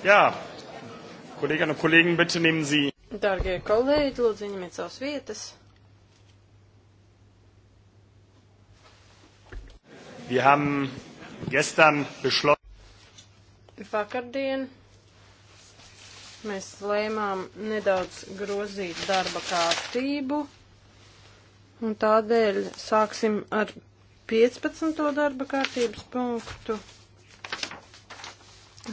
Jā, kolēģi un kolēģi, bet ņem zī. Dargie kolēģi, lūdzu, ņemiet savas vietas. Wir haben gestern beschlossen. Vakardien mēs lēmām nedaudz grozīt darba kārtību, un tādēļ sāksim ar 15. darba kārtības punktu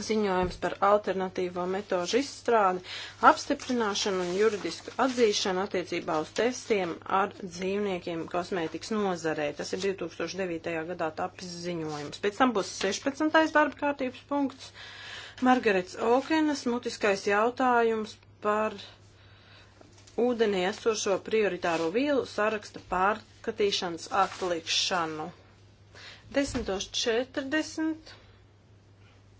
ziņojums par alternatīvo metožu izstrādi, apstiprināšanu un juridisku atzīšanu attiecībā uz testiem ar dzīvniekiem kosmētikas nozarē. Tas ir 2009. gadā tapis ziņojums. Pēc tam būs 16. darba kārtības punkts. Margarets Okenas mutiskais jautājums par ūdenī esošo prioritāro vielu saraksta pārskatīšanas atlikšanu. 10.40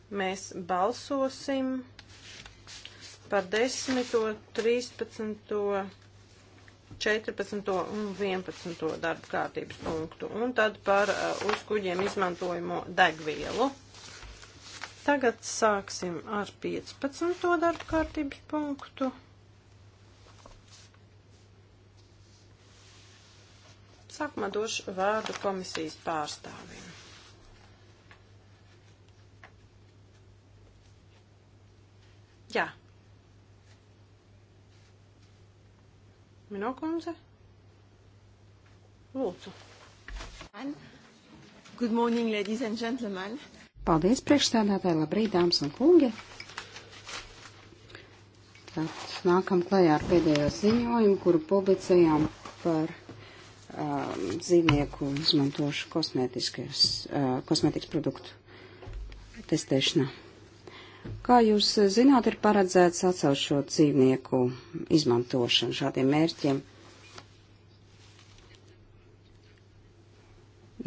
Mēs balsosim par 10, 13, 14 un 11 darba kārtības punktu, un tad par uh, uz kuģiem izmantojamo degvielu. Tagad sāksim ar 15. darba kārtības punktu. Sākumā došu vārdu komisijas pārstāvim. Jā. Minokundze? Lūdzu. Good morning, ladies and gentlemen. Paldies, priekšstādātāji, labrīt, dāmas un kungi. Tad nākam klajā ar pēdējo ziņojumu, kuru publicējām par um, zīmnieku izmantošu uh, kosmētikas uh, produktu testēšanā. Kā jūs zināt, ir paredzēts atcelt šo dzīvnieku izmantošanu šādiem mērķiem.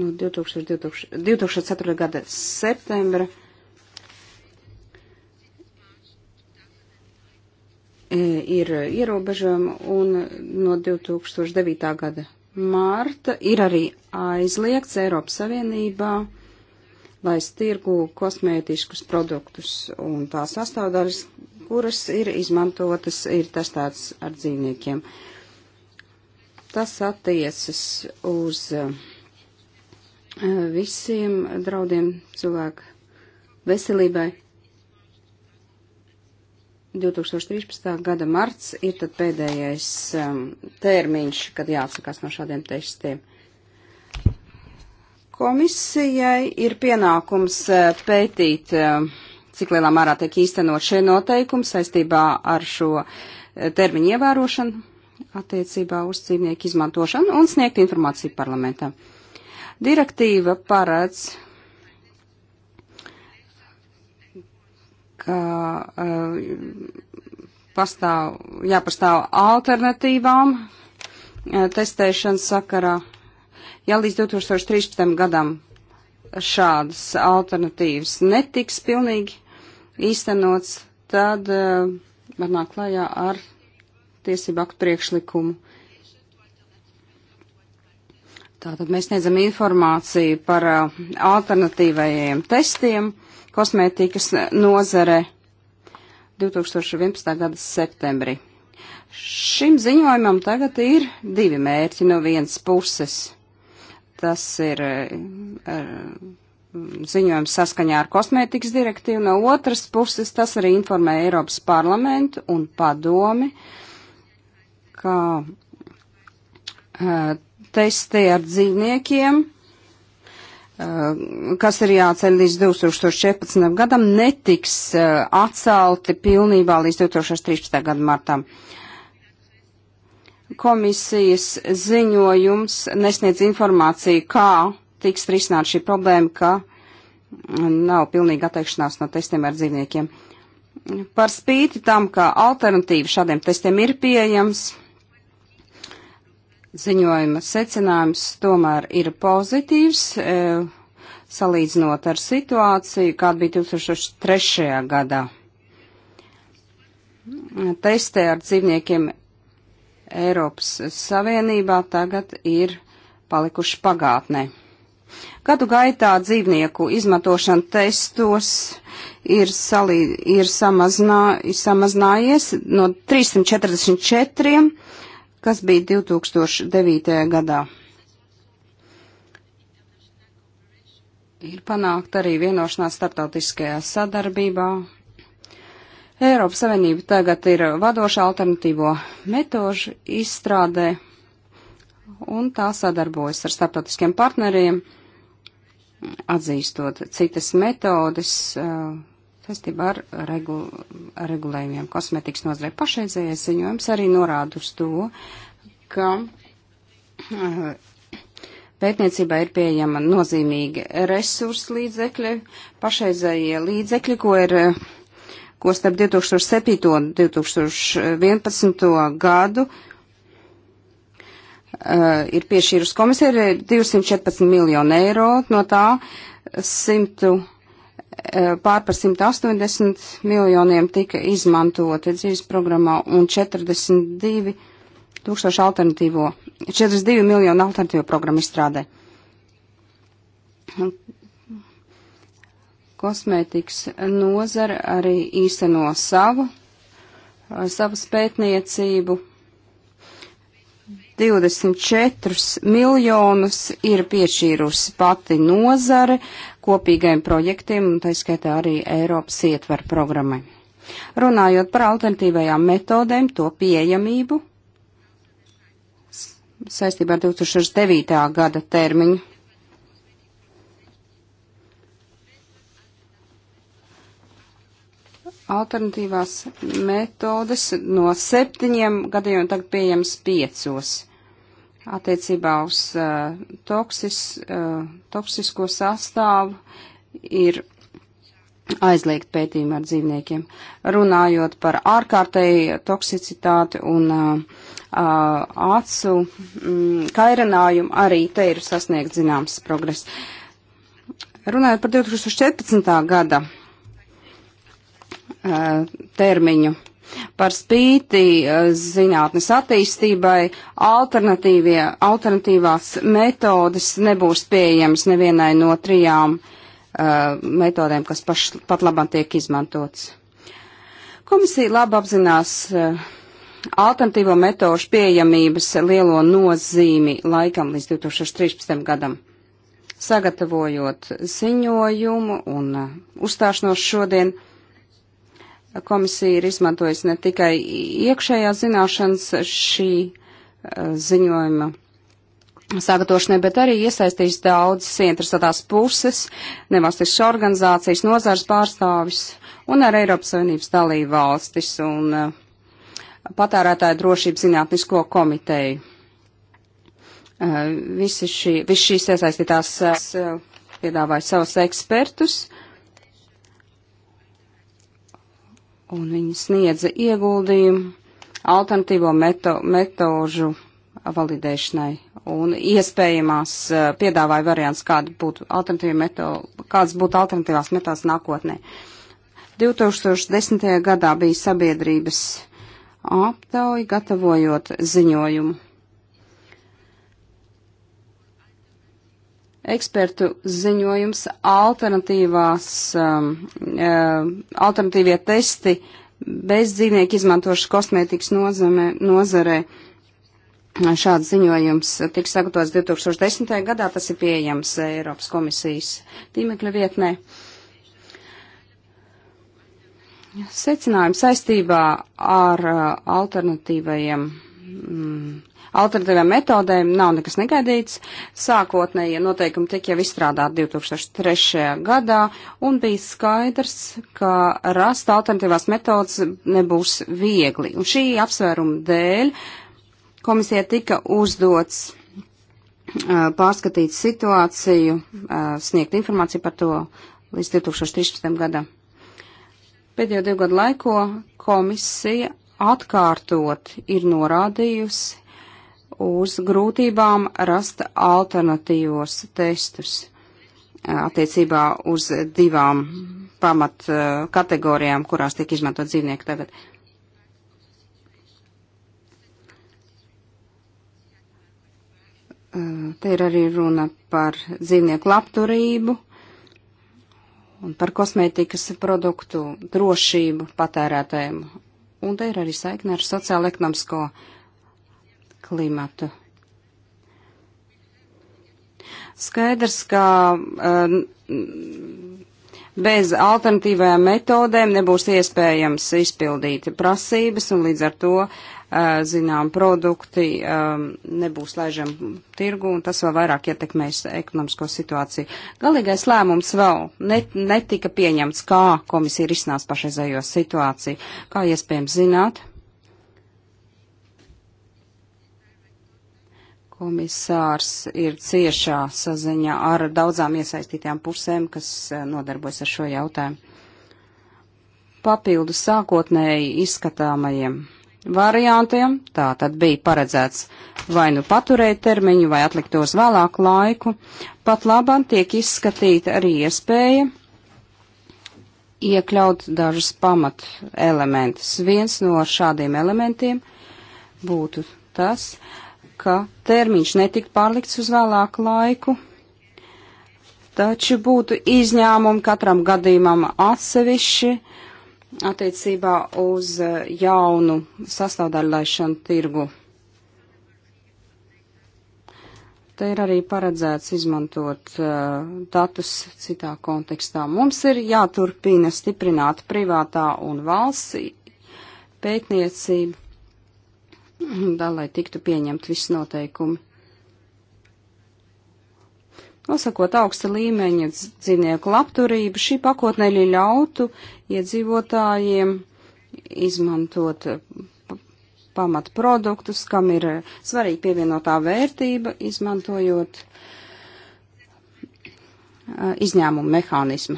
No 2000, 2000, 2004. gada septembra e, ir ierobežojumi, un no 2009. gada mārta ir arī aizliegts Eiropas Savienībā laist tirgu kosmētiskus produktus un tā sastāvdaļas, kuras ir izmantotas, ir testētas ar dzīvniekiem. Tas attiecas uz eh, visiem draudiem cilvēku veselībai. 2013. gada marts ir tad pēdējais um, termiņš, kad jāatsakās no šādiem testiem. Komisijai ir pienākums eh, pētīt, eh, cik lielā mērā tiek īstenot šie noteikumi saistībā ar šo eh, termiņu ievērošanu attiecībā uz dzīvnieku izmantošanu un sniegt informāciju parlamentam. Direktīva paredz ka uh, pastāv, jāpastāv alternatīvām uh, testēšanas sakarā. Ja līdz 2013. gadam šādas alternatīvas netiks pilnīgi īstenots, tad uh, var nākt klajā ar tiesību aktu priekšlikumu. Tātad mēs sniedzam informāciju par uh, alternatīvajiem testiem kosmētikas nozare 2011. gada septembrī. Šim ziņojumam tagad ir divi mērķi no vienas puses Tas ir eh, mm, ziņojums saskaņā ar kosmētikas direktīvu. No otras puses, tas arī informē Eiropas parlamentu un padomi, ka uh, testi ar dzīvniekiem, uh, kas ir jāceļ līdz 2014. gadam, netiks uh, atcelti pilnībā līdz 2013. gada martam. Uh, komisijas ziņojums nesniedz informāciju, kā tiks risināt šī problēma, ka nav pilnīga atteikšanās no testiem ar dzīvniekiem. Par spīti tam, ka alternatīva šādiem testiem ir pieejams, ziņojuma secinājums tomēr ir pozitīvs, e, salīdzinot ar situāciju, kāda bija 2003. gadā. Testē ar dzīvniekiem Eiropas Savienībā tagad ir palikuši pagātnē. Gadu gaitā dzīvnieku izmantošana testos ir, salī, ir, samazinā, ir samazinājies no 344, kas bija 2009. gadā. Ir panākt arī vienošanās starptautiskajā sadarbībā, Eiropas Savienība tagad ir vadoša alternatīvo metožu izstrādē, un tā sadarbojas ar starptautiskiem partneriem, atzīstot citas metodes saistībā ar regu, regulējumiem kosmetikas nozarē. Pašreizējais ziņojums arī norāda uz to, ka pētniecībā ir pieejama nozīmīgi resursu līdzekļi, pašreizējie līdzekļi, ko ir ko starp 2007. un 2011. gadu uh, ir piešķīrusi komisija, ir 214 miljonu eiro, no tā 100, uh, eh, pār par 180 miljoniem tika izmantoti dzīves programmā un 42 tūkstoši alternatīvo, 42 miljonu alternatīvo programmu izstrādē kosmētikas nozara arī īsteno savu, eh, savu spētniecību. 24 miljonus ir piešķīrusi pati nozare kopīgiem projektiem, un tā skaitā arī Eiropas ietver programmai. Runājot par alternatīvajām metodēm, to pieejamību saistībā ar 2009. gada termiņu alternatīvās metodes no septiņiem gadiem tagad pieejams piecos attiecībā uz uh, toksis, uh, toksisko sastāvu ir aizliegt pētījumu ar dzīvniekiem. Runājot par ārkārtēju toksicitāti un uh, uh acu mm, kairinājumu, arī te ir sasniegt zināms progress. Runājot par 2014. gada termiņu. Par spīti zinātnes attīstībai alternatīvās metodes nebūs pieejamas nevienai no trijām uh, metodēm, kas paš, pat labam tiek izmantots. Komisija labi apzinās uh, alternatīvo metožu pieejamības lielo nozīmi laikam līdz 2013. gadam sagatavojot ziņojumu un uzstāšanos šodien, Komisija ir izmantojusi ne tikai iekšējās zināšanas šī eh, ziņojuma sagatavošanai, bet arī iesaistīs daudzas interesētās puses, nevalstiskas organizācijas, nozars pārstāvis un ar Eiropas Savienības dalību valstis un eh, patērētāju drošības zinātnisko komiteju. Eh, visi šī, visi šīs iesaistītās piedāvāja savus ekspertus un viņi sniedza ieguldījumu alternatīvo meto, metožu validēšanai un iespējamās eh, piedāvāja variants, kāda būtu alternatīva meto, kādas būtu alternatīvās metodas nākotnē. 2010. gadā bija sabiedrības aptauja, gatavojot ziņojumu ekspertu ziņojums alternatīvās, um, e, alternatīvie testi bez dzīvnieku izmantošu kosmētikas nozame, nozarē. Šāds ziņojums tiks sagatavots 2010. gadā, tas ir pieejams Eiropas komisijas tīmekļa vietnē. Secinājumi saistībā ar uh, alternatīvajiem mm, alternatīvām metodēm nav nekas negaidīts. Sākotnējie noteikumi tika jau izstrādāti 2003. gadā un bija skaidrs, ka rast alternatīvās metodas nebūs viegli. Un šī apsvēruma dēļ komisija tika uzdots pārskatīt situāciju, sniegt informāciju par to līdz 2013. gadam. Pēdējo divu gadu laiko komisija atkārtot ir norādījusi, uz grūtībām rast alternatīvos testus attiecībā uz divām pamat kategorijām, kurās tiek izmantot dzīvnieki tagad. Te ir arī runa par dzīvnieku labturību un par kosmētikas produktu drošību patērētājiem. Un te ir arī saikne ar sociālo ekonomisko uh, klimatu. Skaidrs, ka uh, bez alternatīvajām metodēm nebūs iespējams izpildīt prasības, un līdz ar to, eh, zinām, produkti eh, nebūs laižami tirgu, un tas vēl vairāk ietekmēs ekonomisko situāciju. Galīgais lēmums vēl net, netika pieņemts, kā komisija risinās pašreizējo situāciju. Kā iespējams zināt? Komisārs ir ciešā saziņā ar daudzām iesaistītām pusēm, kas eh, nodarbojas ar šo jautājumu. Papildus sākotnēji izskatāmajiem variantiem tā tad bija paredzēts vai nu paturēt termiņu, vai atlikt uz vēlāku laiku. Pat labam tiek izskatīta arī iespēja iekļaut dažus pamat elementus. Viens no šādiem elementiem būtu tas, ka termiņš netiktu pārlikts uz vēlāku laiku, taču būtu izņēmumi katram gadījumam atsevišķi attiecībā uz eh, jaunu sastāvdaļu laišanu tirgu. Te ir arī paredzēts izmantot uh, datus citā kontekstā. Mums ir jāturpina stiprināt privātā un valsts pētniecību vēl, lai tiktu pieņemt visi noteikumi. Nosakot augsta līmeņa dzīvnieku labturību, šī pakotne ļautu iedzīvotājiem izmantot eh, pamatproduktus, kam ir eh, svarīgi pievienotā vērtība, izmantojot eh, izņēmumu mehānismu.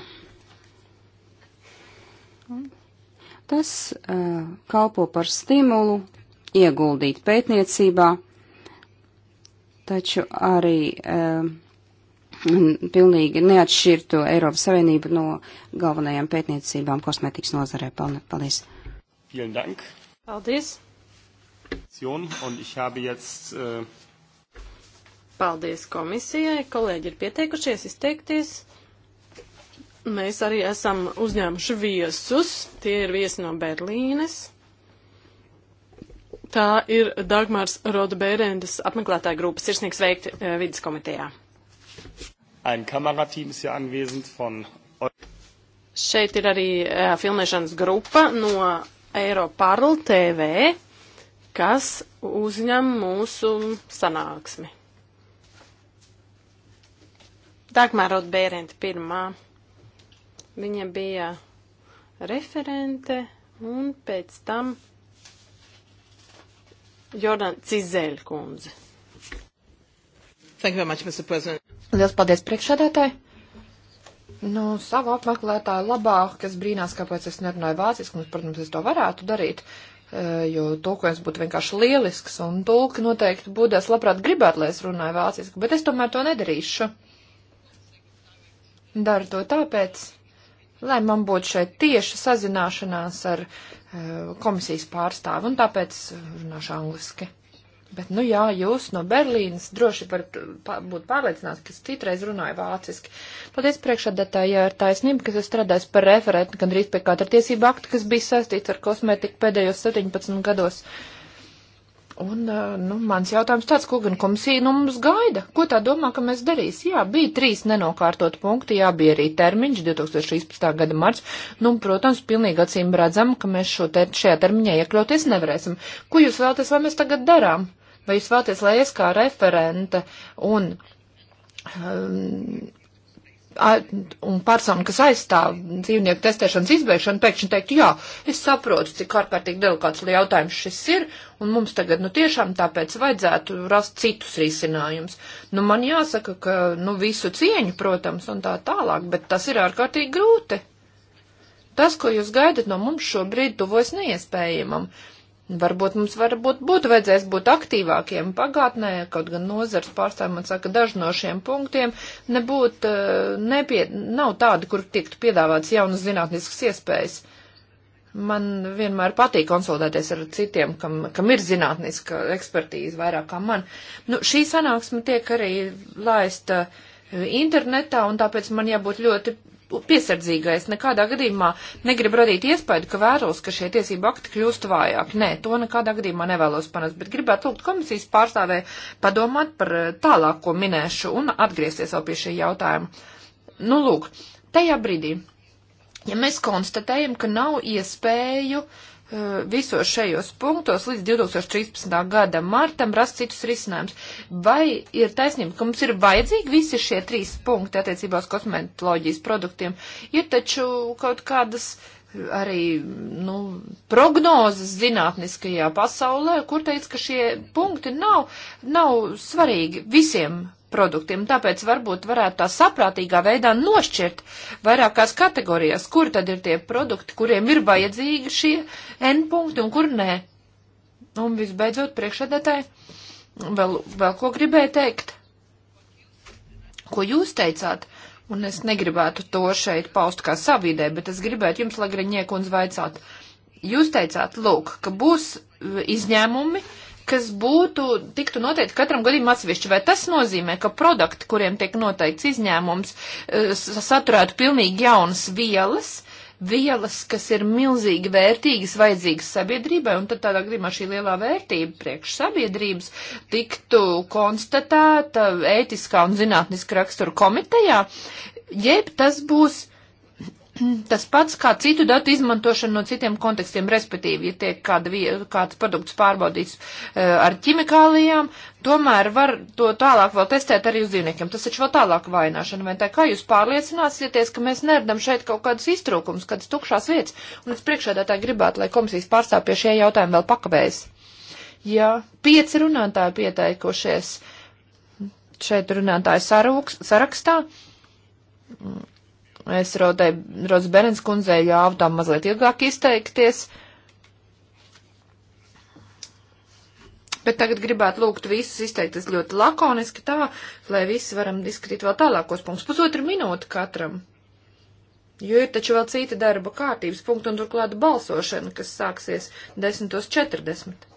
Tas kalpo par stimulu ieguldīt pētniecībā, taču arī uh, pilnīgi neatšķirtu Eiropas Savienību no galvenajām pētniecībām kosmetikas nozarē. Paldies! Paldies! Äh, paldies komisijai. Kolēģi ir pieteikušies izteikties. Mēs arī esam uzņēmuši viesus. Tie ir viesi no Berlīnes. Tā ir Dagmārs Roda Bērendas apmeklētāja grupa. Sirsnīgs veikt uh, eh, vidas komitejā. Ein Kamerateam ist hier anwesend von. Šeit ir arī uh, filmēšanas grupa no Eiroparl TV, kas uzņem mūsu sanāksmi. Dagmārot Bērenti pirmā. Viņa bija referente un pēc tam Jordan Cizēļa kundze. Thank you very much, Mr. President. Liels paldies priekšsēdētāji. Nu, savu apmeklētāju labā, kas brīnās, kāpēc es nerunāju vāciski, un, protams, es to varētu darīt, eh, jo tulkojums būtu vienkārši lielisks, un tulki noteikti būdēs labprāt gribēt, lai es runāju vāciski, bet es tomēr to nedarīšu. Daru to tāpēc, lai man būtu šeit tieša sazināšanās ar Eh, komisijas pārstāvi, un tāpēc runāšu angliski. Bet, nu jā, jūs no Berlīnas droši varat eh, būt pārliecināti, ka es citreiz runāju vāciski. Paldies priekšādatājai ar taisnību, ka es strādāju par referentu gandrīz pie katra tiesība akta, kas bija saistīts ar kosmētiku pēdējos 17 gados. Uh, Un, nu, mans jautājums tāds, ko gan komisija nu mums gaida? Ko tā domā, ka mēs darīs? Jā, bija trīs nenokārtot punkti, jā, bija arī termiņš 2016. gada marts. Nu, un, protams, pilnīgi acīm redzam, ka mēs šo te, šajā termiņā iekļauties nevarēsim. Ko jūs vēlaties, lai mēs tagad darām? Vai jūs vēlaties, lai es kā referente un. Um, un persona, kas aizstāv dzīvnieku testēšanas izbēgšanu, pēkšņi teikt, jā, es saprotu, cik ārkārtīgi delikāts jautājums šis ir, un mums tagad, nu, tiešām tāpēc vajadzētu rast citus risinājumus. Nu, man jāsaka, ka, nu, visu cieņu, protams, un tā tālāk, bet tas ir ārkārtīgi grūti. Tas, ko jūs gaidat no mums šobrīd, tuvojas neiespējamam. Varbūt mums varbūt būtu vajadzēs būt aktīvākiem pagātnē, kaut gan nozars pārstāvji man saka, daži no šiem punktiem nebūtu, eh, nepie, nav tādi, kur tiktu piedāvāts jaunas zinātniskas iespējas. Man vienmēr patīk konsultēties ar citiem, kam, kam ir zinātniska ekspertīze vairāk kā man. Nu, šī sanāksme tiek arī laista internetā, un tāpēc man jābūt ļoti piesardzīgais. Nekādā gadījumā negribu radīt iespēju, ka vēlos, ka šie tiesību akti kļūst vājāk. Nē, to nekādā gadījumā nevēlos panākt, bet gribētu lūgt komisijas pārstāvē padomāt par eh, tālāko minēšu un atgriezties vēl pie šī jautājuma. Nu, lūk, tajā brīdī, ja mēs konstatējam, ka nav iespēju uh, Uh, visos šajos punktos līdz 2013. gada martam rast citus risinājumus. Vai ir taisnība, ka mums ir vajadzīgi visi šie trīs punkti attiecībā uz kosmetoloģijas produktiem? Ir taču kaut kādas uh, arī nu, prognozes zinātniskajā pasaulē, kur teica, ka šie punkti nav, nav svarīgi visiem produktiem. Tāpēc varbūt varētu tā saprātīgā veidā nošķirt vairākās kategorijās, kur tad ir tie produkti, kuriem ir vajadzīgi šie N punkti un kur nē. Un visbeidzot, priekšsēdētāji, vēl, vēl ko gribēju teikt? Ko jūs teicāt? Un es negribētu to šeit paust kā savidē, bet es gribētu jums, Lagriņiek, un zvaicāt. Jūs teicāt, lūk, ka būs izņēmumi, uh, kas būtu, tiktu noteikti katram gadījumam atsevišķi. Vai tas nozīmē, ka produkti, kuriem tiek noteikts izņēmums, e, saturētu pilnīgi jaunas vielas, vielas, kas ir milzīgi vērtīgas, vajadzīgas sabiedrībai, un tad tādā gadījumā šī lielā vērtība priekš sabiedrības tiktu konstatēta ētiskā un zinātniska rakstura komitejā, jeb tas būs tas pats kā citu datu izmantošana no citiem kontekstiem, respektīvi, ja tiek kāda, kāds produkts pārbaudīts eh, ar ķimikālijām, tomēr var to tālāk vēl testēt arī uz dzīvniekiem. Tas taču vēl tālāk vaināšana, vai tā kā jūs pārliecināsieties, ka mēs neredam šeit kaut kādas iztrūkums, kādas tukšās vietas, un es priekšēdētāji gribētu, lai komisijas pārstāv pie šie jautājumi vēl pakavējas. Jā, pieci runātāji pieteikušies šeit runātāju sarūks, sarakstā Es rodēju Rodas Berens kundzei ļāvu tam mazliet ilgāk izteikties. Bet tagad gribētu lūgt visus izteikties ļoti lakoniski tā, lai visi varam diskutīt vēl tālākos punktus. Pusotru minūti katram. Jo ir taču vēl citi darba kārtības punkti un turklāt balsošana, kas sāksies 10.40.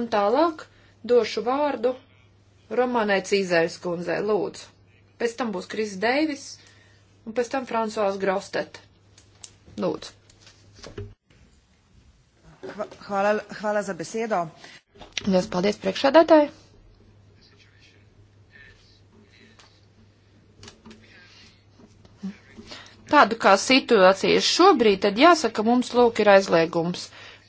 Un tālāk došu vārdu Romanai Cīzēras kundzei, lūdzu pēc tam būs Kris Deivis un pēc tam Fransuāls Grostet. Lūdzu. Hvala, hvala za besedo. Lielas paldies priekšādātāji. Tādu kā situācija šobrīd, tad jāsaka, mums lūk ir aizliegums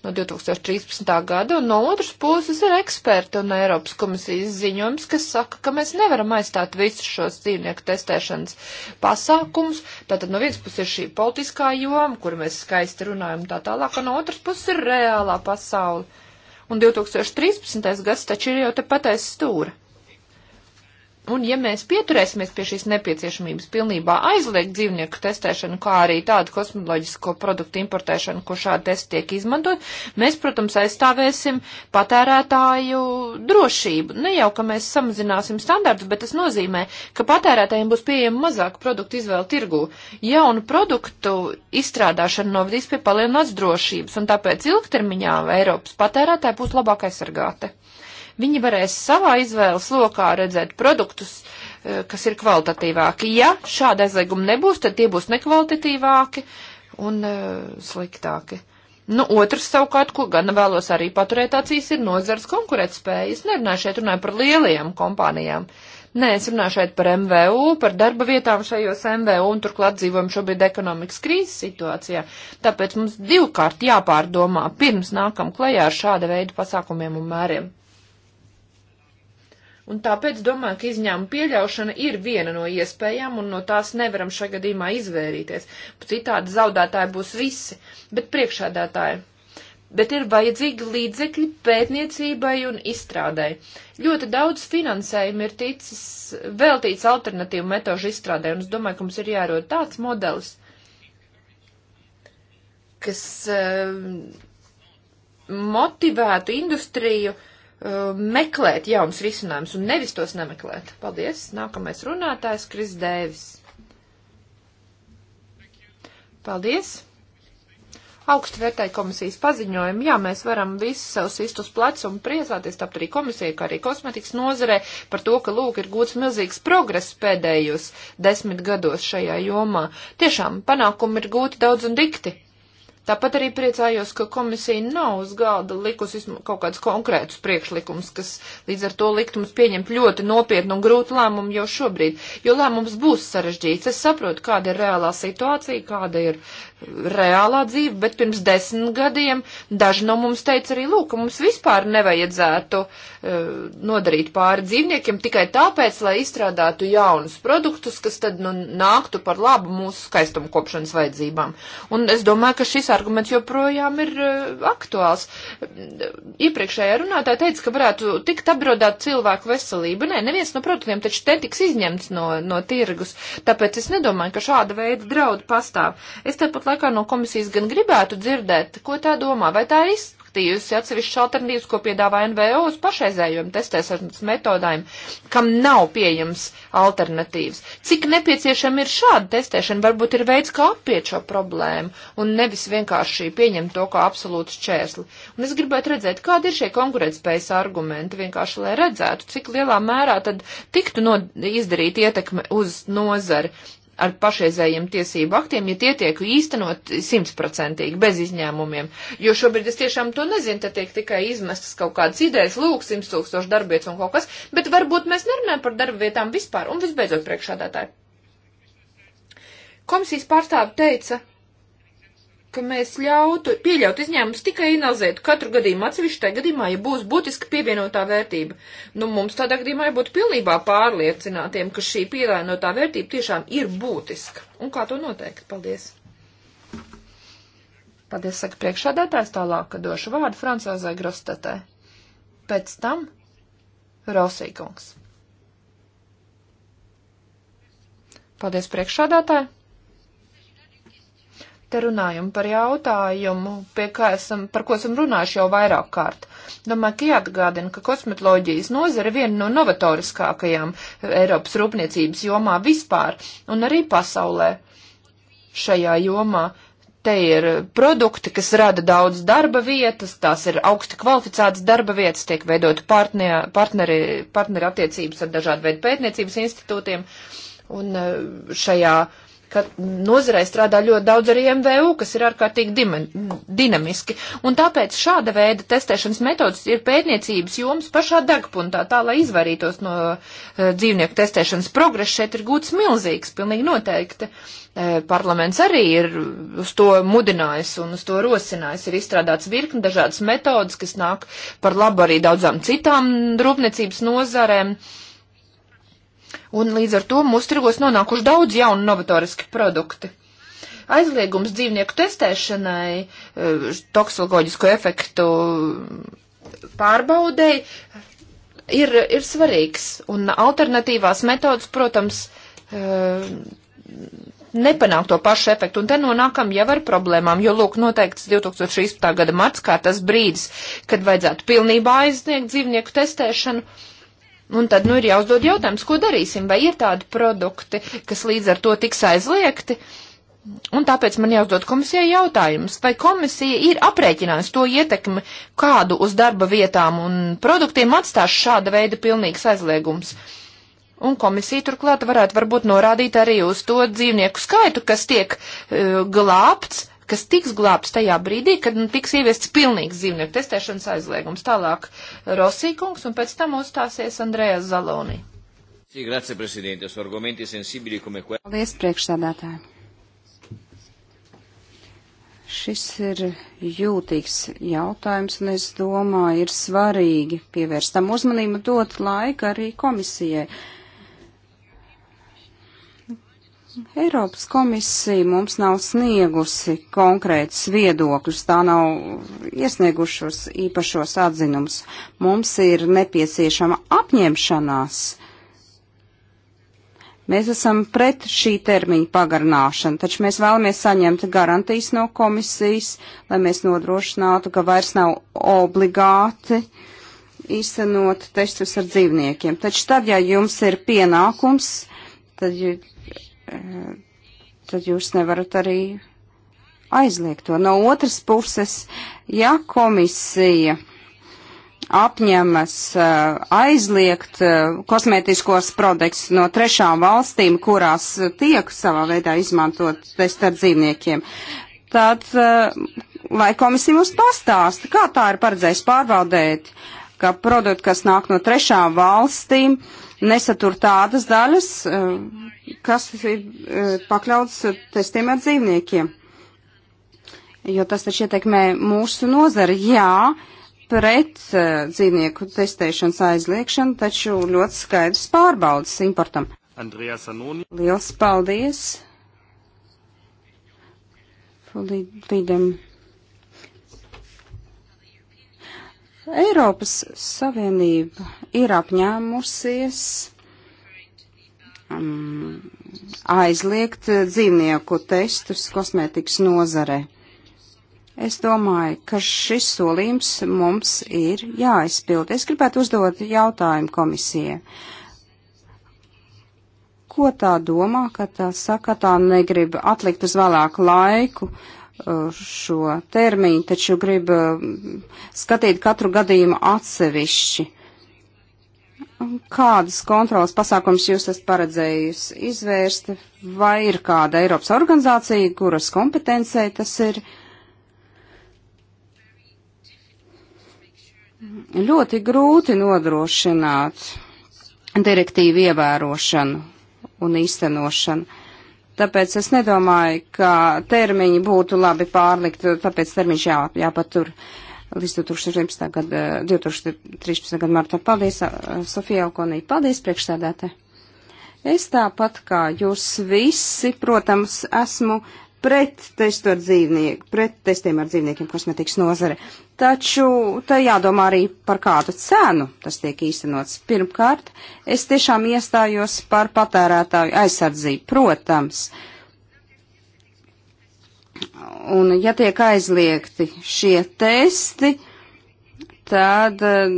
no 2013. gada, un no otras puses ir eksperti un Eiropas komisijas ziņojums, kas saka, ka mēs nevaram aizstāt visus šos dzīvnieku testēšanas pasākums. Tātad no vienas puses ir šī politiskā joma, kur mēs skaisti runājam tā tālāk, un no otras puses ir reālā pasaule. Un 2013. gads taču ir jau tepat aiz stūra. Un ja mēs pieturēsimies pie šīs nepieciešamības pilnībā aizliegt dzīvnieku testēšanu, kā arī tādu kosmoloģisko produktu importēšanu, ko šādi testi tiek izmantot, mēs, protams, aizstāvēsim patērētāju drošību. Ne jau, ka mēs samazināsim standartus, bet tas nozīmē, ka patērētājiem būs pieejama mazāk produktu izvēle tirgū. Jaunu produktu izstrādāšana novadīs pie palielināts drošības, un tāpēc ilgtermiņā Eiropas patērētāji būs labāk aizsargāti. Viņi varēs savā izvēles lokā redzēt produktus, eh, kas ir kvalitatīvāki. Ja šāda aizlieguma nebūs, tad tie būs nekvalitatīvāki un eh, sliktāki. Nu, otrs savukārt, ko gan vēlos arī paturēt acīs, ir nozars konkurētspēja. Es nerunāju šeit runāju par lielajām kompānijām. Nē, es runāju šeit par MVU, par darba vietām šajos MVU, un turklāt dzīvojam šobrīd ekonomikas krīzes situācijā. Tāpēc mums divkārt jāpārdomā, pirms nākam klajā ar šāda veida pasākumiem un mēriem. Un tāpēc domāju, ka izņēmuma pieļaušana ir viena no iespējām, un no tās nevaram šajā gadījumā izvairīties. Citādi zaudētāji būs visi, bet priekšādātāji. Bet ir vajadzīgi līdzekļi pētniecībai un izstrādai. Ļoti daudz finansējuma ir ticis veltīts alternatīvu metožu izstrādai, un es domāju, ka mums ir jārod tāds modelis, kas uh, motivētu industriju uh, Um, meklēt jaunus risinājumus un nevis tos nemeklēt. Paldies! Nākamais runātājs Kris Dēvis. Paldies! Augstu vērtēju komisijas paziņojumu. Jā, mēs varam visu sev sist uz plecu un priecāties, tāpat arī komisija, kā arī kosmetikas nozarē, par to, ka lūk ir gūts milzīgs progress pēdējos desmit gados šajā jomā. Tiešām panākumi ir gūti daudz un dikti Tāpat arī priecājos, ka komisija nav uz galda likusi kaut kādus konkrētus priekšlikumus, kas līdz ar to likt mums pieņemt ļoti nopietnu un grūtu lēmumu jau šobrīd, jo lēmums būs sarežģīts. Es saprotu, kāda ir reālā situācija, kāda ir reālā dzīve, bet pirms desmit gadiem daži no mums teica arī, lūk, ka mums vispār nevajadzētu uh, nodarīt pāri dzīvniekiem tikai tāpēc, lai izstrādātu jaunus produktus, kas tad nu, nāktu par labu mūsu skaistumu kopšanas vajadzībām. Un es domāju, ka šis arguments joprojām ir uh, aktuāls. Iepriekšējā runātāja teica, ka varētu tikt apdraudēt cilvēku veselību. Nē, neviens no produktiem taču te tiks izņemts no, no tirgus, tāpēc es nedomāju, ka šāda veida draudu pastāv. Es tāpat tāpat laikā no komisijas gan gribētu dzirdēt, ko tā domā, vai tā ir izskatījusi atsevišķas alternatīvas, ko piedāvā NVO uz pašreizējiem testēšanas metodēm, kam nav pieejams alternatīvas. Cik nepieciešama ir šāda testēšana, varbūt ir veids, kā apiet šo problēmu un nevis vienkārši pieņemt to kā absolūtu šķērsli. Un es gribētu redzēt, kādi ir šie konkurētspējas argumenti, vienkārši lai redzētu, cik lielā mērā tad tiktu no, izdarīt ietekme uz nozari ar pašreizējiem tiesību aktiem, ja tie tiek īstenot simtprocentīgi, bez izņēmumiem. Jo šobrīd es tiešām to nezinu, te tiek tikai izmestas kaut kādas idejas, lūk, simts tūkstoši darbietas un kaut kas, bet varbūt mēs nerunājam par darba vietām vispār. Un visbeidzot, priekšādātāji. Komisijas pārstāvi teica, ka mēs ļautu, pieļautu izņēmumus tikai analizētu katru gadījumu atsevišķi, tajā gadījumā, ja būs būtiski pievienotā vērtība. Nu, mums tādā gadījumā jābūt pilnībā pārliecinātiem, ka šī pievienotā vērtība tiešām ir būtiska. Un kā to noteikt? Paldies! Paldies, saka priekšādātājs tālāk, ka došu vārdu Francāzai Grostatē. Pēc tam Rosīkungs. Paldies priekšādātāji! Te runājam par jautājumu, pie kā esam, par ko esam runājuši jau vairāk kārt. Domāju, ka jāatgādina, ka kosmetoloģijas nozara ir viena no novatoriskākajām Eiropas rūpniecības jomā vispār un arī pasaulē šajā jomā te ir produkti, kas rada daudz darba vietas, tās ir augsti kvalificētas darba vietas, tiek veidot partneri, partneri attiecības ar dažādu veidu pētniecības institūtiem. Un eh, šajā uh, ka nozarei strādā ļoti daudz arī MVU, kas ir ārkārtīgi dima, dinamiski. Un tāpēc šāda veida testēšanas metodas ir pētniecības joms pašā degpuntā, tā lai izvairītos no uh, dzīvnieku testēšanas. Progress šeit ir gūts milzīgs, pilnīgi noteikti. Uh, parlaments arī ir uz to mudinājis un uz to rosinājis. Ir izstrādāts virkni dažādas metodas, kas nāk par labu arī daudzām citām rūpniecības nozarēm. Uh, Un līdz ar to mūsu tirgos nonākuši daudz jaunu novatoriski produkti aizliegums dzīvnieku testēšanai, eh, toksoloģisko efektu pārbaudēji ir, ir svarīgs. Un alternatīvās metodas, protams, eh, nepanāk to pašu efektu. Un te nonākam jau ar problēmām, jo, lūk, noteikts 2016. gada marts kā tas brīdis, kad vajadzētu pilnībā aizniegt dzīvnieku testēšanu Un tad, nu, ir jāuzdod jautājums, ko darīsim, vai ir tādi produkti, kas līdz ar to tiks aizliegti. Un tāpēc man jāuzdod komisijai jautājums, vai komisija ir aprēķinājusi to ietekmi, kādu uz darba vietām un produktiem atstās šāda veida pilnīgs aizliegums. Un komisija turklāt varētu varbūt norādīt arī uz to dzīvnieku skaitu, kas tiek uh, glābts kas tiks glābts tajā brīdī, kad nu, tiks ieviests pilnīgs dzīvnieku testēšanas aizliegums. Tālāk Rosīkungs un pēc tam uzstāsies Andrējas Zalonī. Paldies, priekšsādātāji! Šis ir jūtīgs jautājums, un es domāju, ir svarīgi pievērst tam uzmanību, dot laiku arī komisijai. Uh, Eiropas komisija mums nav sniegusi konkrētus viedokļus, tā nav iesniegušos īpašos atzinumus. Mums ir nepieciešama apņemšanās. Mēs esam pret šī termiņa pagarināšanu, taču mēs vēlamies saņemt garantijas no komisijas, lai mēs nodrošinātu, ka vairs nav obligāti īstenot testus ar dzīvniekiem. Taču tad, ja jums ir pienākums, tad tad jūs nevarat arī aizliegt to. No otras puses, ja komisija apņemas eh, aizliegt eh, kosmētiskos produktus no trešām valstīm, kurās tiek savā veidā izmantot testa ar dzīvniekiem, tad eh, lai komisija mums pastāsta, kā tā ir paredzējusi pārvaldēt, ka produkti, kas nāk no trešām valstīm, nesatur tādas daļas, kas ir e, pakļauts testiem ar dzīvniekiem. Jo tas taču ietekmē mūsu nozari. Jā, pret e, dzīvnieku testēšanas aizliekšanu, taču ļoti skaidrs pārbaudas importam. Andrejas Anoni. Liels paldies. Līdam. Eiropas Savienība ir apņēmusies um, aizliegt uh, dzīvnieku testus kosmētikas nozare. Es domāju, ka šis solījums mums ir jāizpild. Es gribētu uzdot jautājumu komisijai. Ko tā domā, ka tā saka, tā negrib atlikt uz vēlāku laiku uh, šo termiņu, taču grib uh, skatīt katru gadījumu atsevišķi Kādas kontrolas pasākums jūs esat paredzējis izvērst, vai ir kāda Eiropas organizācija, kuras kompetencei tas ir? Ļoti grūti nodrošināt direktīvu ievērošanu un īstenošanu. Tāpēc es nedomāju, ka termiņi būtu labi pārlikt, tāpēc termiņš jā, jāpatur. Uh, līdz 2013. gada, 2013. gada martā. Paldies, Sofija Alkonī. Paldies, priekšsēdētē. Es tāpat kā jūs visi, protams, esmu pret testu ar dzīvnieku, pret testiem ar dzīvniekiem kosmetikas nozare. Taču te jādomā arī par kādu cenu tas tiek īstenots. Pirmkārt, es tiešām iestājos par patērētāju aizsardzību, protams. Uh, Un ja tiek aizliegti šie testi, tad eh,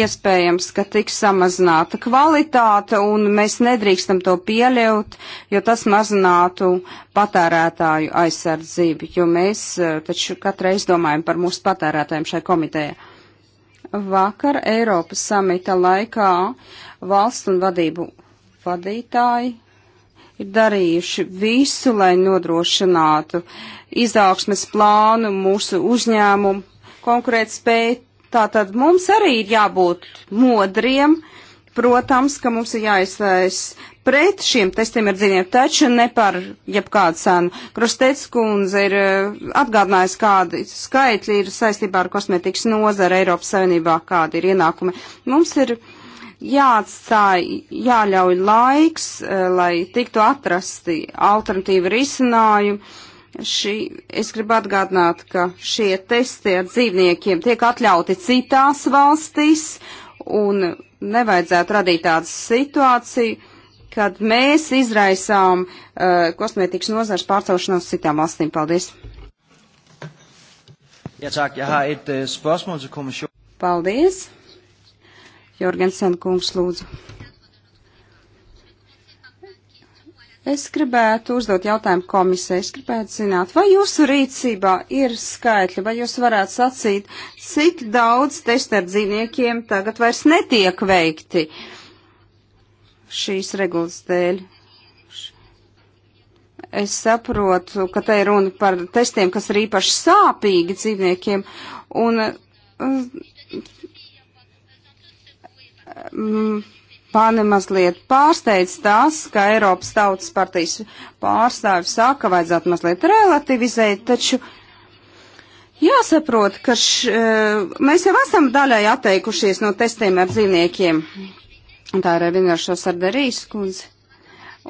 iespējams, ka tiks samazināta kvalitāte, un mēs nedrīkstam to pieļaut, jo tas mazinātu patērētāju aizsardzību, jo mēs eh, taču katreiz domājam par mūsu patērētājiem šai komitejai. Vakar Eiropas samita laikā valsts un vadību vadītāji ir darījuši visu, lai nodrošinātu izaugsmes plānu mūsu uzņēmumu konkurētspēju. Tātad mums arī ir jābūt modriem. Protams, ka mums ir jāiztais pret šiem testiem ar dzīviem, taču ne par jebkādu cenu. Krustec kundze ir eh, atgādinājusi, kādi skaitļi ir saistībā ar kosmetikas nozara Eiropas Savienībā, kādi ir ienākumi. Mums ir uh, jāatstāj, jāļauj laiks, eh, lai tiktu atrasti alternatīvi risinājumi. Šī, es gribu atgādināt, ka šie testi ar dzīvniekiem tiek atļauti citās valstīs un nevajadzētu radīt tādu situāciju, kad mēs izraisām uh, kosmētikas nozars pārcelšanos citām valstīm. Paldies! Ja, tak, jeg har et uh, spørgsmål til kommissionen. Paldies! Jorgensen kungs lūdzu. Es gribētu uzdot jautājumu komisijai. Es gribētu zināt, vai jūsu rīcībā ir skaitļi, vai jūs varētu sacīt, cik daudz testa dzīvniekiem tagad vairs netiek veikti šīs regulas dēļ. Es saprotu, ka te ir runa par testiem, kas ir īpaši sāpīgi dzīvniekiem, un Mm, Pane mazliet pārsteidz tas, ka Eiropas Tautas partijas pārstāvi saka, vajadzētu mazliet relativizēt, taču jāsaprot, ka š, eh, mēs jau esam daļai atteikušies no testiem ar dzīvniekiem. Un tā ir vienkāršo sardarīs kundze.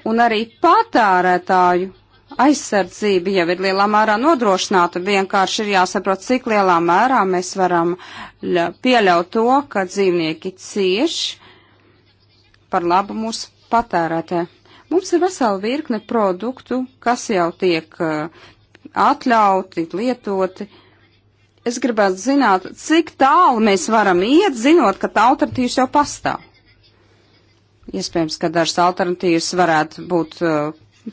Un arī patārētāju aizsardzība jau ir lielā mērā nodrošināta, vienkārši ir jāsaprot, cik lielā mērā mēs varam pieļaut to, ka dzīvnieki cieš par labu mūsu patērētē. Mums ir vesela virkne produktu, kas jau tiek uh, atļauti, lietoti. Es gribētu zināt, cik tālu mēs varam iet, zinot, ka alternatīvas jau pastāv. Iespējams, ka dažas alternatīvas varētu būt uh,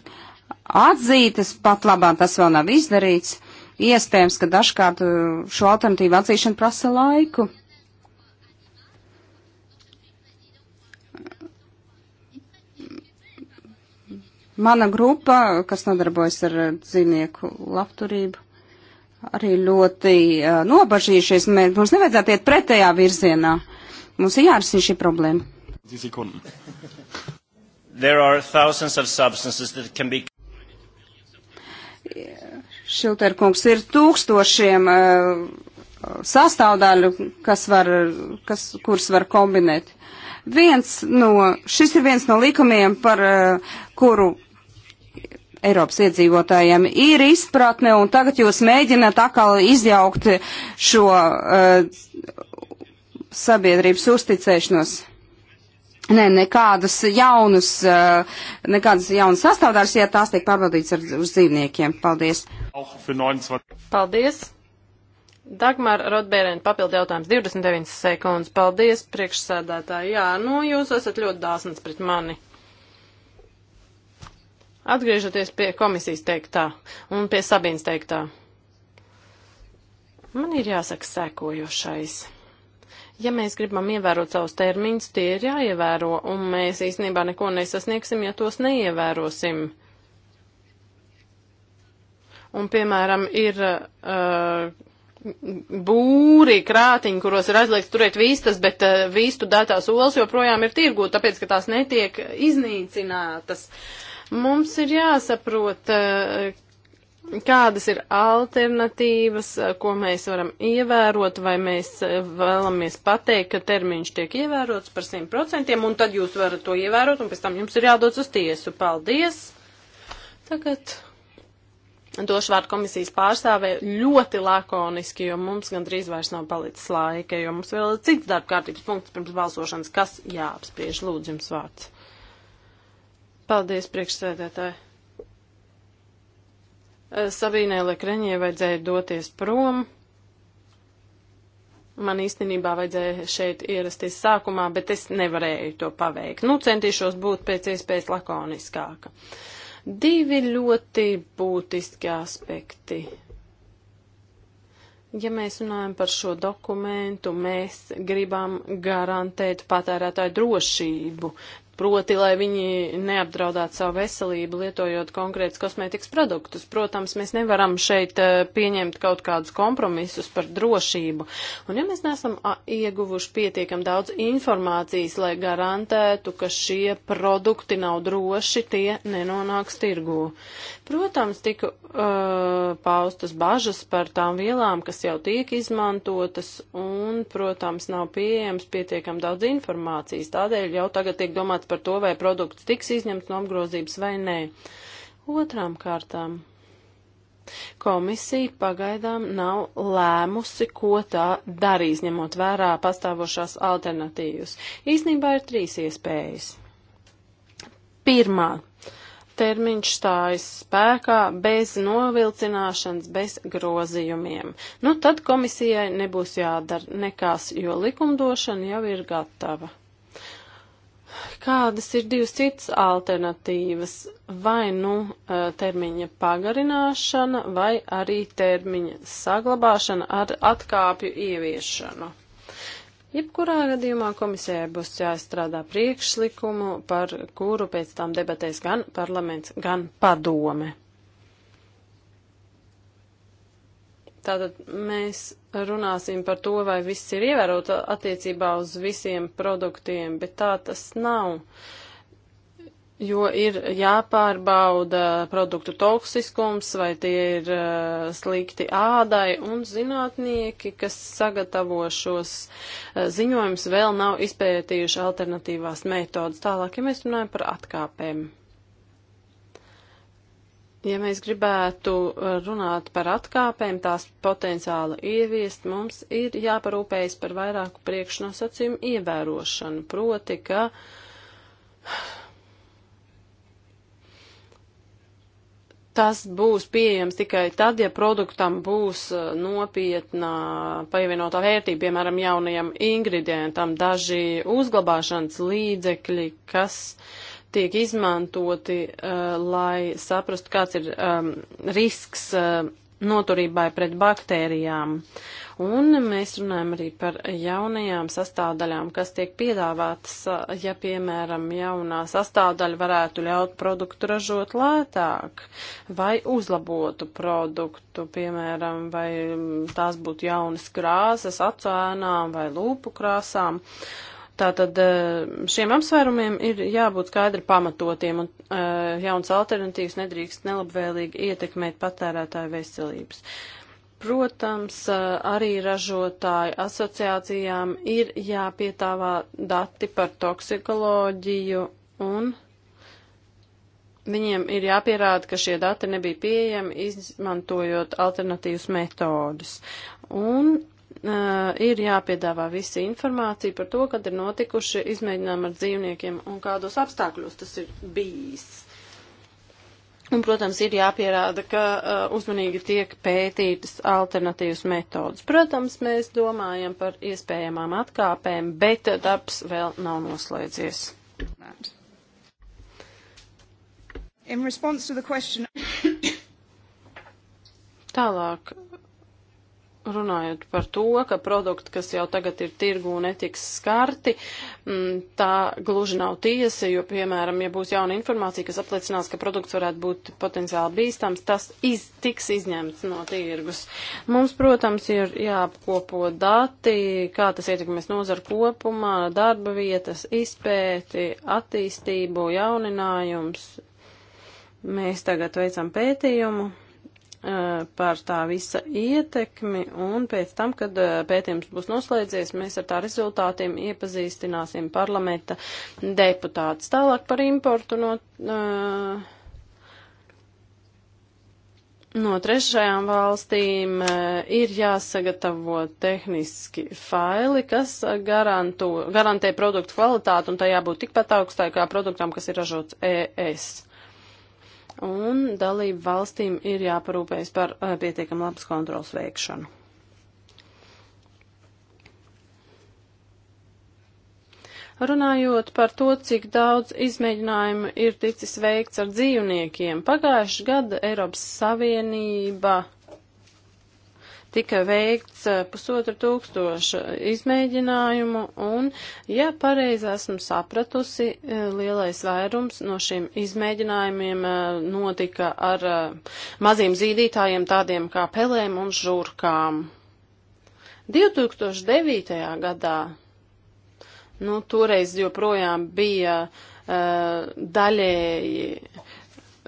atzītas, pat labāk tas vēl nav izdarīts. Iespējams, ka dažkārt uh, šo alternatīvu atzīšanu prasa laiku. Mana grupa, kas nodarbojas ar uh, dzīvnieku labturību, arī ļoti uh, nobažījušies. Mēs, mums nevajadzētu iet pretējā virzienā. Mums ir jārisina šī problēma. Be... Šilterkungs ir tūkstošiem eh, sastāvdaļu, kas var, kas, kuras var kombinēt. Viens no, šis ir viens no likumiem, par eh, kuru Eiropas iedzīvotājiem ir izpratne, un tagad jūs mēģināt atkal izjaukt šo uh, sabiedrības uzticēšanos. Ne, nekādus jaunus, eh, nekādas jaunas sastāvdaļas, ja tās tiek pārbaudītas ar uz dzīvniekiem. Paldies. Paldies. Dagmar Rotbērēna papildu jautājums 29 sekundes. Paldies, priekšsēdētāji. Jā, nu jūs esat ļoti dāsns pret mani. Atgriežoties pie komisijas teiktā un pie Sabīnas teiktā. Man ir jāsaka sekojošais. Ja mēs gribam ievērot savus termiņus, tie ir jāievēro, un mēs īstenībā neko nesasniegsim, ja tos neievērosim. Un, piemēram, ir uh, būri, krātiņi, kuros ir aizliegts turēt vistas, bet uh, vistu datās olas joprojām ir tirgū, tāpēc, ka tās netiek iznīcinātas. Mums ir jāsaprot, uh, kādas ir alternatīvas, eh, ko mēs varam ievērot, vai mēs eh, vēlamies pateikt, ka termiņš tiek ievērots par 100%, un tad jūs varat to ievērot, un pēc tam jums ir jādodas uz tiesu. Paldies! Tagad došu vārdu komisijas pārstāvē ļoti lakoniski, jo mums gandrīz vairs nav palicis laika, jo mums vēl ir cits darba kārtības punkts pirms balsošanas, kas jāapspriež. Lūdzu, jums vārds. Paldies, priekšsēdētāji! Eh, Sabīnai Lekreņie vajadzēja doties prom. Man īstenībā vajadzēja šeit ierasties sākumā, bet es nevarēju to paveikt. Nu, centīšos būt pēc iespējas lakoniskāka. Divi ļoti būtiski aspekti. Ja mēs runājam par šo dokumentu, mēs gribam garantēt patērētāju drošību proti, lai viņi neapdraudētu savu veselību, lietojot konkrētus kosmētikas produktus. Protams, mēs nevaram šeit eh, pieņemt kaut kādus kompromisus par drošību. Un ja mēs neesam ieguvuši pietiekam daudz informācijas, lai garantētu, ka šie produkti nav droši, tie nenonāks tirgū. Protams, tika uh, paustas bažas par tām vielām, kas jau tiek izmantotas, un, protams, nav pieejams pietiekam daudz informācijas. Tādēļ jau tagad tiek domāts par to, vai produkts tiks izņemts no apgrozības vai nē. Otrām kārtām. Komisija pagaidām nav lēmusi, ko tā darīs, ņemot vērā pastāvošās alternatīvas. Īsnībā ir trīs iespējas. Pirmā termiņš stājas spēkā bez novilcināšanas, bez grozījumiem. Nu, tad komisijai nebūs jādara nekas, jo likumdošana jau ir gatava kādas ir divas citas alternatīvas - vai nu e, termiņa pagarināšana, vai arī termiņa saglabāšana ar atkāpju ieviešanu. Jebkurā gadījumā komisijai būs jāizstrādā priekšlikumu, par kuru pēc tam debatēs gan parlaments, gan padome. Tātad mēs runāsim par to, vai viss ir ievērota attiecībā uz visiem produktiem, bet tā tas nav. Jo ir jāpārbauda produktu toksiskums, vai tie ir uh, slikti ādai, un zinātnieki, kas sagatavo šos uh, ziņojumus, vēl nav izpētījuši alternatīvās metodas. Tālāk, ja mēs runājam par atkāpēm. Ja mēs gribētu uh, runāt par atkāpēm, tās potenciāli ieviest, mums ir jāparūpējas par vairāku priekšnosacījumu ievērošanu. Proti, ka tas būs pieejams tikai tad, ja produktam būs uh, nopietna pievienotā vērtība, piemēram, jaunajam ingredientam, daži uzglabāšanas līdzekļi, kas. Uh, tiek izmantoti, uh, lai saprastu, kāds ir um, risks uh, noturībai pret baktērijām. Un mēs runājam arī par jaunajām sastāvdaļām, kas tiek piedāvātas, eh, ja, piemēram, jaunā sastāvdaļa varētu ļaut produktu ražot lētāk vai uzlabotu produktu, piemēram, vai mm, tās būtu jaunas krāsas acēnām vai lūpu krāsām. Uh, Tātad eh, šiem apsvērumiem ir jābūt skaidri pamatotiem, un uh, jauns alternatīvas nedrīkst nelabvēlīgi ietekmēt patērētāju veselības. Protams, eh, arī ražotāju asociācijām ir jāpietāvā dati par toksikoloģiju un viņiem ir jāpierāda, ka šie dati nebija pieejami, izmantojot alternatīvas metodas. Un uh, ir jāpiedāvā visa informācija par to, kad ir notikuši izmēģinājumi ar dzīvniekiem un kādos apstākļos tas ir bijis. Un, protams, ir jāpierāda, ka uh, uzmanīgi tiek pētītas alternatīvas metodas. Protams, mēs domājam par iespējamām atkāpēm, bet darbs vēl nav noslēdzies. Question... Tālāk runājot par to, ka produkti, kas jau tagad ir tirgu un netiks skarti, mm, tā gluži nav tiesa, jo, piemēram, ja būs jauna informācija, kas apliecinās, ka produkts varētu būt potenciāli bīstams, tas iz, tiks izņemts no tirgus. Mums, protams, ir jāapkopo dati, kā tas ietekmēs nozaru kopumā, darba vietas, izpēti, attīstību, jauninājums. Mēs tagad veicam pētījumu Uh, par tā visa ietekmi, un pēc tam, kad uh, pētījums būs noslēdzies, mēs ar tā rezultātiem iepazīstināsim parlamenta deputātus. Tālāk par importu no, uh, no trešajām valstīm ir jāsagatavo tehniski faili, kas garantu, garantē produktu kvalitāti, un tajā būtu tikpat augstai kā produktam, kas ir ražots ES un dalību valstīm ir jāparūpējas par eh, pietiekam labas kontrols veikšanu. Runājot par to, cik daudz izmēģinājumu ir ticis veikts ar dzīvniekiem, pagājuši gada Eiropas Savienība tika veikts pusotra tūkstoša izmēģinājumu, un, ja pareizi esmu sapratusi, lielais vairums no šiem izmēģinājumiem notika ar maziem zīdītājiem, tādiem kā pelēm un žurkām. 2009. gadā, nu, toreiz joprojām bija uh, daļēji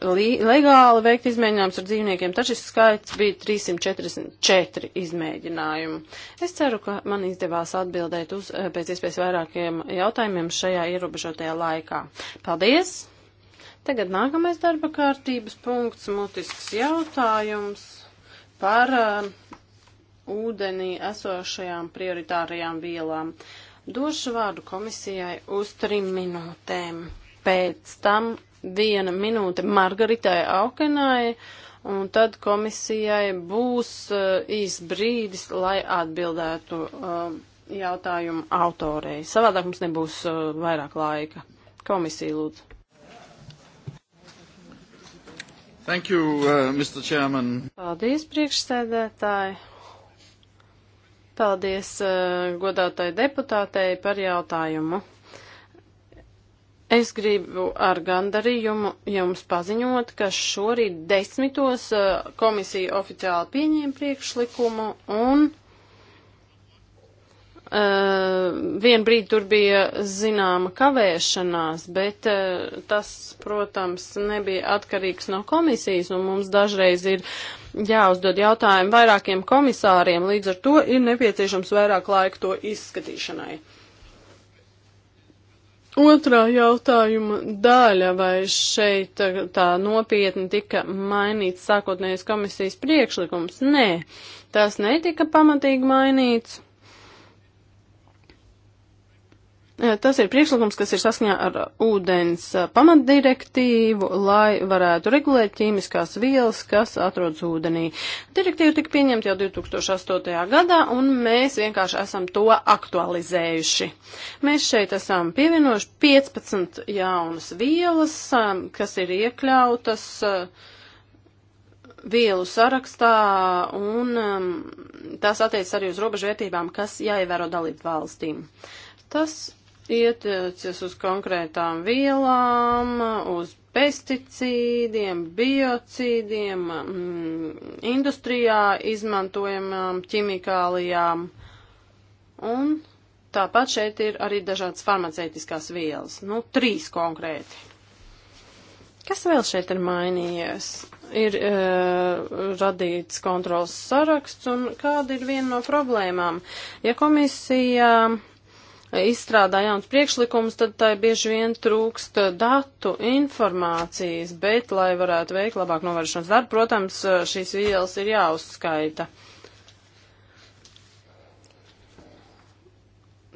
legāli veikt izmēģinājumus ar dzīvniekiem, taču šis skaits bija 344 izmēģinājumi. Es ceru, ka man izdevās atbildēt uz eh, pēc iespējas vairākiem jautājumiem šajā ierobežotajā laikā. Paldies! Tagad nākamais darba kārtības punkts, mutisks jautājums par uh, ūdenī esošajām prioritārajām vielām. Došu vārdu komisijai uz trim minūtēm. Pēc tam viena minūte Margaritai Aukenai, un tad komisijai būs eh, īs brīdis, lai atbildētu eh, jautājumu autorei. Savādāk mums nebūs eh, vairāk laika. Komisija lūdzu. Thank you, uh, Mr. Chairman. Paldies, priekšsēdētāji. Paldies uh, godātai deputātei par jautājumu. Es gribu ar gandarījumu jums paziņot, ka šorīt desmitos eh, komisija oficiāli pieņēma priekšlikumu un uh, vien brīdi tur bija zināma kavēšanās, bet uh, tas, protams, nebija atkarīgs no komisijas un mums dažreiz ir jāuzdod jautājumu vairākiem komisāriem, līdz ar to ir nepieciešams vairāk laika to izskatīšanai. Otrā jautājuma daļa, vai šeit tā nopietni tika mainīts sākotnējais komisijas priekšlikums? Nē, tas netika pamatīgi mainīts. Tas ir priekšlikums, kas ir saskaņā ar ūdens pamatdirektīvu, lai varētu regulēt ķīmiskās vielas, kas atrodas ūdenī. Direktīva tika pieņemta jau 2008. gadā, un mēs vienkārši esam to aktualizējuši. Mēs šeit esam pievienojuši 15 jaunas vielas, kas ir iekļautas vielu sarakstā, un um, tās attiecas arī uz robežvērtībām, kas jāievēro dalību valstīm. Tas ietiecies uz konkrētām vielām, uz pesticīdiem, biocīdiem, mm, industrijā izmantojamām ķimikālijām. Un tāpat šeit ir arī dažādas farmaceitiskās vielas. Nu, trīs konkrēti. Kas vēl šeit ir mainījies? Ir e, radīts kontrols saraksts, un kāda ir viena no problēmām? Ja komisija e, izstrādā jauns priekšlikums, tad tai bieži vien trūkst datu informācijas, bet, lai varētu veikt labāk novēršanas darbu, protams, šīs vielas ir jāuzskaita.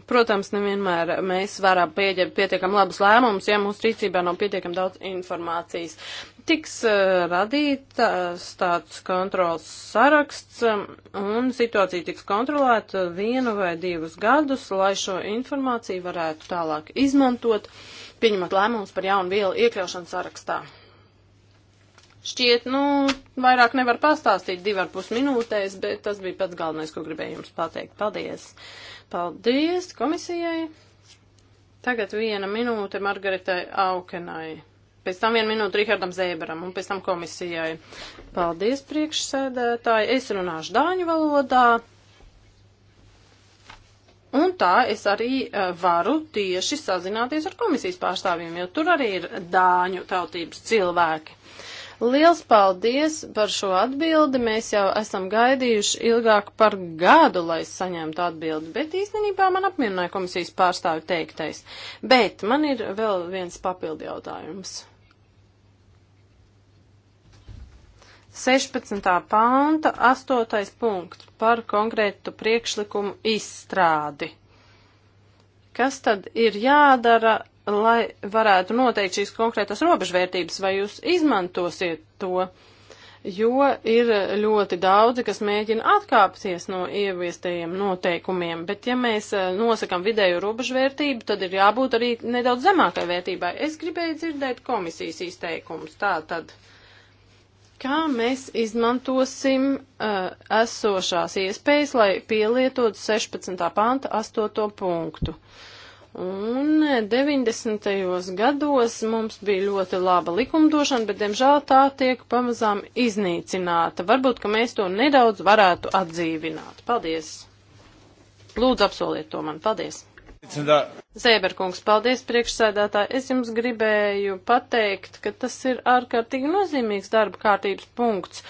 Protams, nevienmēr mēs varam pieņemt pietiekam labus lēmumus, ja mūsu rīcībā nav pietiekam daudz informācijas tiks eh, radītas eh, tāds kontrols saraksts eh, un situācija tiks kontrolēta vienu vai divus gadus, lai šo informāciju varētu tālāk izmantot, pieņemot lēmumus par jaunu vielu iekļaušanu sarakstā. Šķiet, nu, vairāk nevar pastāstīt divi ar pus minūtēs, bet tas bija pats galvenais, ko gribēju jums pateikt. Paldies! Paldies komisijai! Tagad viena minūte Margaritai Aukenai. Pēc tam vienu minūtu Rihardam Zēberam un pēc tam komisijai. Paldies, priekšsēdētāji. Es runāšu dāņu valodā. Un tā es arī e, varu tieši sazināties ar komisijas pārstāvjiem, jo tur arī ir dāņu tautības cilvēki. Liels paldies par šo atbildi. Mēs jau esam gaidījuši ilgāk par gadu, lai saņemtu atbildi, bet īstenībā man apmierināja komisijas pārstāvi teiktais. Bet man ir vēl viens papildi jautājums. 16. pānta 8. punkts par konkrētu priekšlikumu izstrādi. Kas tad ir jādara, lai varētu noteikt šīs konkrētas robežvērtības, vai jūs izmantosiet to? Jo ir ļoti daudzi, kas mēģina atkāpties no ieviestajiem noteikumiem, bet ja mēs eh, nosakam vidēju robežvērtību, tad ir jābūt arī nedaudz zemākai vērtībai. Es gribēju dzirdēt komisijas izteikumus. Tā tad. Uh, kā mēs izmantosim uh, esošās iespējas, lai pielietotu 16. panta 8. punktu. Un 90. Eh, gados mums bija ļoti laba likumdošana, bet, diemžēl, tā tiek pamazām iznīcināta. Varbūt, ka mēs to nedaudz varētu atdzīvināt. Paldies! Lūdzu, apsoliet to man. Paldies! Zēberkungs, paldies priekšsēdētāji. Es jums gribēju pateikt, ka tas ir ārkārtīgi nozīmīgs darba kārtības punkts.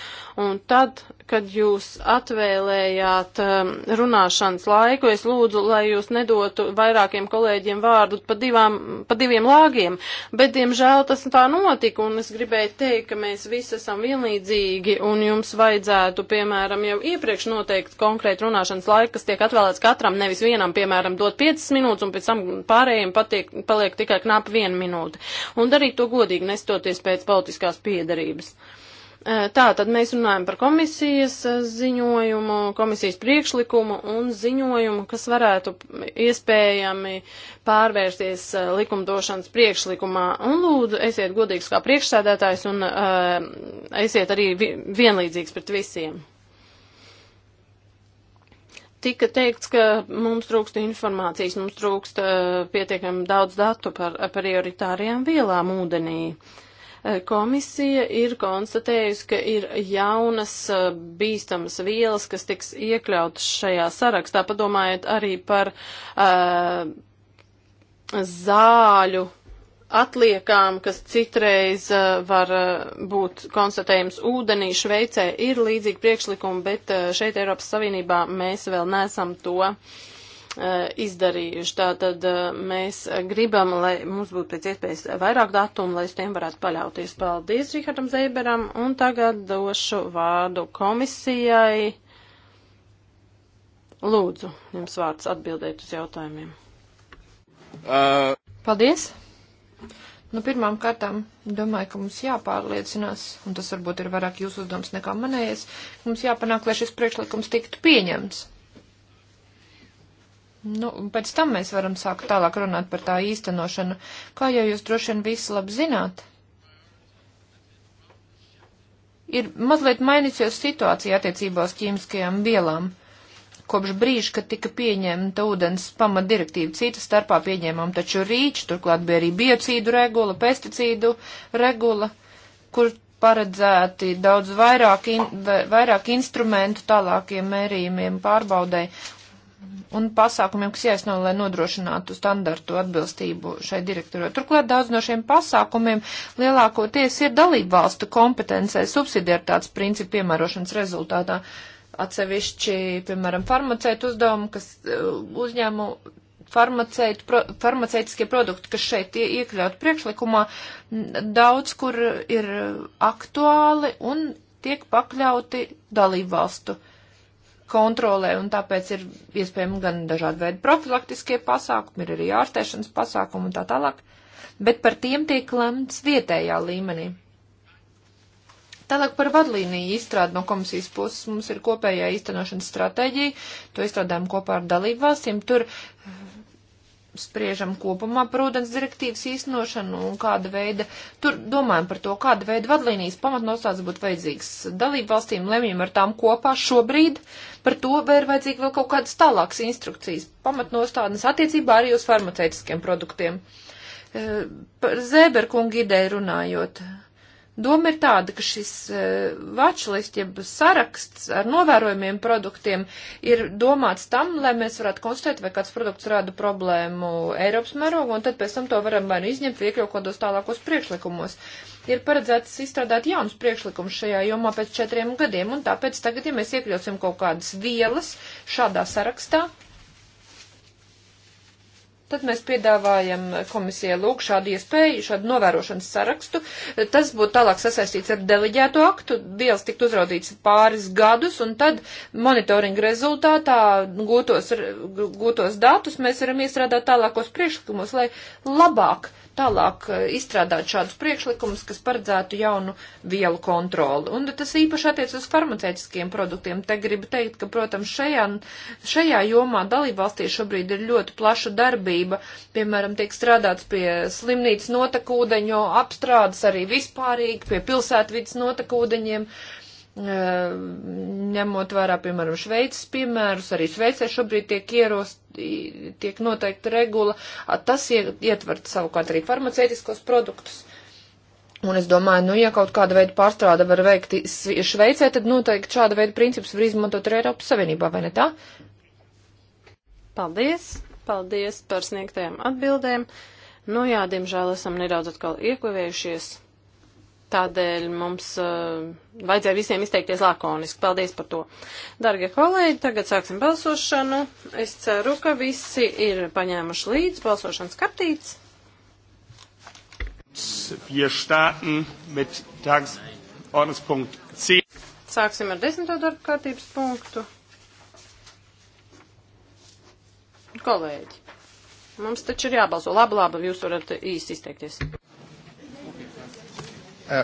Un tad kad jūs atvēlējāt um, runāšanas laiku, es lūdzu, lai jūs nedotu vairākiem kolēģiem vārdu pa, divām, pa diviem lāgiem, bet, diemžēl, tas tā notika, un es gribēju teikt, ka mēs visi esam vienlīdzīgi, un jums vajadzētu, piemēram, jau iepriekš noteikt konkrēti runāšanas laiku, kas tiek atvēlēts katram, nevis vienam, piemēram, dot 5 minūtes, un pēc tam pārējiem patiek, paliek tikai knapi 1 minūte, un darīt to godīgi, nestoties pēc politiskās piedarības. Eh, Tā tad mēs runājam par komisijas eh, ziņojumu, komisijas priekšlikumu un ziņojumu, kas varētu iespējami pārvērsties eh, likumdošanas priekšlikumā. Un lūdzu, esiet godīgs kā priekšsēdētājs un uh, esiet arī vienlīdzīgs pret visiem. Tika teikts, ka mums trūkst informācijas, mums trūkst uh, pietiekami daudz datu par prioritārajām vielām ūdenī. Uh, Komisija ir konstatējusi, ka ir jaunas eh, bīstamas vielas, kas tiks iekļautas šajā sarakstā. Padomājiet arī par uh, zāļu atliekām, kas citreiz uh, var uh, būt konstatējums ūdenī, Šveicē ir līdzīgi priekšlikumi, bet uh, šeit Eiropas Savienībā mēs vēl nesam to uh, Eh, izdarījuši. Tātad eh, mēs gribam, lai mums būtu pēc iespējas vairāk datumu, lai uz tiem varētu paļauties. Paldies Rihardam Zeiberam un tagad došu vārdu komisijai. Lūdzu, jums vārds atbildēt uz jautājumiem. Uh. Paldies! Nu, pirmām kārtām, domāju, ka mums jāpārliecinās, un tas varbūt ir vairāk jūsu uzdevums nekā manējais, mums jāpanāk, lai šis priekšlikums tiktu pieņemts Nu, pēc tam mēs varam sākt tālāk runāt par tā īstenošanu. Kā jau jūs droši vien visi labi zināt, ir mazliet mainījusies situācija attiecībā uz ķīmiskajām vielām. Kopš brīža, kad tika pieņemta ūdens pamatdirektīva, cita starpā pieņēmām taču rīču, turklāt bija arī biocīdu regula, pesticīdu regula, kur paredzēti daudz vairāk, in, vairāk instrumentu tālākiem mērījumiem pārbaudē, un pasākumiem, kas jāizsno, lai nodrošinātu standartu atbilstību šai direktorai. Turklāt daudz no šiem pasākumiem lielākoties ir dalību valstu kompetencē subsidiartāts principu piemērošanas rezultātā. Atsevišķi, piemēram, farmaceitu uzdevumu, kas uh, uzņēmu farmaceitu, pro, farmaceitiskie produkti, kas šeit iekļaut priekšlikumā, daudz kur ir aktuāli un tiek pakļauti dalību valstu uh, kontrolē, un tāpēc ir iespējami gan dažādi veidi profilaktiskie pasākumi, ir arī ārstēšanas pasākumi un tā tālāk, bet par tiem tiek lemts vietējā līmenī. Tālāk par vadlīniju izstrādi no komisijas puses mums ir kopējā īstenošanas stratēģija, to izstrādājam kopā ar dalību valstīm. Tur spriežam kopumā par ūdens direktīvas īstenošanu un kāda veida, tur domājam par to, kāda veida vadlīnijas pamatnostāds būtu vajadzīgs dalību valstīm, lemjam ar tām kopā šobrīd par to, vai ir vajadzīgi vēl kaut kādas tālākas instrukcijas pamatnostādnes attiecībā arī uz farmaceitiskiem produktiem. Eh, par Zēberkungu ideju runājot. Doma ir tāda, ka šis watchlist, e, jeb saraksts ar novērojumiem produktiem ir domāts tam, lai mēs varētu konstatēt, vai kāds produkts rada problēmu Eiropas mērogu, un tad pēc tam to varam vai nu izņemt, vai iekļaut kādos tālākos priekšlikumos. Ir paredzēts izstrādāt jaunus priekšlikumus šajā jomā pēc četriem gadiem, un tāpēc tagad, ja mēs iekļausim kaut kādas vielas šādā sarakstā, Tad mēs piedāvājam komisijai lūk šādu iespēju, šādu novērošanas sarakstu. Tas būtu tālāk sasaistīts ar deleģēto aktu, vielas tikt uzraudīts pāris gadus, un tad monitoringa rezultātā gūtos, gūtos datus mēs varam iestrādāt tālākos priekšlikumus, lai labāk uh, tālāk eh, izstrādāt šādus priekšlikumus, kas paredzētu jaunu vielu kontroli. Un tas īpaši attiec uz farmaceitiskiem produktiem. Te gribu teikt, ka, protams, šajā, šajā jomā dalībvalstī šobrīd ir ļoti plaša darbība. Piemēram, tiek strādāts pie slimnīcas notekūdeņu apstrādes arī vispārīgi, pie pilsētvidas notekūdeņiem. Uh, Ehm, ņemot vērā, piemēram, Šveices piemērus, arī Šveicē šobrīd tiek ierost, tiek noteikta regula, tas ietver savukārt arī farmaceitiskos produktus. Un es domāju, nu, ja kaut kāda veida pārstrāde var veikt Šveicē, tad noteikti šāda veida princips var izmantot arī Eiropas Savienībā, vai ne tā? Paldies! Paldies par sniegtajām atbildēm! Nu jā, diemžēl esam nedaudz atkal iekavējušies. Tādēļ mums uh, vajadzēja visiem izteikties lakoniski. Paldies par to. Dargie kolēģi, tagad sāksim balsošanu. Es ceru, ka visi ir paņēmuši līdz balsošanas kartītes. Sāksim ar desmito darba kārtības punktu. Kolēģi, mums taču ir jābalso. Labi, labi, jūs varat īsti izteikties. Uh,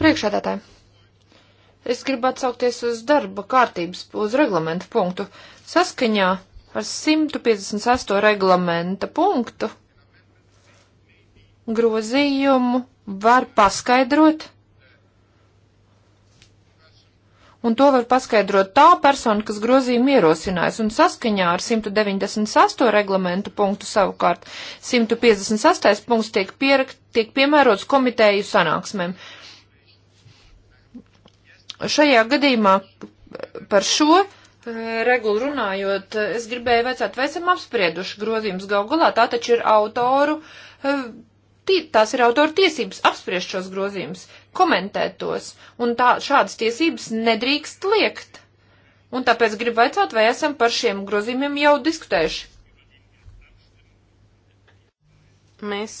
Priekšādātāji, es gribu atsaukties uz darba kārtības, uz reglamentu punktu. Saskaņā ar 158. reglamenta punktu grozījumu var paskaidrot un to var paskaidrot tā persona, kas grozījumu ierosinājis, un saskaņā ar 198 reglamentu punktu savukārt 158 punkts tiek, pierakt, tiek piemērots komiteju sanāksmēm. Šajā gadījumā par šo eh, regulu runājot, eh, es gribēju vecāt, vai esam apsprieduši grozījums gal galā, tā taču ir autoru, eh, tās ir autoru tiesības apspriest šos grozījumus komentēt tos, un tā, šādas tiesības nedrīkst liekt. Un tāpēc gribu vaicāt, vai esam par šiem grozījumiem jau diskutējuši. Mēs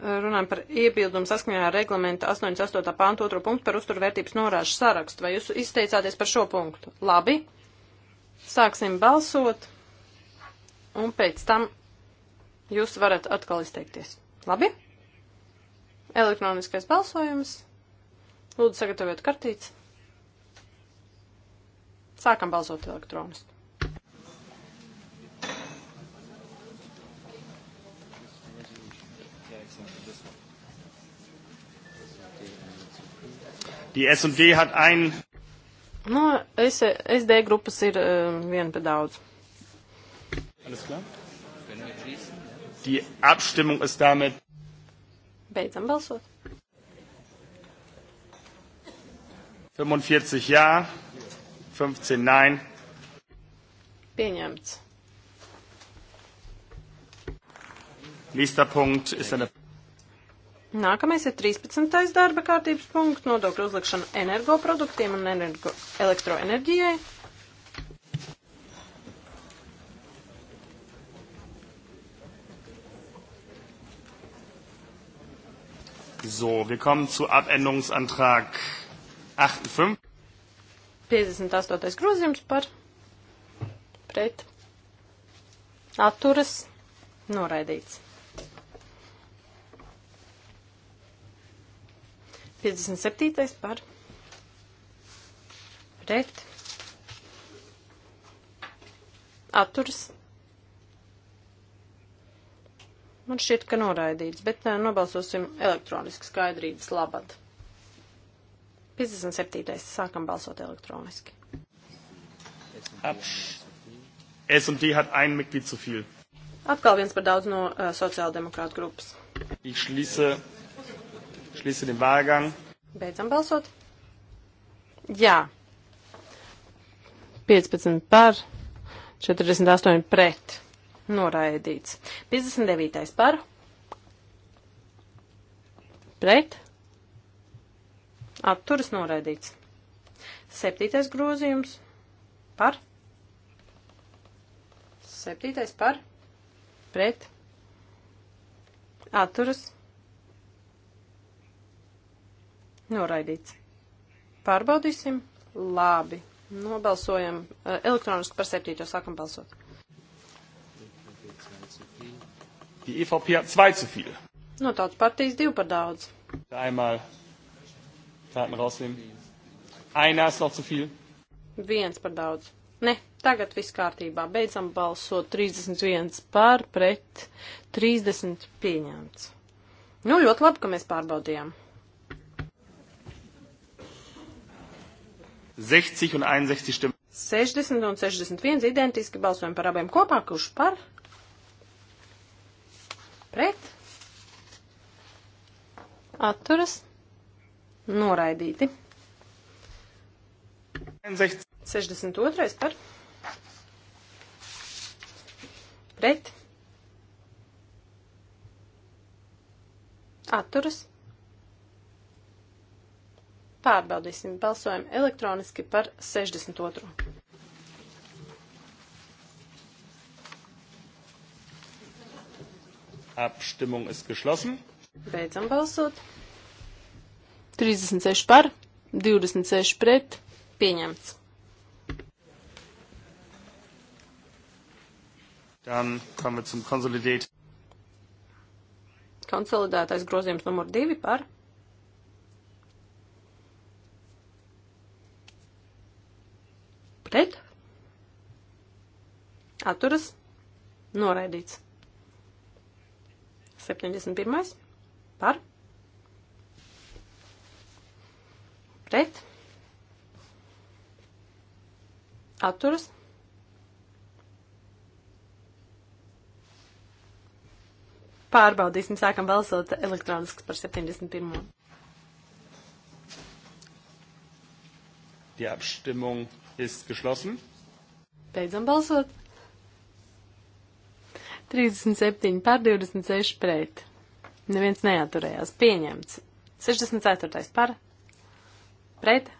runājam par iebildumu saskaņā ar reglamentu 88. pāntu 2. punktu par uzturvērtības norāžu sarakstu. Vai jūs izteicāties par šo punktu? Labi. Sāksim balsot, un pēc tam jūs varat atkal izteikties. Labi? Elektroniskais balsojums. Lūdzu, sagatavojiet kartītes. Sākam balsot elektroniski. Die SD hat ein. Nu, es, SD grupas ir uh, viena pa daudz. Alles klar? Die Abstimmung ist damit. Beidzam balsot. 45 jā, 15 nein. Pieņemts. Nächster Punkt ist eine. Nākamais ir 13. darba kārtības punkts - nodokļu uzlikšana energoproduktiem un energo, elektroenerģijai. So, wir kommen zu Abänderungsantrag 58. 58. grozījums par pret atturas noraidīts. 57. par pret atturas noraidīts Man šķiet, ka noraidīts, bet uh, nobalsosim elektroniski skaidrības labad. 57. sākam balsot elektroniski. S&D hat ein Mitglied zu viel. Atkal viens par daudz no uh, sociāldemokrāta grupas. Ich schließe, schließe den Wahlgang. Beidzam balsot. Jā. 15 par, 48 pret noraidīts. 59. par, pret, atturas noraidīts. 7. grozījums par, 7. par, pret, atturas noraidīts. Pārbaudīsim. Labi. Nobalsojam eh, elektroniski par septīto sākam balsot. Die EVP hat zwei zu viel. No nu, tautas partijas divi par daudz. Einmal Karten rausnehmen. Einer ist noch zu viel. Viens par daudz. Ne, tagad viss kārtībā. Beidzam balsot 31 pār pret 30 pieņemts. Nu, ļoti labi, ka mēs pārbaudījām. 60 un 61 stimmen. 60 un 61 identiski balsojam par abiem kopā, kurš par pret, atturas, noraidīti. 62. par pret, atturas, pārbaudīsim balsojumu elektroniski par 62. Abstimmung ist geschlossen. Beidzam balsot. 36 par, 26 pret, pieņemts. Dann kommen wir zum Konsolidate. Konsolidētais grozījums numur 2 par. Pret. Atturas. Noraidīts. 71. par pret atturas pārbaudīsim, sākam balsot elektroniski par 71. Die Abstimmung ist geschlossen. Beidzam balsot. 37 pār 26 pret. Neviens neaturējās. Pieņemts. 64 par. Pret.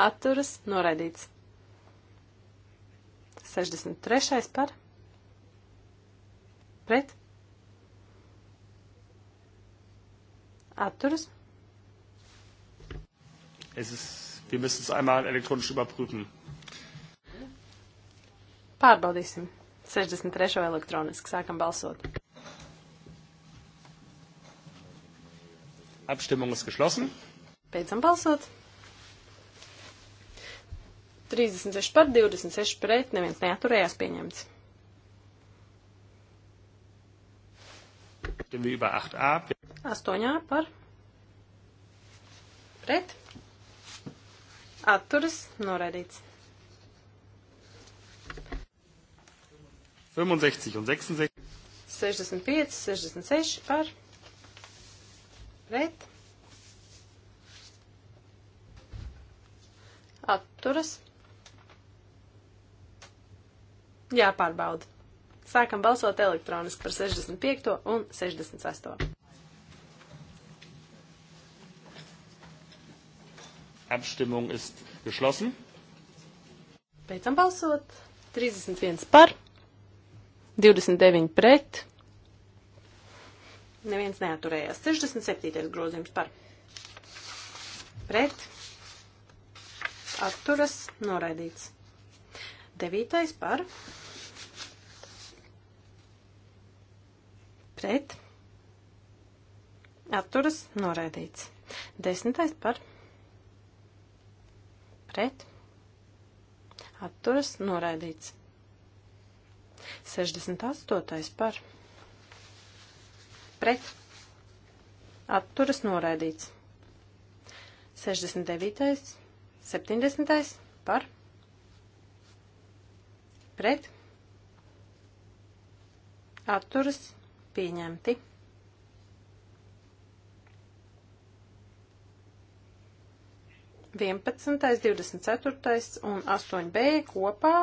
Atturas. Noraidīts. 63 par. Pret. Atturas. Es ist, wir müssen es einmal elektronisch überprüfen. Pārbaudīsim. 63. elektroniski. Sākam balsot. Abstimmung ist geschlossen. Beidzam balsot. 36 par 26 pret, neviens neaturējās pieņemts. Stimmen wir über 8a. 8a par. Pret. Atturas noraidīts. 65 un 66. 65, 66 par pret. Atturas. Jāpārbauda. Sākam balsot elektroniski par 65. un 68. Abstimmung ist geschlossen. Beidzam balsot. 31 par. 29 pret. Neviens neaturējās. 67. grozījums par. Pret. Atturas. Noraidīts. 9. par. Pret. Atturas. Noraidīts. 10. par. Pret. Atturas. Noraidīts. 68. par pret atturas noraidīts. 69. 70. par pret atturas pieņemti. Vienpadsmitais, divdesmit ceturtais un astoņi B kopā,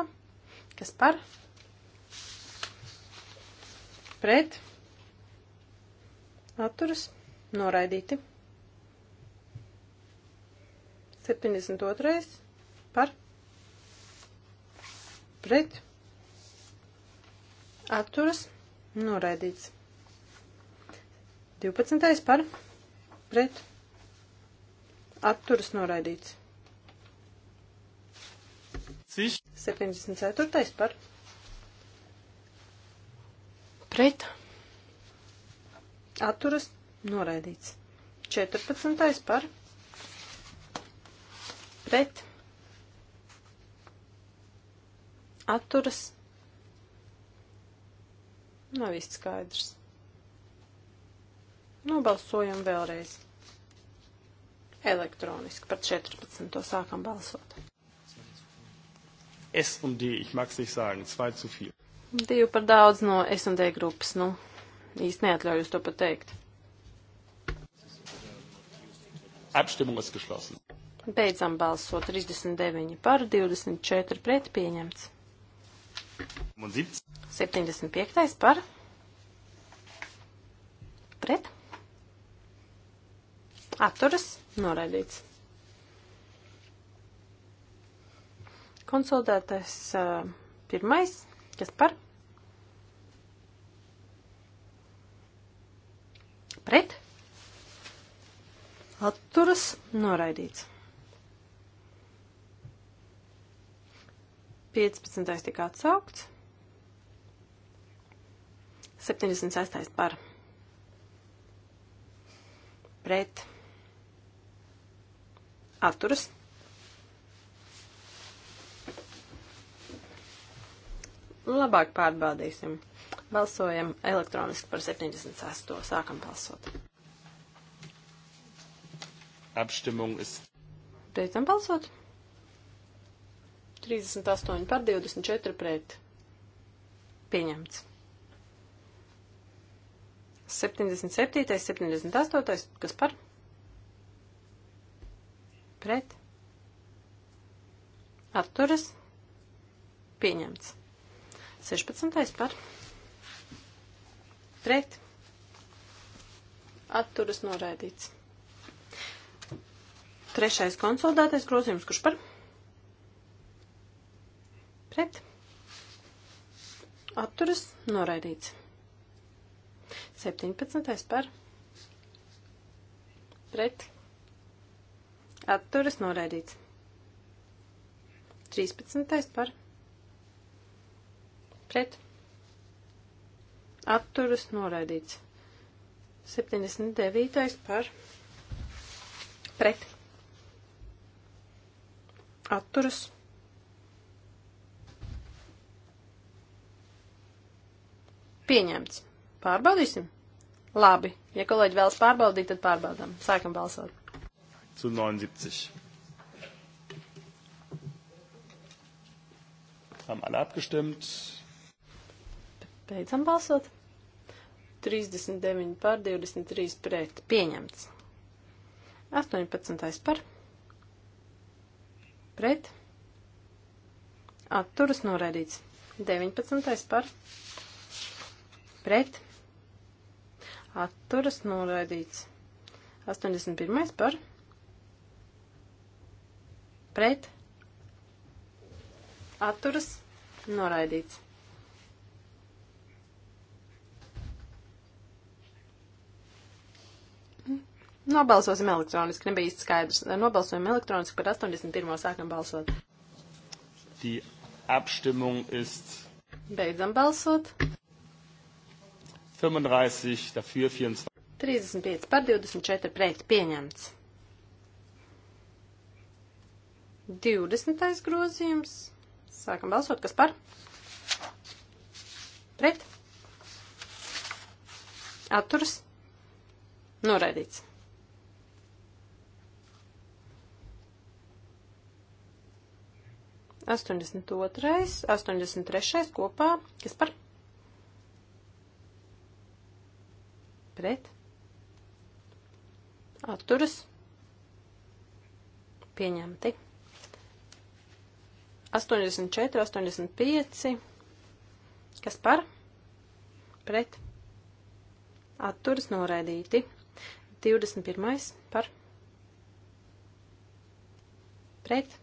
kas par pret, atturas, noraidīti. 72. par, pret, atturas, noraidīts. 12. par, pret, atturas, noraidīts. 74. par, pret pret, atturas, noraidīts. 14. par, pret, atturas, nav īsti skaidrs. Nobalsojam nu, vēlreiz. Elektroniski par 14. sākam balsot. S un D, ich mag's nicht sagen, 2 zu 4. Divi par daudz no S&D grupas, nu, īsti neatļaujos to pateikt. Abstimmung ist geschlossen. Beidzam balso 39 par 24 pret pieņemts. 75 par pret. Atturas noraidīts. Konsultētais uh, pirmais, kas par pret, atturas noraidīts. 15. tika atsaukts, 76. par pret, atturas. Labāk pārbaudīsim. Balsojam elektroniski par 78. Sākam balsot. Abstimmung ist. Beidzam balsot. 38 par 24 pret. Pieņemts. 77. 78. Kas par? Pret. Atturas. Pieņemts. 16. par pret atturas noraidīts. Trešais konsolidētais grozījums, kurš par pret atturas noraidīts. 17. par pret atturas noraidīts. 13. par pret atturas noraidīts. 79. par pret atturas pieņemts. Pārbaudīsim? Labi. Ja kolēģi vēlas pārbaudīt, tad pārbaudām. Sākam balsot. Zu 79. Haben alle abgestimmt. Beidzam balsot. 39 par 23 pret. Pieņemts. 18. par. Pret. Atturas noraidīts. 19. par. Pret. Atturas noraidīts. 81. par. Pret. Atturas noraidīts. Nobalsosim elektroniski, nebija īsti skaidrs. Nobalsojam elektroniski par 81. sākam balsot. Die Abstimmung ist. Beidzam balsot. 35 dafür, 24. 35 par 24 pret pieņemts. 20. grozījums. Sākam balsot, kas par? Pret. Atturs. Noraidīts. 82, 83 kopā, kas par pret atturas pieņemti. 84, 85, kas par pret atturas noraidīti. 21 par pret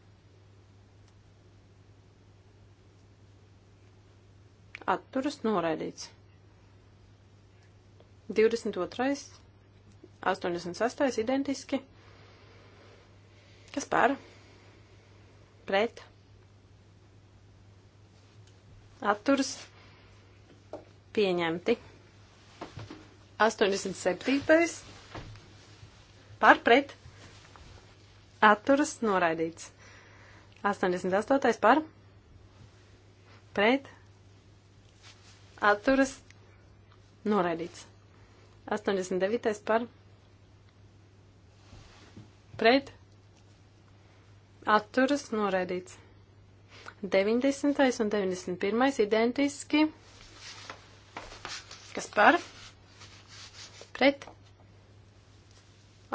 atturas noraidīts. 22. 86. identiski. Kas par? Pret. Atturs. Pieņemti. 87. Par pret. Atturs noraidīts. 88. par. Pret atturas noraidīts. 89. par pret atturas noraidīts. 90. un 91. identiski, kas par pret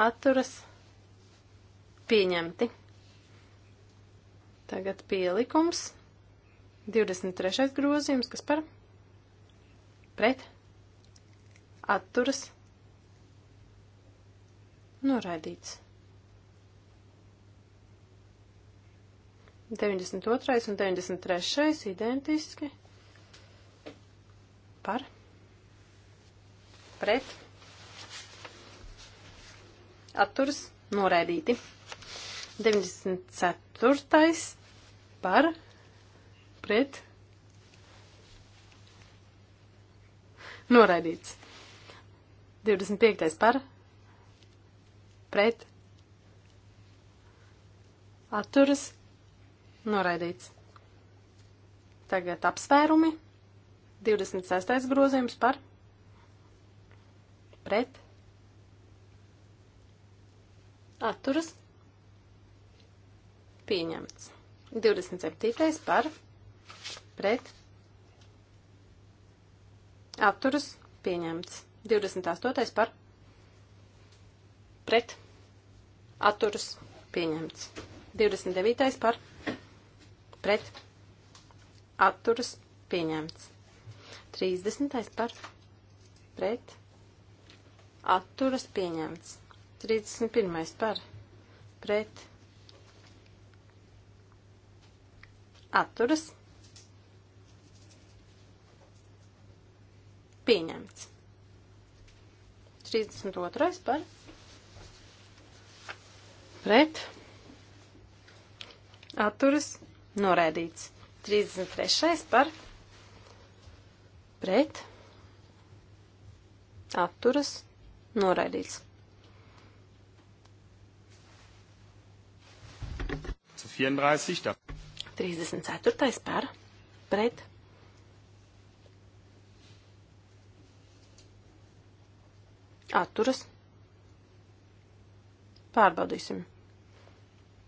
atturas pieņemti. Tagad pielikums. 23. grozījums, kas par pret pret, atturas, noraidīts. 92. un 93. identiski par, pret, atturas, noraidīti. 94. par, pret, Noraidīts. 25. par. Pret. Atturas. Noraidīts. Tagad apsvērumi. 26. grozījums par. Pret. Atturas. Pieņemts. 27. par. Pret Atturas pieņemts. 28. par pret. Atturas pieņemts. 29. par pret. Atturas pieņemts. 30. par pret. Atturas pieņemts. 31. par pret. Atturas pieņemts. Atturas. pieņemts. 32. par pret atturas norēdīts. 33. par pret atturas norēdīts. Zu 34. 34. par pret atturas. Pārbaudīsim.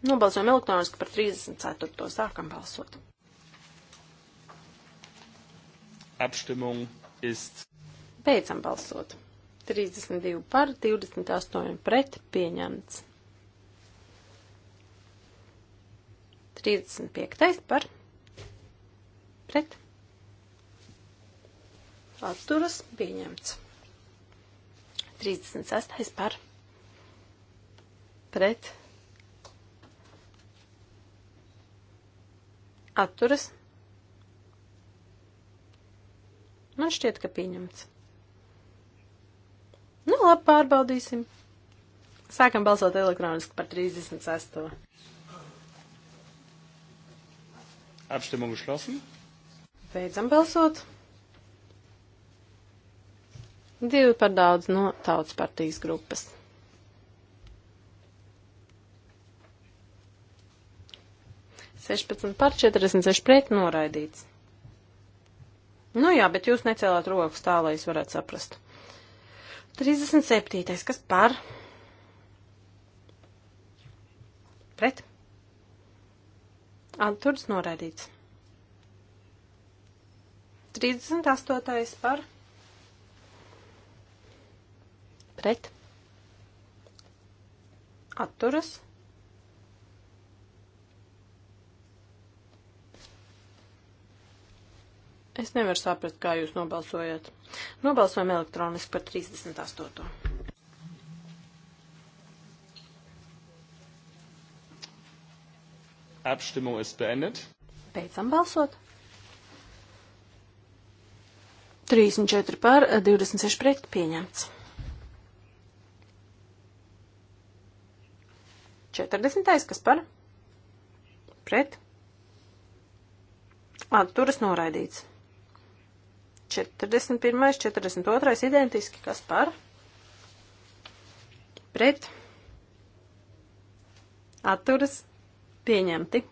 Nobalsojam elektroniski par 34. Sākam balsot. Abstimmung ist. Beidzam balsot. 32 par, 28 pret, pieņemts. 35 par, pret, atturas, pieņemts. 36. par pret atturas. Man šķiet, ka pieņemts. Nu, labi, pārbaudīsim. Sākam balsot elektroniski par 36. Abstimmung geschlossen. Beidzam balsot. Divi par daudz no tautas partijas grupas. Sešpadsmit par četrdesmit seši pret noraidīts. Nu jā, bet jūs necēlāt rokas tā, lai es varētu saprast. 37. kas par? Pret? Atturs noraidīts. 38. par? pret atturas. Es nevaru saprast, kā jūs nobalsojat. Nobalsojam elektroniski par 38. Abstimmung ist beendet. Beidzam balsot. 34 par, 26 eh, pret pieņemts. 40. kas par? Pret. Atturas noraidīts. 41. 42. identiski, kas par? Pret. Atturas pieņemti.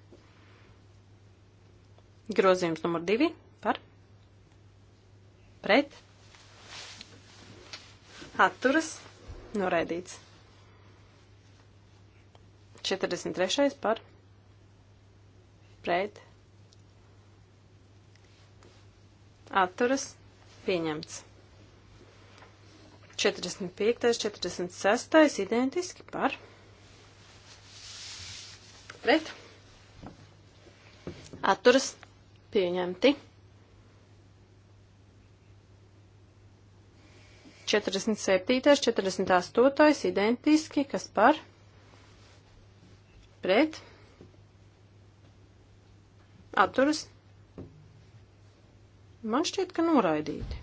Grozījums numur 2 par? Pret. Atturas noraidīts. 43. par pret atturas pieņemts. 45. 46. identiski par pret atturas pieņemti. 47. 48. identiski, kas par pret pret, atturas, man šķiet, ka noraidīti.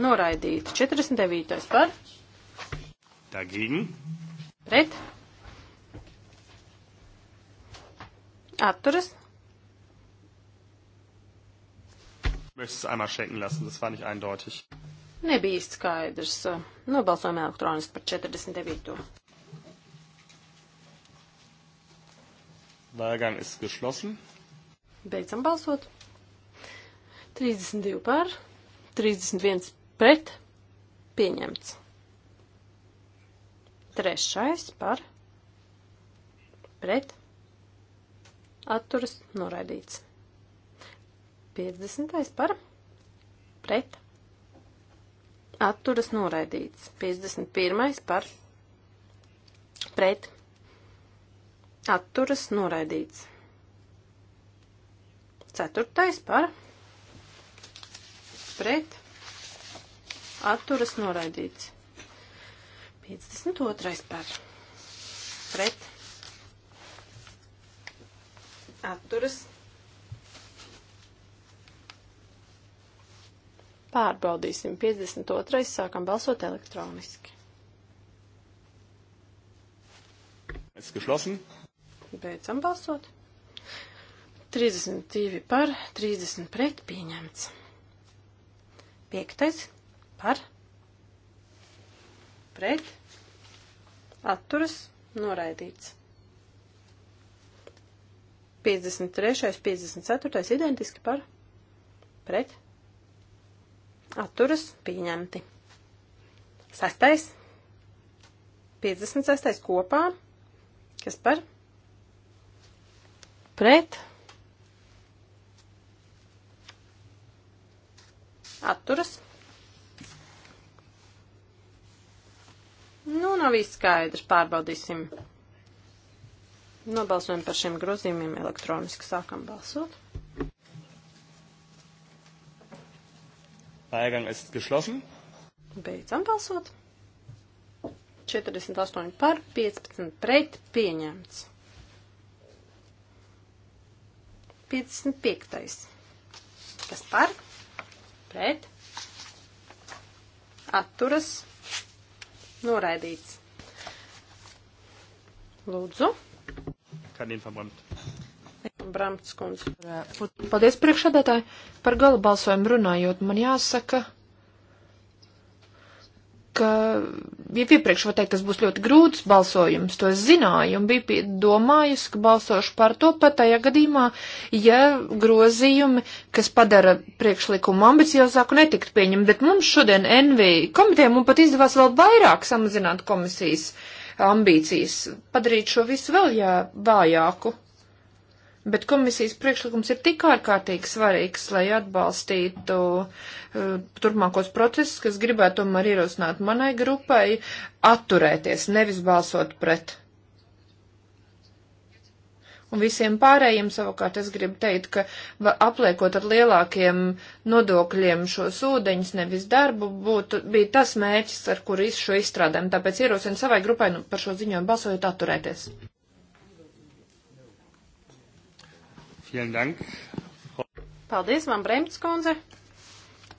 Noraidīti. 49. par. Dagegen. Pret. Atturas. möchte es einmal schenken lassen. Das war nicht eindeutig. Nebija īsti skaidrs. Nobalsojam elektroniski par 49. Wahlgang ist geschlossen. Beidzam balsot. 32 par, 31 pret, pieņemts. Trešais par, pret, atturas, noraidīts. 50 par, pret, pieņemts atturas noraidīts. 51. par pret atturas noraidīts. 4. par pret atturas noraidīts. 52. par pret atturas noraidīts Pārbaudīsim 52. sākam balsot elektroniski. Es geschlossen. Beidzam balsot. 32 par, 30 pret pieņemts. Piektais par, pret, atturas, noraidīts. 53, 54 identiski par, pret, atturas pieņemti. Sestais, 56. kopā, kas par pret atturas. Nu, nav īsti skaidrs, pārbaudīsim. Nobalsojam par šiem grozījumiem elektroniski sākam balsot. Wahlgang ist geschlossen. Beidzam balsot. 48 par, 15 pret, pieņemts. 55. Kas par? Pret. Atturas. Noraidīts. Lūdzu. Kann den verbrannt. Bramts kundze. Paldies priekšādātāji par gala balsojumu runājot. Man jāsaka, ka jau iepriekš var teikt, tas būs ļoti grūts balsojums, to es zināju un biju domājusi, ka balsošu par to pat tajā gadījumā, ja grozījumi, kas padara priekšlikumu ambiciozāku, netiktu pieņemti. Bet mums šodien NV komitejām un pat izdevās vēl vairāk samazināt komisijas ambīcijas, padarīt šo visu vēl jā, vājāku. Bet komisijas priekšlikums ir tik ārkārtīgi svarīgs, lai atbalstītu uh, turpmākos procesus, kas gribētu tomēr ierosināt manai grupai atturēties, nevis balsot pret. Un visiem pārējiem savukārt es gribu teikt, ka apliekot ar lielākiem nodokļiem šos ūdeņus, nevis darbu, būtu, bija tas mērķis, ar kuru visu šo izstrādājam. Tāpēc ierosinu savai grupai nu, par šo ziņojumu balsojot atturēties. Vielen Dank. Paldies, man Bremts kundze.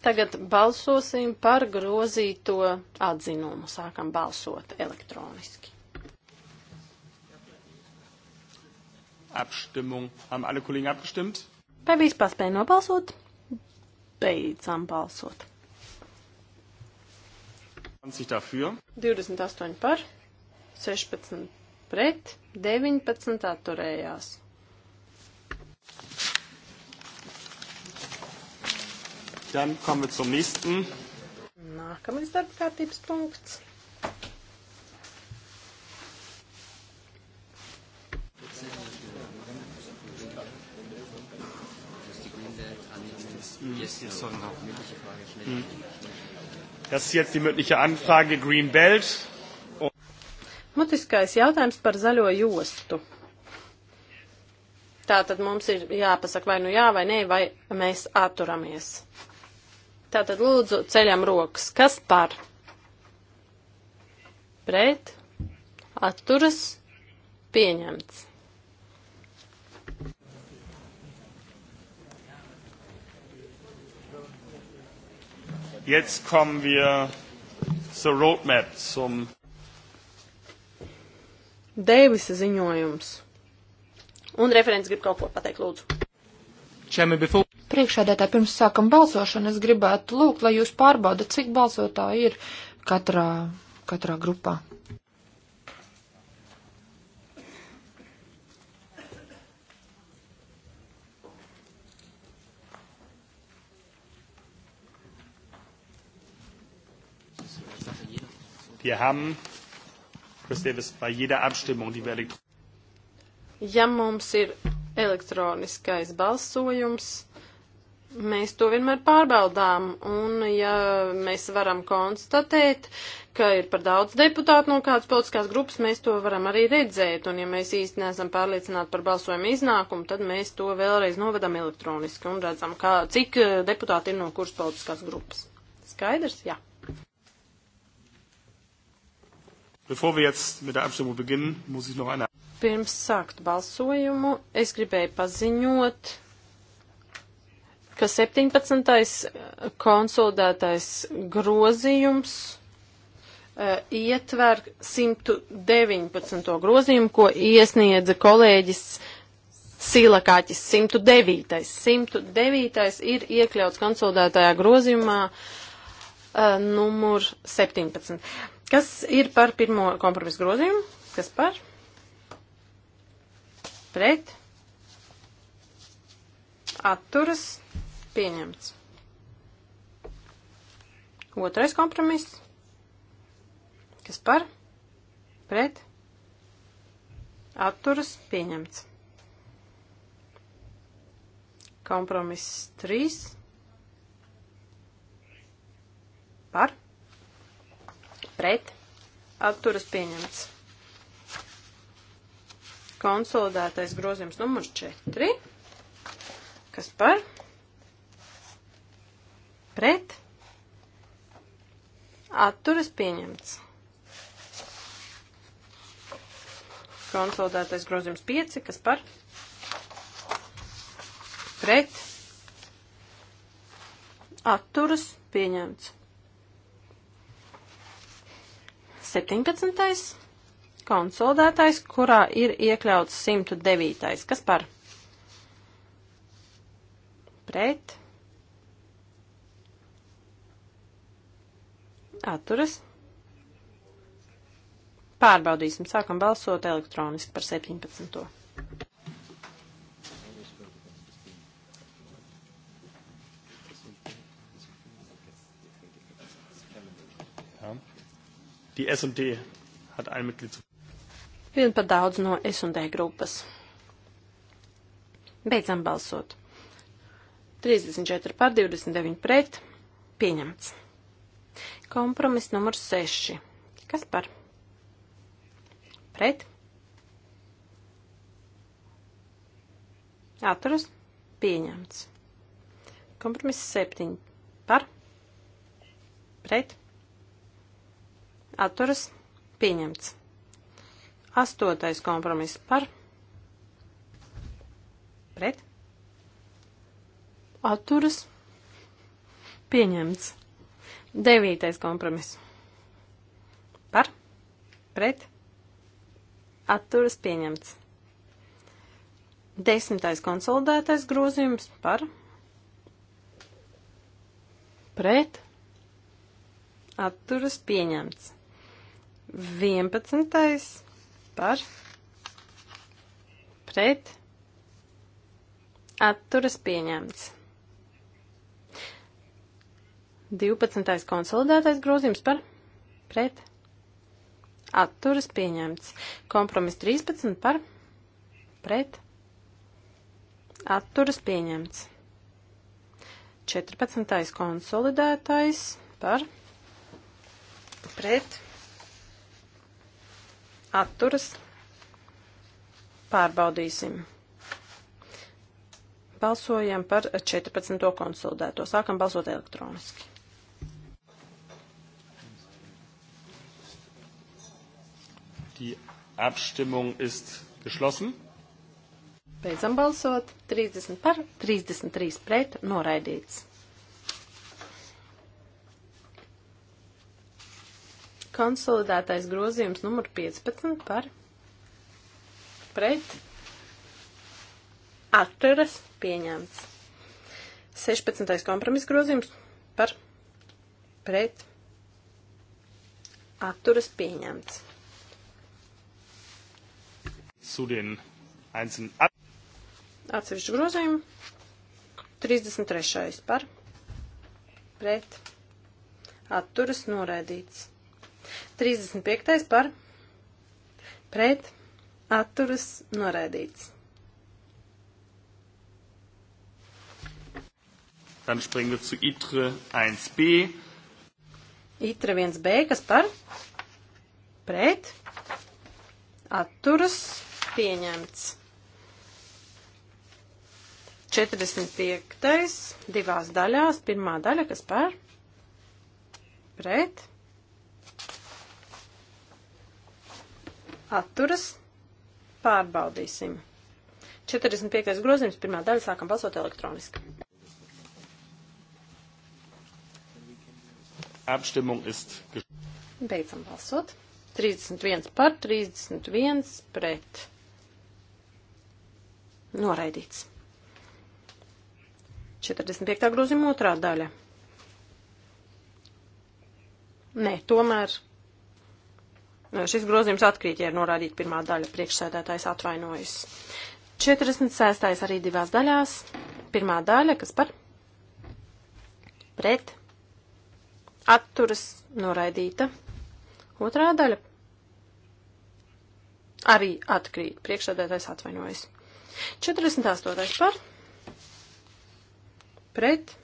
Tagad balsosim par grozīto atzinumu. Sākam balsot elektroniski. Abstimmung. Haben alle Kollegen abgestimmt? Vai viss paspēja nobalsot? Beidzam balsot. 20 dafür. 28 par, 16 pret, 19 atturējās. Dann kommen wir zum nächsten. Nākamais darba kārtības punkts. Yes, yes, sorry, no. mm. Das ist jetzt die mündliche Anfrage Green Belt. Un... Mutiskais jautājums par zaļo jostu. Tā tad mums ir jāpasaka vai nu jā vai nē, vai mēs atturamies. Tātad lūdzu ceļam rokas. Kas par? Pret? Atturas? Pieņemts. Jetzt kommen wir zur Roadmap zum Deivisa ziņojums. Un referents grib kaut ko pateikt, lūdzu. Chairman, before... Priekšādētāji, pirms sākam balsošanu, es gribētu lūgt, lai jūs pārbaudat, cik balsotāji ir katrā, katrā grupā. Wir haben, wisst ihr, bei jeder Abstimmung, die wir elektronisch. Ja, mums ir elektroniskais balsojums, Mēs to vienmēr pārbaudām, un ja mēs varam konstatēt, ka ir par daudz deputātu no kādas politiskās grupas, mēs to varam arī redzēt, un ja mēs īsti neesam pārliecināti par balsojumu iznākumu, tad mēs to vēlreiz novedam elektroniski un redzam, kā, cik eh, deputāti ir no kuras politiskās grupas. Skaidrs? Jā. Bevor wir jetzt mit der Abstimmung beginnen, muss ich noch eine. Pirms sākt balsojumu, es gribēju paziņot ka 17. Eh, konsolidētais grozījums eh, ietver 119. grozījumu, ko iesniedza kolēģis Silakāķis 109. 109. ir iekļauts konsolidētajā grozījumā eh, numur 17. Kas ir par pirmo kompromisu grozījumu? Kas par? Pret? Atturas? Pieņemts. Otrais kompromiss. Kas par? Pret? Atturas pieņemts. Kompromiss 3. Par? Pret? Atturas pieņemts. Konsolidētais grozījums numurs 4. Kas par? pret, atturas pieņemts. Konsolidētais grozījums 5, kas par pret, atturas pieņemts. 17. konsolidētais, kurā ir iekļauts 109. kas par pret, atturas. Pārbaudīsim, sākam balsot elektroniski par 17. Die S&D hat ein Mitglied zu. Vien par daudz no S&D grupas. Beidzam balsot. 34 par 29 pret. Pieņemts. Kompromis numur 6. Kas par? Pret. Atturas. Pieņemts. Kompromis 7. Par. Pret. Atturas. Pieņemts. Astotais kompromis par. Pret. Atturas. Pieņemts. Devītais kompromiss. Par, pret, atturas pieņemts. Desmitais konsolidētais grozījums par, pret, atturas pieņemts. Vienpadsmitais par, pret, atturas pieņemts. 12. konsolidētais grozījums par pret atturas pieņemts. Kompromis 13 par pret atturas pieņemts. 14. konsolidētais par pret atturas pārbaudīsim balsojam par 14. konsolidēto. Sākam balsot elektroniski. Abstimmung ist geschlossen. Beidzam balsot. 30 par, 33 pret, noraidīts. Konsolidētais grozījums numur 15 par pret atturas pieņemts. 16. kompromis grozījums par pret atturas pieņemts zu den einzelnen Ab Atsevišķu grozījumu. 33. par pret atturas noraidīts. 35. par pret atturas noraidīts. Dann springen wir zu ITRE 1b. ITRE 1b, kas par pret atturas noraidīts pieņemts. 45. divās daļās, pirmā daļa, kas par, pret, atturas, pārbaudīsim. 45. grozījums, pirmā daļa, sākam balsot elektroniski. Abstimmung ist Beidzam balsot. 31 par, 31 pret. Noraidīts. 45. grozījuma otrā daļa. Nē, tomēr šis grozījums atkrīt, ja ir norādīta pirmā daļa. Priekšsēdētājs atvainojas. 46. arī divās daļās. Pirmā daļa, kas par pret atturas noraidīta. Otrā daļa arī atkrīt. Priekšsēdētājs atvainojas. 48. par pret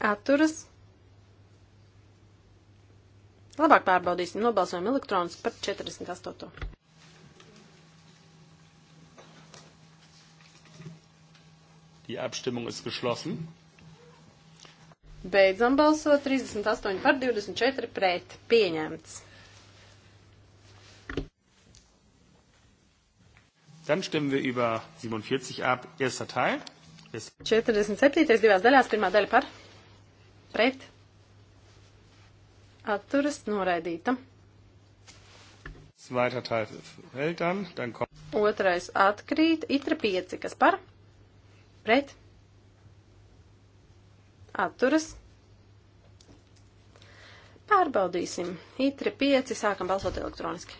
atturas. Labāk pārbaudīsim, nobalsojam elektroniski par 48. Die Abstimmung ist geschlossen. Beidzam balsot 38 par 24 pret. Pieņemts. Dann stimmen wir über 47 ab. Erster Teil. 47. divās daļās, pirmā daļa par, pret, atturas, noraidīta. Zweiter Teil fällt dann, dann kommt. Otrais atkrīt, itra 5, kas par, pret, atturas. Pārbaudīsim. Itri 5, sākam balsot elektroniski.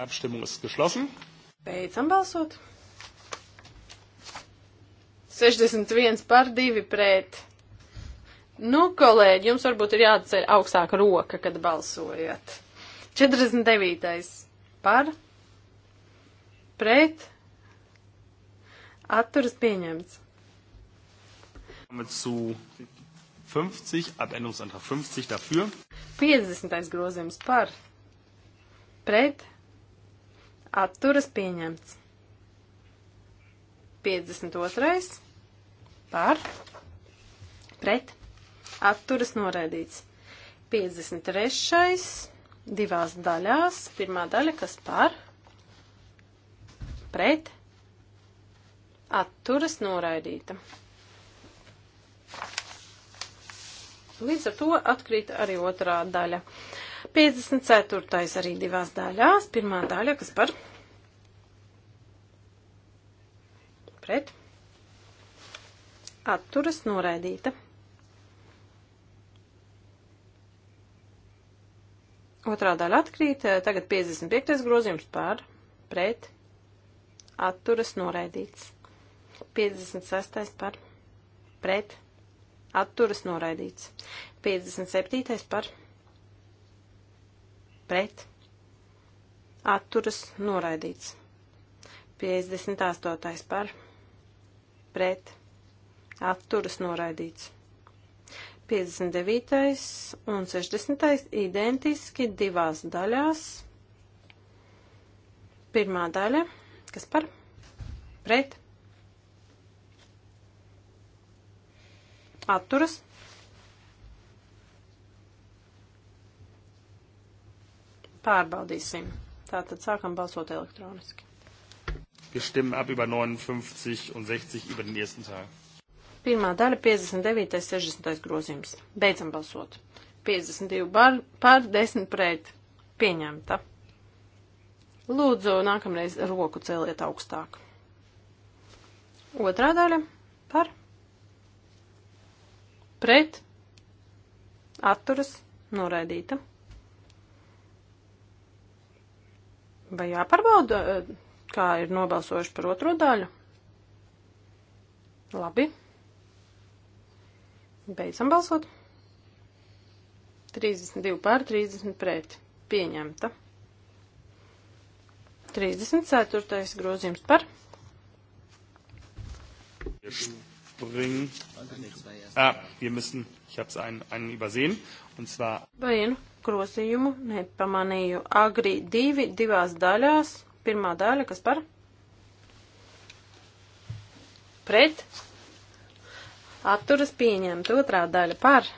Abstimmung ist geschlossen. Beidzam balsot. 61 par 2 pret. Nu, kolēģi, jums varbūt ir jāatceļ augstāka roka, kad balsojat. 49. par, pret, atturas pieņemts. Zu 50, abendungsantrag 50 dafür. 50. grozījums par, pret, Atturas pieņemts. 52. Par. Pret. Atturas noraidīts. 53. Divās daļās. Pirmā daļa, kas par. Pret. Atturas noraidīta. Līdz ar to atkrīt arī otrā daļa. Uh, 54. arī divās daļās. Pirmā daļa, kas par pret atturas noraidīta. Otrā daļa atkrīt, tagad 55. grozījums par pret atturas noraidīts. 56. par pret atturas noraidīts. 57. par pret pret, atturas noraidīts. 58. par, pret, atturas noraidīts. 59. un 60. identiski divās daļās. Pirmā daļa, kas par, pret, atturas noraidīts. Pārbaudīsim. Tātad sākam balsot elektroniski. Wir stimmen ab über 59 un 60 über den ersten Teil. Pirmā daļa 59. 60. grozījums. Beidzam balsot. 52 bar, par 10 pret. Pieņemta. Lūdzu, nākamreiz roku celiet augstāk. Otrā daļa par pret atturas noraidīta. Vai jāpārbauda, eh, kā ir nobalsojuši par otro daļu? Labi. Beidzam balsot. 32 pār 30 pret. Pieņemta. 34. grozījums par. Springen. Ah, wir müssen, ich habe es einen, einen übersehen, und zwar. Bei Ihnen. Nu? grozījumu nepamanīju. Agri divi divās daļās. Pirmā daļa, kas par? Pret. Atturas pieņemt. Otrā daļa par.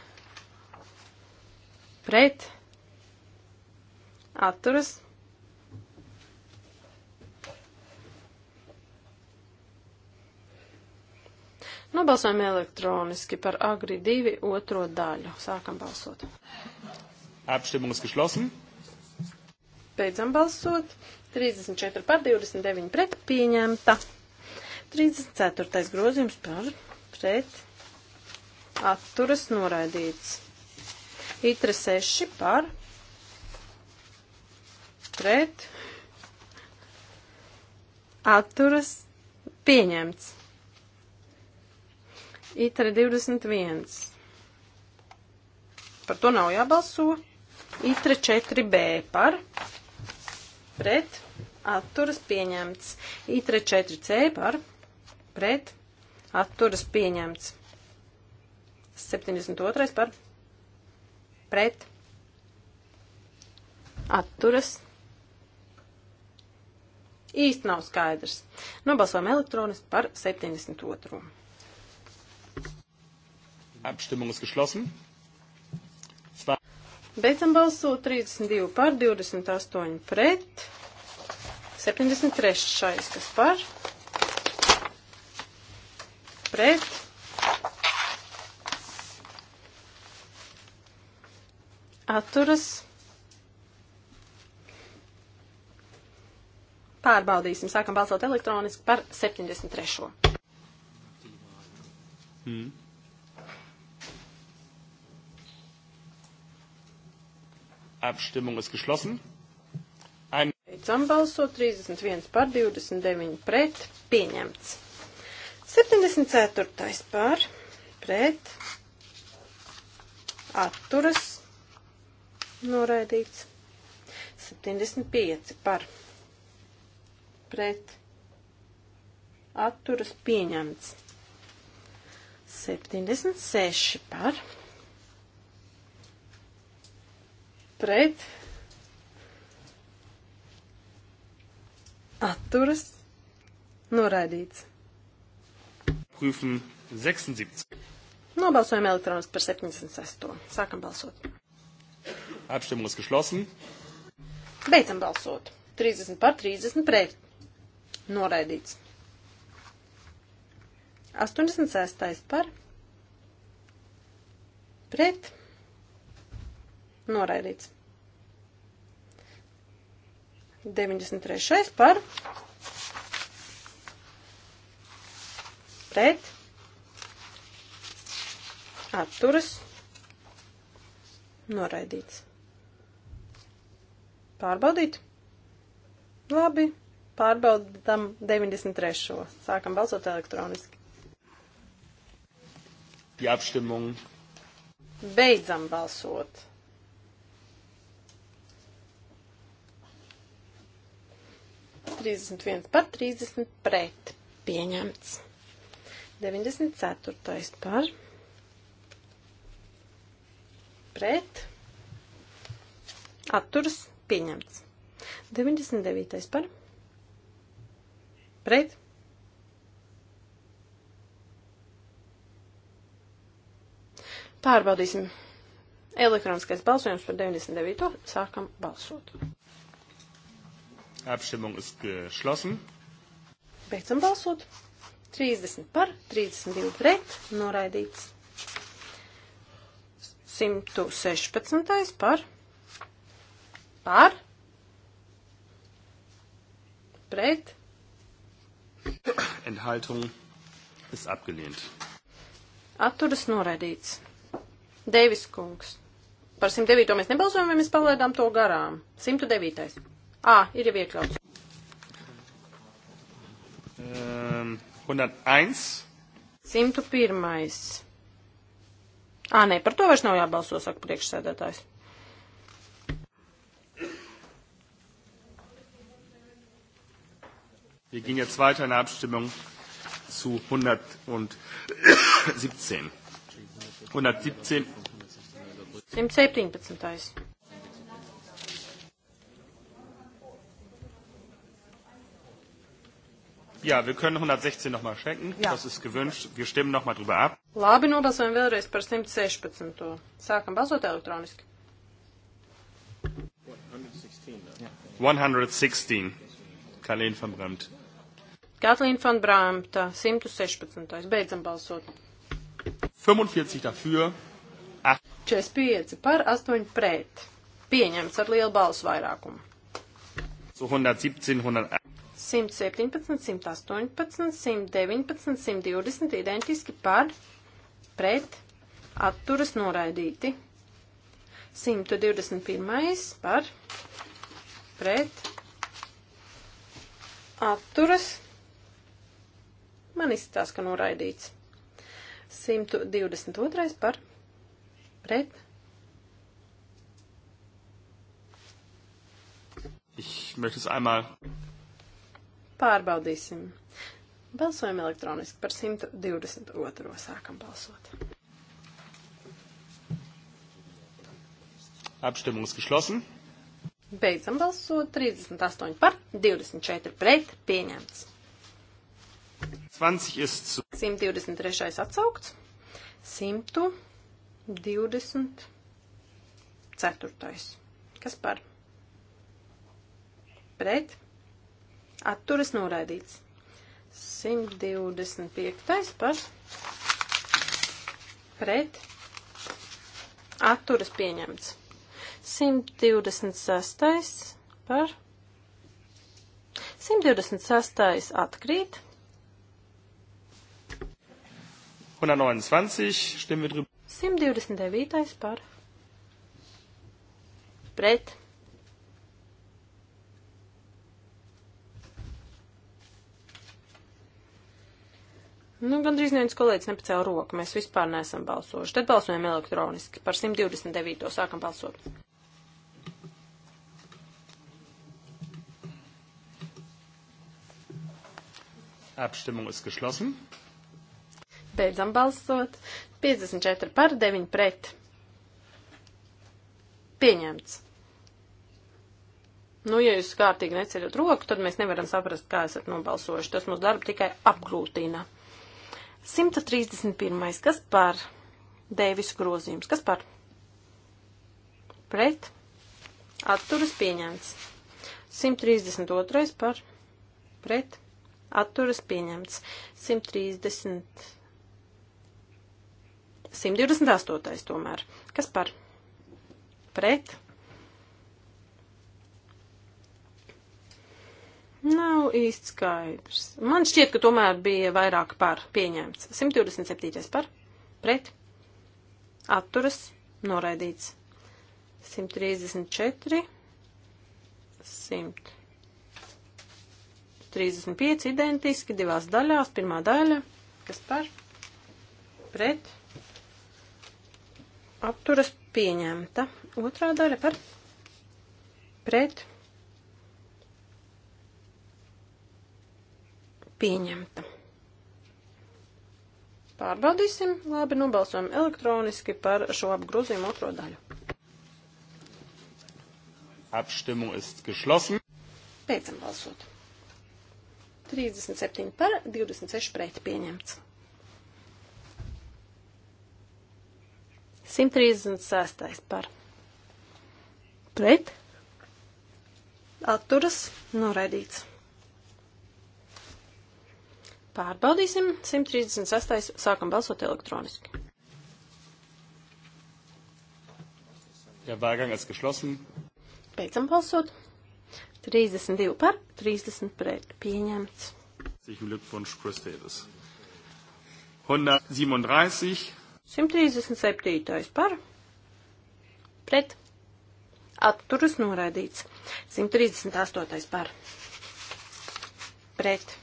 Pret. Atturas. Nobalsojam elektroniski par agri divi otro daļu. Sākam balsot. Abstimmung ist geschlossen. Beidzam balsot. 34 par 29 pret pieņemta. 34. grozījums par pret atturas noraidīts. Itra 6 par pret atturas pieņemts. Itra 21. Par to nav jābalso. Itre 4B par pret atturas pieņemts. Itre 4C par pret atturas pieņemts. 72. par pret atturas. Īsti nav skaidrs. Nobalsojam elektroniski par 72. Abstimmung ist geschlossen. Beidzam balsot 32 par, 28 pret, 73 šais, kas par, pret. Atturas. Pārbaudīsim, sākam balsot elektroniski par 73. Mm. Abstimmung ist geschlossen. Ein Beidzam balso 31 par 29 pret pieņemts. 74. par pret atturas noraidīts. 75 par pret atturas pieņemts. 76 par pret pret atturas noraidīts. Prüfen 76. Nobalsojam elektroniski par 76. Sākam balsot. Abstimmung ist geschlossen. Beidzam balsot. 30 par 30 pret. Noraidīts. 86. par pret noraidīts. 93. par pret atturas noraidīts. Pārbaudīt? Labi, pārbaudam 93. Sākam balsot elektroniski. Die Abstimmung. Beidzam balsot. 31 par 30 pret. Pieņemts. 94. par. Pret. Atturs. Pieņemts. 99. par. Pret. Pārbaudīsim. Elektroniskais balsojums par 99. sākam balsot. Abstimmung ist geschlossen. Beidzam balsot. 30 par, 32 pret, noraidīts. 116 par, par, pret. Enthaltung ist abgelehnt. Atturas noraidīts. Deivis kungs. Par 109 mēs nebalsojam, vai mēs palaidām to garām? 109. Ā, ir jau iekļauts. Um, 101. 101. Ā, nē, par to vairs nav jābalso, saka priekšsēdētājs. Wir gehen jetzt weiter in der Abstimmung zu 117. 117. 117. Jā, wir können 116 nochmal checken. Jā. Tas ir gewünscht. Wir stimmen nochmal drüber ab. Labi, nobalsojam nu, vēlreiz par 116. Sākam balsot elektroniski. 116. 116. Kalīna van Bremt. Katlīna van Bremt, 116. Beidzam balsot. 45 dafür. 45 par 8 pret. Pieņemts ar lielu balsu vairākumu. So 117, 118. 117, 118, 119, 120 identiski par pret atturas noraidīti. 121 par pret atturas. Man izskatās, ka noraidīts. 122 par pret. Ich möchte es einmal Pārbaudīsim. Balsojam elektroniski par 122. Sākam balsot. Abstimmung ist geschlossen. Beidzam balsot 38 par, 24 pret, pieņemts. 20 ist zu. 123. atsaukts. 124. Kas par? Pret atturas noraidīts. 125. par pret atturas pieņemts. 126. par 126. atkrīt. 129. stimmen wir drüber. 129. par pret Nu, gandrīz neviens kolēģis nepacēla roku, mēs vispār neesam balsojuši. Tad balsojam elektroniski par 129. sākam balsot. Abstimmung ist geschlossen. Beidzam balsot. 54 par 9 pret. Pieņemts. Nu, ja jūs kārtīgi neceļat roku, tad mēs nevaram saprast, kā esat nobalsojuši. Tas mūsu darbu tikai apgrūtina. 131. Kas par Deivisu grozījums? Kas par? Pret. Atturas pieņemts. 132. par. Pret. Atturas pieņemts. 130. 128. tomēr. Kas par? Pret. Nav īsti skaidrs. Man šķiet, ka tomēr bija vairāk par pieņemts. 127. par, pret, atturas, noraidīts. 134, 135 identiski divās daļās. Pirmā daļa, kas par, pret, atturas, pieņemta. Otrā daļa par, pret, atturas pieņemta. Pārbaudīsim, labi, nobalsojam elektroniski par šo apgrozījumu otro daļu. Abstimmung ist geschlossen. Beidzam balsot. 37 par, 26 pret pieņemts. 136 par. Pret. Atturas noraidīts. Pārbaudīsim 136. sākam balsot elektroniski. Der Wahlgang ist geschlossen. Beidzam balsot. 32 par, 30 pret. Pieņemts. Herzlichen Glückwunsch, Chris Davis. 137. 137. par. Pret. Atturas noraidīts. 138. par. Pret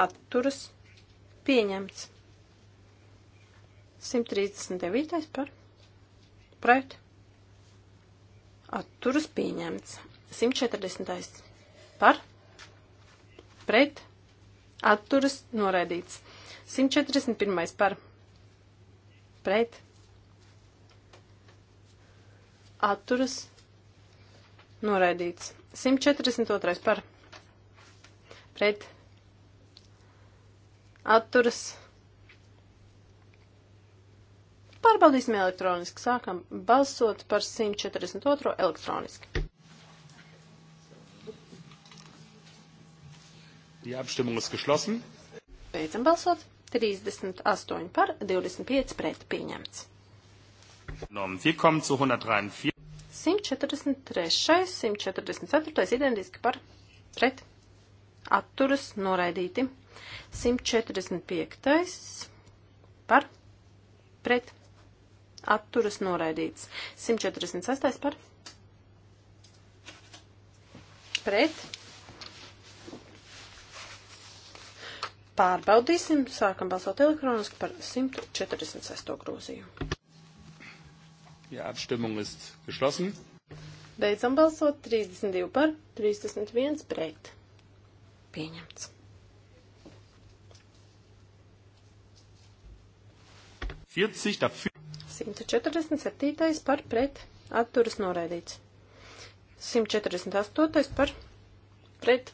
atturas pieņemts. 139. par pret atturas pieņemts. 140. par pret atturas noraidīts. 141. par pret atturas noraidīts. 142. par pret atturas noraidīts atturas. Pārbaudīsim elektroniski. Sākam balsot par 142 elektroniski. Die Abstimmung ist geschlossen. Beidzam balsot. 38 par, 25 pret pieņemts. Nom, wir kommen zu 143. 143, 144 identiski par pret atturas noraidīti. 145. par pret atturas noraidīts. 146. par pret. Pārbaudīsim, sākam balsot elektroniski par 146. grozījumu. Ja, Abstimmung ist geschlossen. Beidzam balsot 32 par, 31 pret. Pieņemts. Dafür. 147. par pret atturas noraidīts. 148. par pret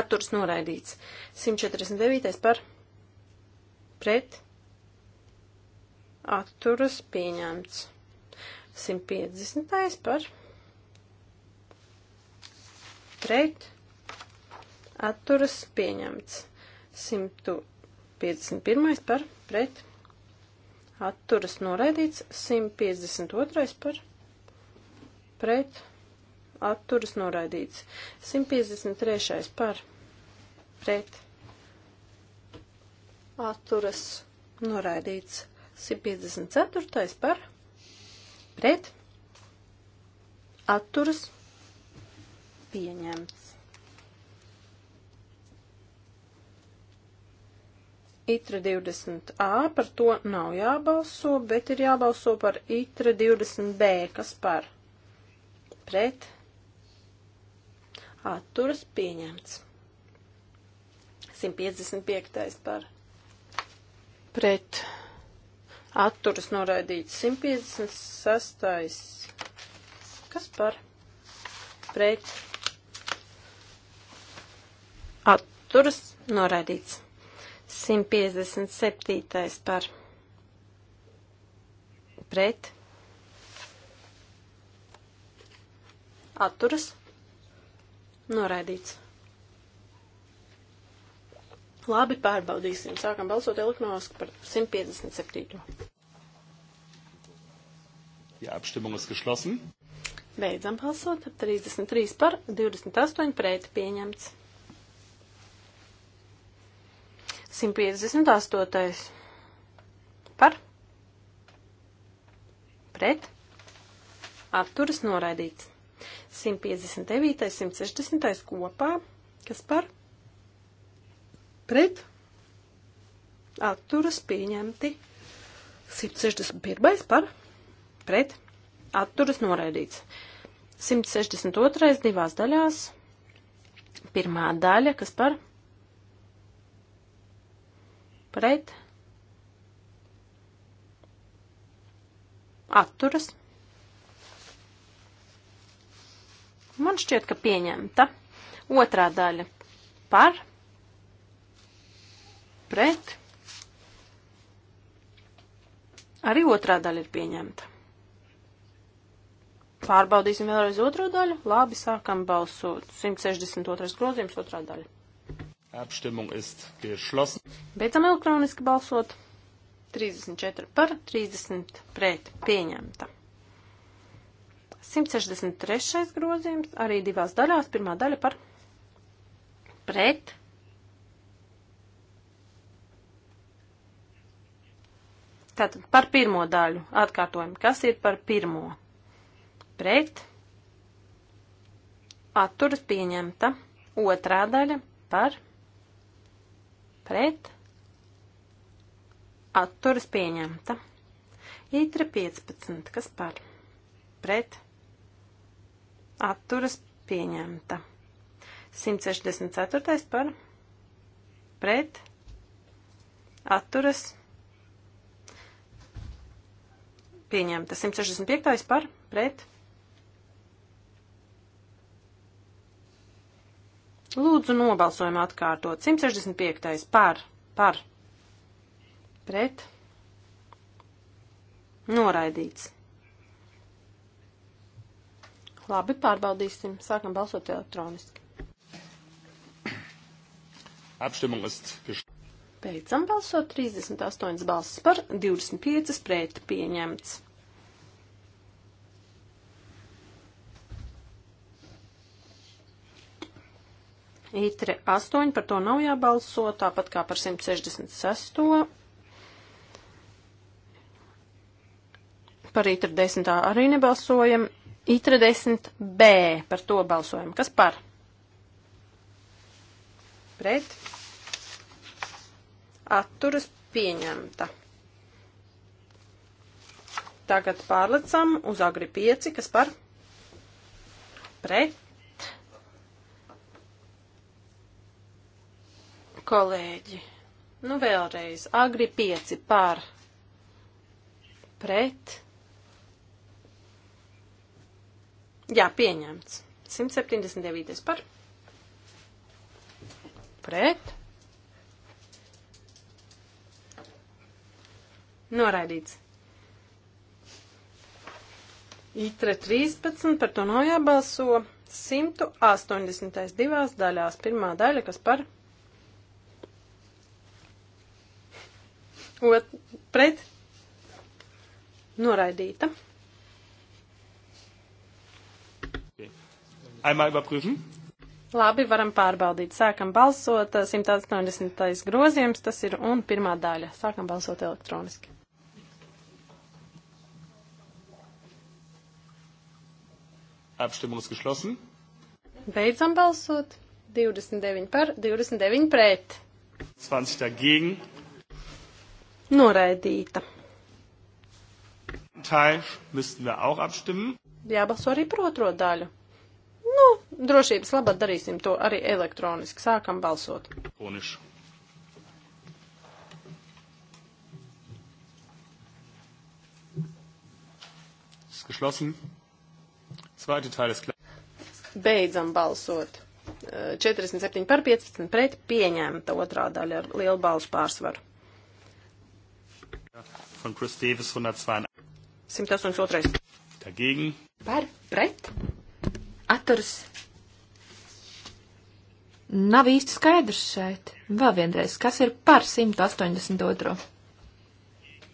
atturas noraidīts. 149. par pret atturas pieņemts. 150. par pret atturas pieņemts. 151. par pret atturas noraidīts. 152. par pret atturas noraidīts. 153. par pret atturas noraidīts. 154. par pret atturas pieņemts. ITRE 20A, par to nav jābalso, bet ir jābalso par ITRE 20B, kas par pret atturas pieņemts. 155. par pret atturas noraidīts. 156. kas par pret atturas noraidīts. 157. par pret atturas noraidīts. Labi, pārbaudīsim. Sākam balsot elektroniski par 157. Die Abstimmung ist geschlossen. Beidzam balsot. 33 par, 28 pret pieņemts. 158. Par. Pret. Atturas noraidīts. 159. 160. kopā. Kas par? Pret. Atturas pieņemti. 161. par. Pret. Atturas noraidīts. 162. divās daļās. Pirmā daļa, kas par pret atturas. Man šķiet, ka pieņemta. Otrā daļa par, pret. Arī otrā daļa ir pieņemta. Pārbaudīsim vēlreiz otro daļu. Labi, sākam balsot. 162. grozījums, otrā daļa. Abstimmung ist geschlossen. Beidzam elektroniski balsot. 34 par, 30 pret. Pieņemta. 163. grozījums, arī divās daļās. Pirmā daļa par pret. Tātad par pirmo daļu atkārtojam. Kas ir par pirmo? Pret. Atturas pieņemta. Otrā daļa par pret pret, atturas pieņemta. Itra 15, kas par, pret, atturas pieņemta. 164 par, pret, atturas pieņemta. 165 par, pret, Lūdzu, nobalsojam atkārtot. 165. par, par, pret, noraidīts. Labi, pārbaudīsim. Sākam balsot elektroniski. Abstimmung ist Beidzam balsot 38 balsis par, 25 pret pieņemts. Itre 8 par to nav jābalso, tāpat kā par 166. Par itre 10 arī nebalsojam. Itre 10 B par to balsojam. Kas par? Pret. Atturas pieņemta. Tagad pārlecam uz agri 5, kas par? Pret Kolēģi, nu vēlreiz, agri pieci par pret. Jā, pieņemts. 179 par pret. Noraidīts. Itre 13, par to nav jābalso. 180. divās daļās. Pirmā daļa, kas par pret Ot, pret. Noraidīta. Einmal überprüfen. Labi, varam pārbaudīt. Sākam balsot 180. grozījums, tas ir un pirmā daļa. Sākam balsot elektroniski. Abstimmung ist geschlossen. Beidzam balsot. 29 par, 29 pret. 20 dagegen noraidīta. Teil müssten wir auch abstimmen. Jābalso arī par otro daļu. Nu, drošības labad darīsim to arī elektroniski. Sākam balsot. Koniš. Geschlossen. Zweite Teil ist klar. Beidzam balsot. 47 par 15 pret pieņēmta otrā daļa ar lielu balsu pārsvaru von Chris Davis 182. 182. Dagegen. Par, pret, atturs. Nav īsti skaidrs šeit. Vēl vienreiz, kas ir par 182.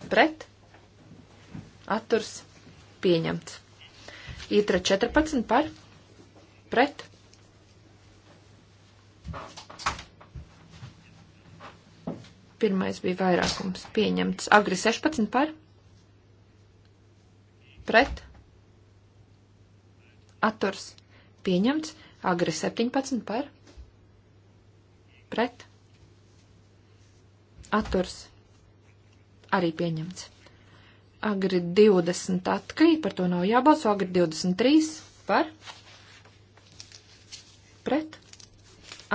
Pret, atturs, pieņemts. Itra 14 par, pret, Pirmais bija vairākums pieņemts. Agri 16 par. Pret. Atturs pieņemts. Agri 17 par. Pret. Atturs arī pieņemts. Agri 20 atkrīt, par to nav jābalso. Agri 23 par. Pret.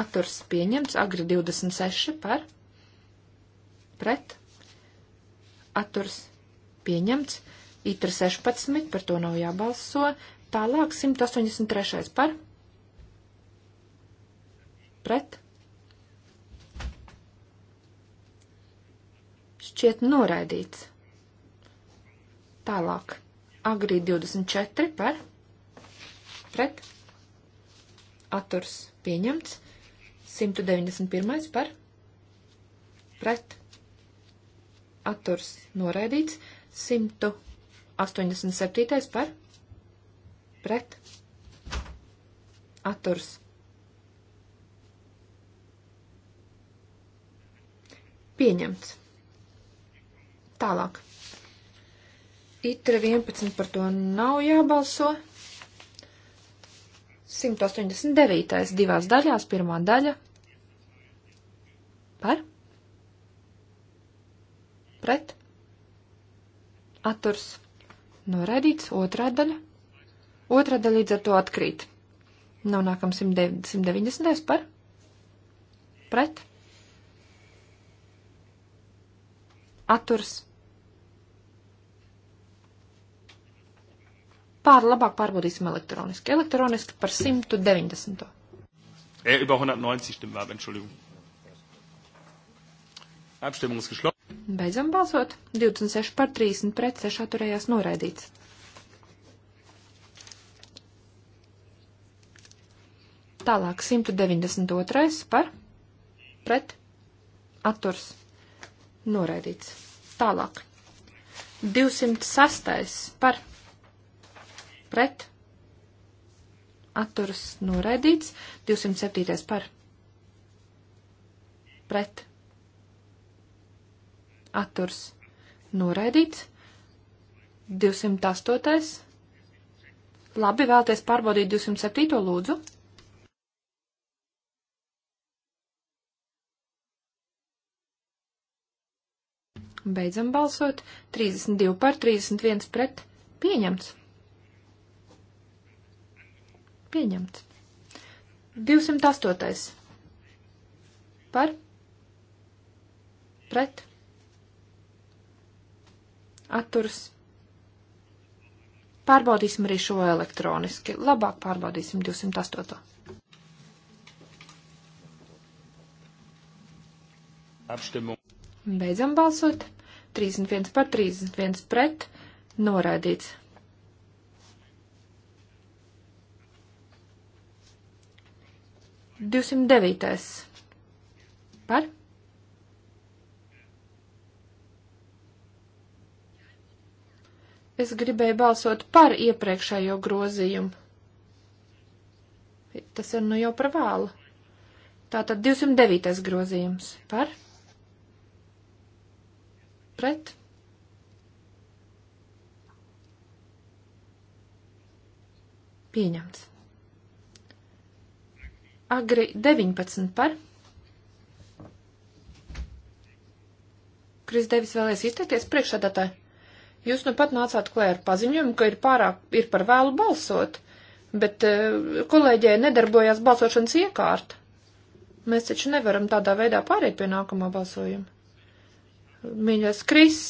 Atturs pieņemts. Agri 26 par. Pret pret, atturs pieņemts, itra 16, par to nav jābalso, tālāk 183 par, pret, šķiet noraidīts. Tālāk, agrī 24 par, pret, atturs pieņemts, 191 par, pret, atturs noraidīts, 187. par pret atturs. Pieņemts. Tālāk. Itre 11 par to nav jābalso. 189. divās daļās, pirmā daļa par pret, atturs noraidīts, otrā daļa, otrā daļa līdz ar to atkrīt. Nonākam 190 par, pret, atturs. Pār labāk pārbaudīsim elektroniski. Elektroniski par 190. Er über 190 Stimmen war, Entschuldigung. Abstimmung ist geschlossen. Beidzam balsot. 26 par 30 pret 6 atturējās noraidīts. Tālāk 192 par pret atturs noraidīts. Tālāk 206 par pret atturs noraidīts. 207 par pret atturs noraidīts. 208. Labi, vēlties pārbaudīt 207. lūdzu. Beidzam balsot. 32 par 31 pret. Pieņemts. Pieņemts. 208. Par. Pret atturs. Pārbaudīsim arī šo elektroniski. Labāk pārbaudīsim 208. Apstimmung. Beidzam balsot. 31 par 31 pret. Noraidīts. Divsimt devītais. Par? Es gribēju balsot par iepriekšējo grozījumu. Tas ir nu jau par vēlu. Tātad 209. grozījums par pret. Pieņemts. Agri 19 par. Kris Devis vēlēs izteikties priekšsēdētāji. Jūs nu pat nācāt klēr paziņojumu, ka ir pārāk, ir par vēlu balsot, bet eh, kolēģē nedarbojās balsošanas iekārta. Mēs taču nevaram tādā veidā pāriet pie nākamā balsojuma. Mīļais Kris,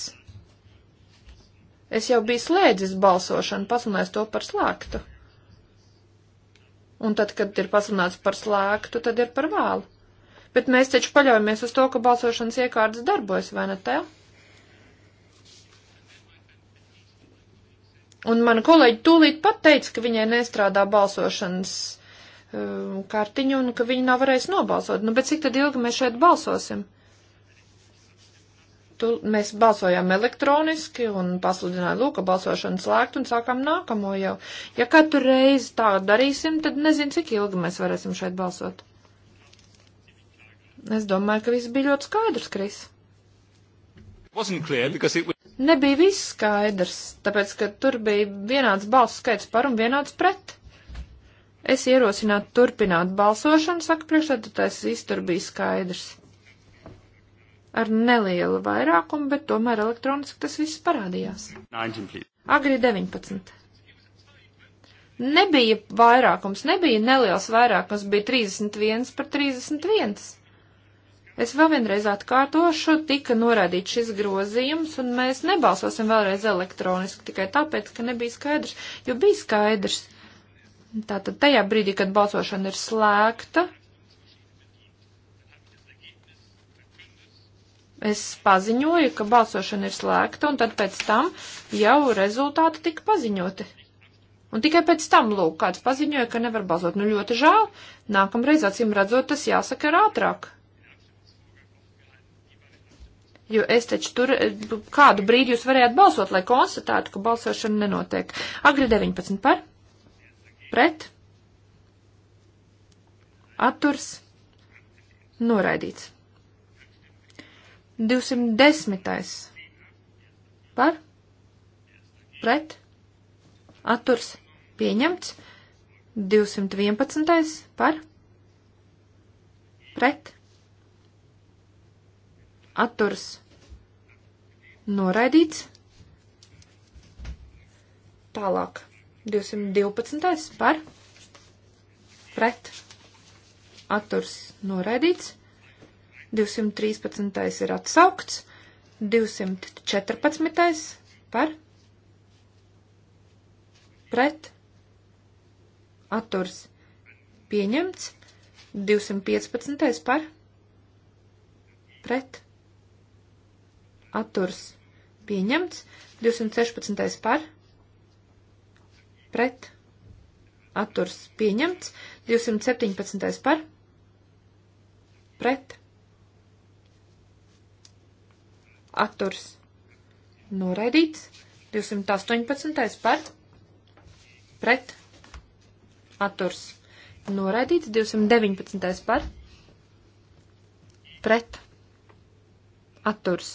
es jau biju slēdzis balsošanu, pasunēs to par slēgtu. Un tad, kad ir pasunāts par slēgtu, tad ir par vēlu. Bet mēs taču paļaujamies uz to, ka balsošanas iekārtas darbojas, vai ne tā? Un mana kolēģi tūlīt pat teica, ka viņai nestrādā balsošanas um, kartiņu un ka viņa nav varējusi nobalsot. Nu, bet cik tad ilgi mēs šeit balsosim? Tu, mēs balsojām elektroniski un pasludināja lūka balsošanu slēgt un sākām nākamo jau. Ja katru reizi tā darīsim, tad nezinu, cik ilgi mēs varēsim šeit balsot. Es domāju, ka viss bija ļoti skaidrs, Kris. Wasn't clear because it was nebija viss skaidrs, tāpēc, ka tur bija vienāds balsu skaits par un vienāds pret. Es ierosinātu turpināt balsošanu, saka priekšsēdētājs, viss tur bija skaidrs. Ar nelielu vairākumu, bet tomēr elektroniski tas viss parādījās. 19, Agri 19. Nebija vairākums, nebija neliels vairākums, bija 31 par 31. Es vēl vienreiz atkārtošu, tika norādīts šis grozījums, un mēs nebalsosim vēlreiz elektroniski tikai tāpēc, ka nebija skaidrs, jo bija skaidrs. Tātad tajā brīdī, kad balsošana ir slēgta, es paziņoju, ka balsošana ir slēgta, un tad pēc tam jau rezultāti tika paziņoti. Un tikai pēc tam, lūk, kāds paziņoja, ka nevar balsot. Nu, ļoti žēl. Nākamreiz, acīm redzot, tas jāsaka ir ātrāk. Jo es taču tur e, nu, kādu brīdi jūs varējāt balsot, lai konstatētu, ka balsošana nenotiek. Agri 19 par? Pret? Atturs? Noraidīts. 210. Par? Pret? Atturs? Pieņemts. 211. Par? Pret? Atturs? Noraidīts. Tālāk. 212. par. Pret. Atturs noraidīts. 213. ir atsaukts. 214. par. Pret. Atturs pieņemts. 215. par. Pret. Atturs pieņemts pieņemts. 216. par, pret, atturs pieņemts. 217. par, pret, atturs noraidīts. 218. par, pret, atturs noraidīts. 219. par, pret, atturs noraidīts atturs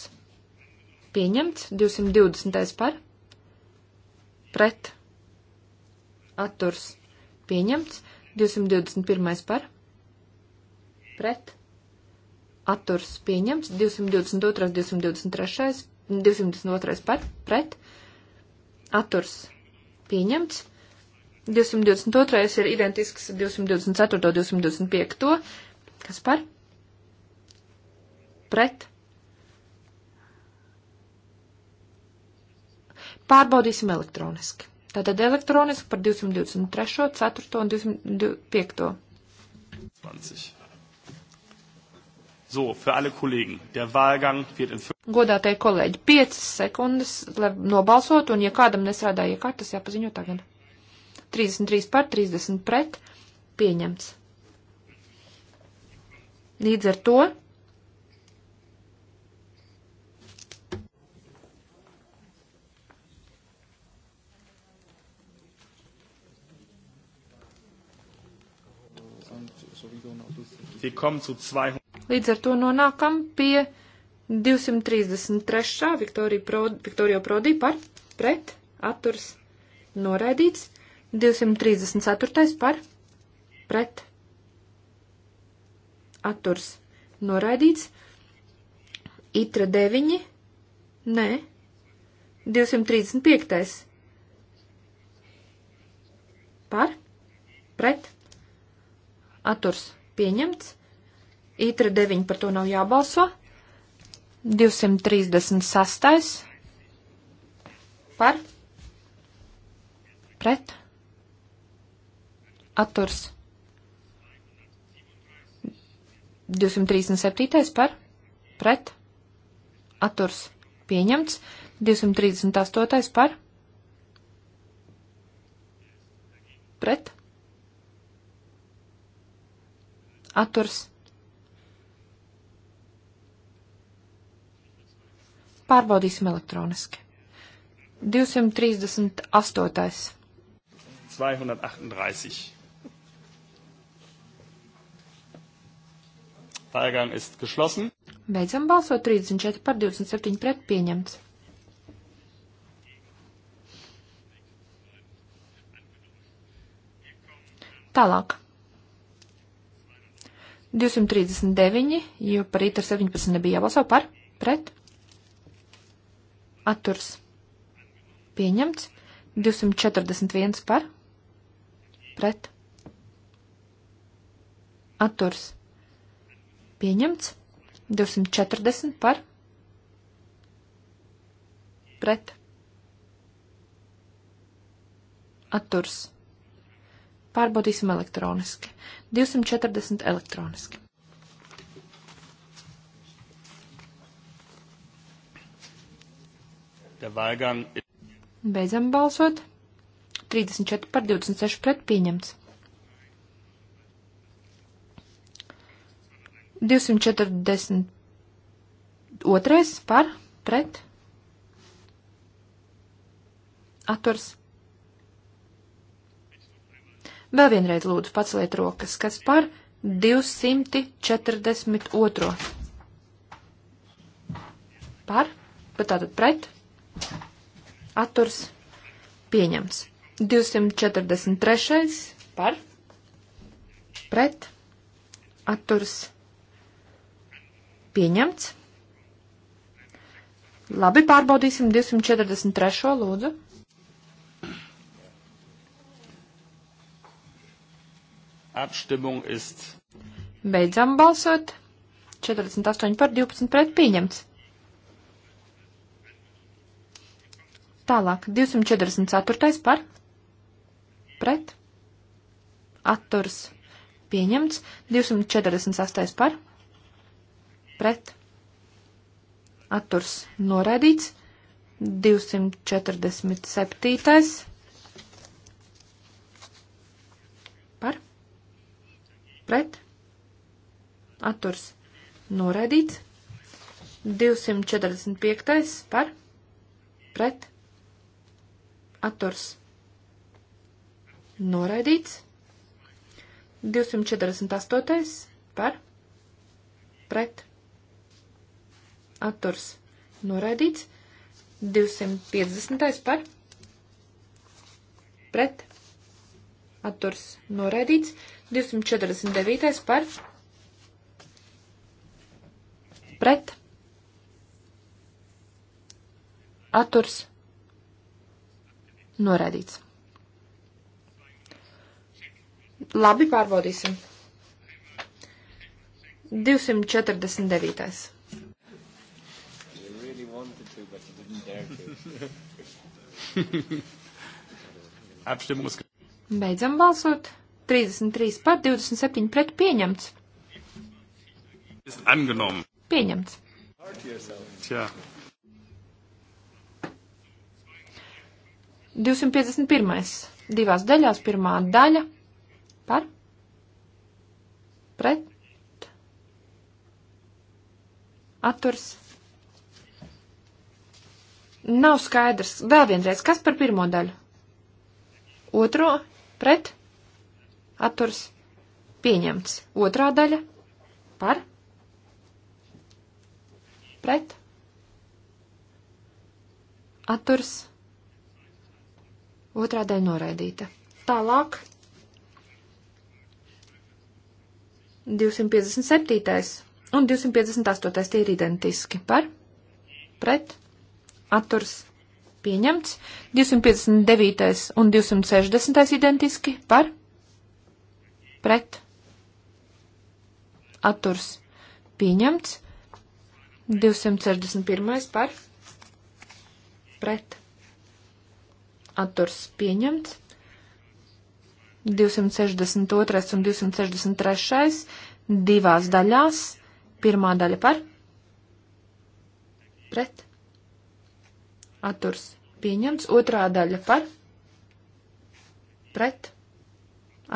Pieņemts 220. par. Pret. Atturs. Pieņemts 221. par. Pret. Atturs. Pieņemts 222. 223. 222. par. Pret. Atturs. Pieņemts 222. ir identisks 224. 225. kas par? Pret Pārbaudīsim elektroniski. Tātad elektroniski par 223, 4 un 205. 20. So, für alle Kollegen, der Wahlgang wird in Godātie kolēģi, 5 sekundes, lai nobalsotu, un ja kādam nestrādāja kartas, jāpaziņo tagad. 33 par, 30 pret, pieņemts. Līdz ar to Līdz ar to nonākam pie 233. Viktorija Prodi, Viktorio Prodi par pret atturs noraidīts. 234. par pret atturs noraidīts. Itra 9. Nē. 235. Par pret atturs pieņemts. Itra 9 par to nav jābalso. 236. Par. Pret. Atturs. 237. par. Pret. Atturs. Pieņemts. 238. par. Pret. Atturs. Pārbaudīsim elektroniski. 238. 238. Wahlgang ist geschlossen. Beidzam balsot 34 par 27 pret pieņemts. Tālāk. 239, jo par rītu ar 17 nebija jābalso par, pret, atturs pieņemts, 241 par, pret, atturs pieņemts, 240 par, pret, atturs. Pārbaudīsim elektroniski. 240 elektroniski. Beidzam balsot. 34 par 26 pret pieņemts. 242 par pret. Atturs. Vēl vienreiz lūdzu paceliet rokas, kas par 242. Par, bet tātad pret atturs pieņems. 243. par pret atturs pieņemts. Labi, pārbaudīsim 243. lūdzu. Abstimmung ist. Beidzam balsot. 48 par 12 pret pieņemts. Tālāk, 244. par pret atturs pieņemts, 248. par pret atturs noraidīts, 247. par pret atturs noraidīts, 245. par pret atturs atturs noraidīts. 248. par pret atturs noraidīts. 250. par pret atturs noraidīts. 249. par pret atturs noraidīts Noraidīts. Labi, pārbaudīsim. 249. Beidzam balsot. 33 par 27 pret pieņemts. Pieņemts. Tja. 251. divās daļās, pirmā daļa par, pret, atturs. Nav skaidrs. Vēl vienreiz, kas par pirmo daļu? Otro, pret, atturs, pieņemts. Otrā daļa par, pret, atturs, pieņemts otrā daļa noraidīta. Tālāk 257. un 258. tie ir identiski par, pret, atturs pieņemts, 259. un 260. identiski par, pret, atturs pieņemts, 261. par, pret atturs pieņemts. 262. un 263. divās daļās. Pirmā daļa par pret atturs pieņemts. Otrā daļa par pret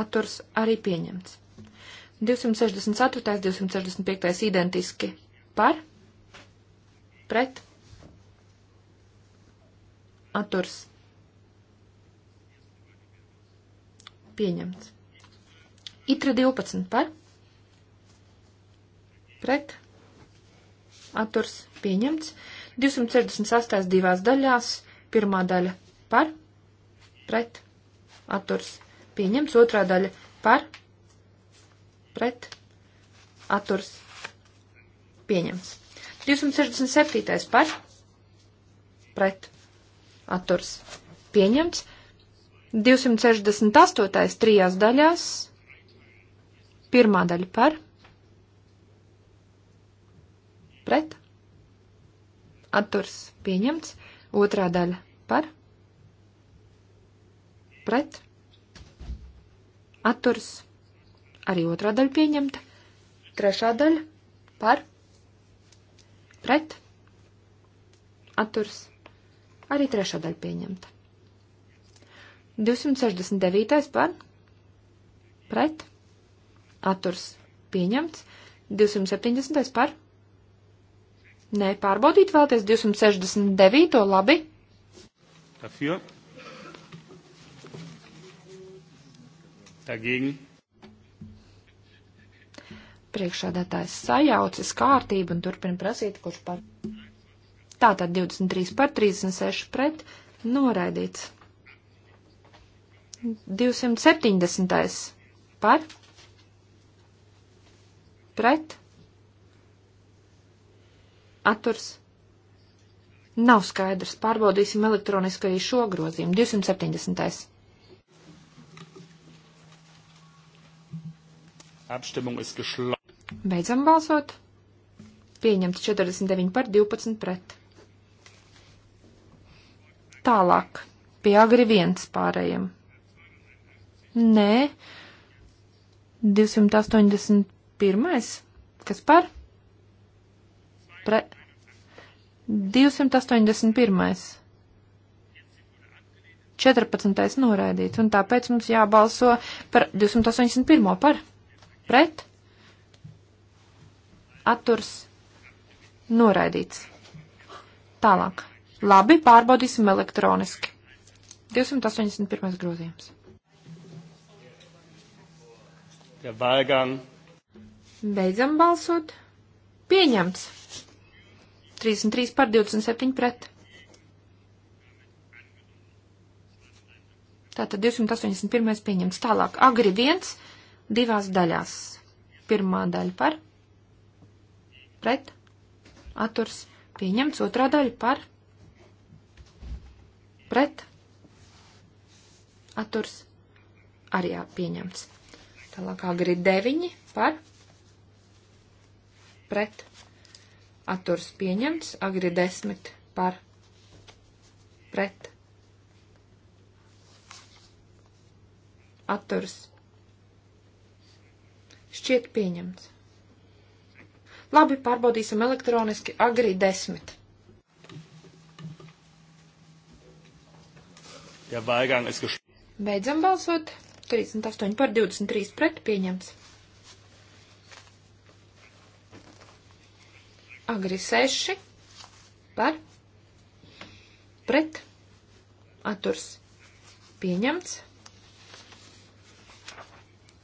atturs arī pieņemts. 264. 265. identiski par pret atturs pieņemts. Itra 12 par, pret, atturs pieņemts. 268 divās daļās, pirmā daļa par, pret, atturs pieņemts, otrā daļa par, pret, atturs pieņemts. 267 par, pret, atturs pieņemts. 268. trijās daļās. Pirmā daļa par. Pret. Atturs pieņemts. Otrā daļa par. Pret. Atturs. Arī otrā daļa pieņemta. Trešā daļa par. Pret. Atturs. Arī trešā daļa pieņemta. 269. par pret atturs pieņemts. 270. par nē, pārbaudīt vēlties 269. labi. Dafür. Dagegen. Priekšādātājs sajaucis kārtību un turpina prasīt, kurš par. Tātad 23 par 36 pret noraidīts. 270. par, pret, atturs. Nav skaidrs. Pārbaudīsim elektroniski arī šo grozījumu. 270. Abstimmung ist geschlossen. Beidzam balsot. Pieņemts 49 par 12 pret. Tālāk. Pie agri viens pārējiem. Nē. 281. Kas par? Pre... 281. 14. noraidīts, un tāpēc mums jābalso par 281. par pret atturs noraidīts. Tālāk. Labi, pārbaudīsim elektroniski. 281. grozījums. Der Wahlgang. Beidzam balsot. Pieņemts. 33 par 27 pret. Tātad 281 pieņemts. Tālāk. Agri 1 divās daļās. Pirmā daļa par. Pret. Aturs. Pieņemts. Otrā daļa par. Pret. Aturs. Arī pieņemts. Tālāk agri 9 par pret atturs pieņemts, agri 10 par pret atturs šķiet pieņemts. Labi, pārbaudīsim elektroniski agri 10. Der Wahlgang ist geschlossen. Beidzam balsot. 38 par 23 pret pieņemts. Agri 6 par pret aturs pieņemts.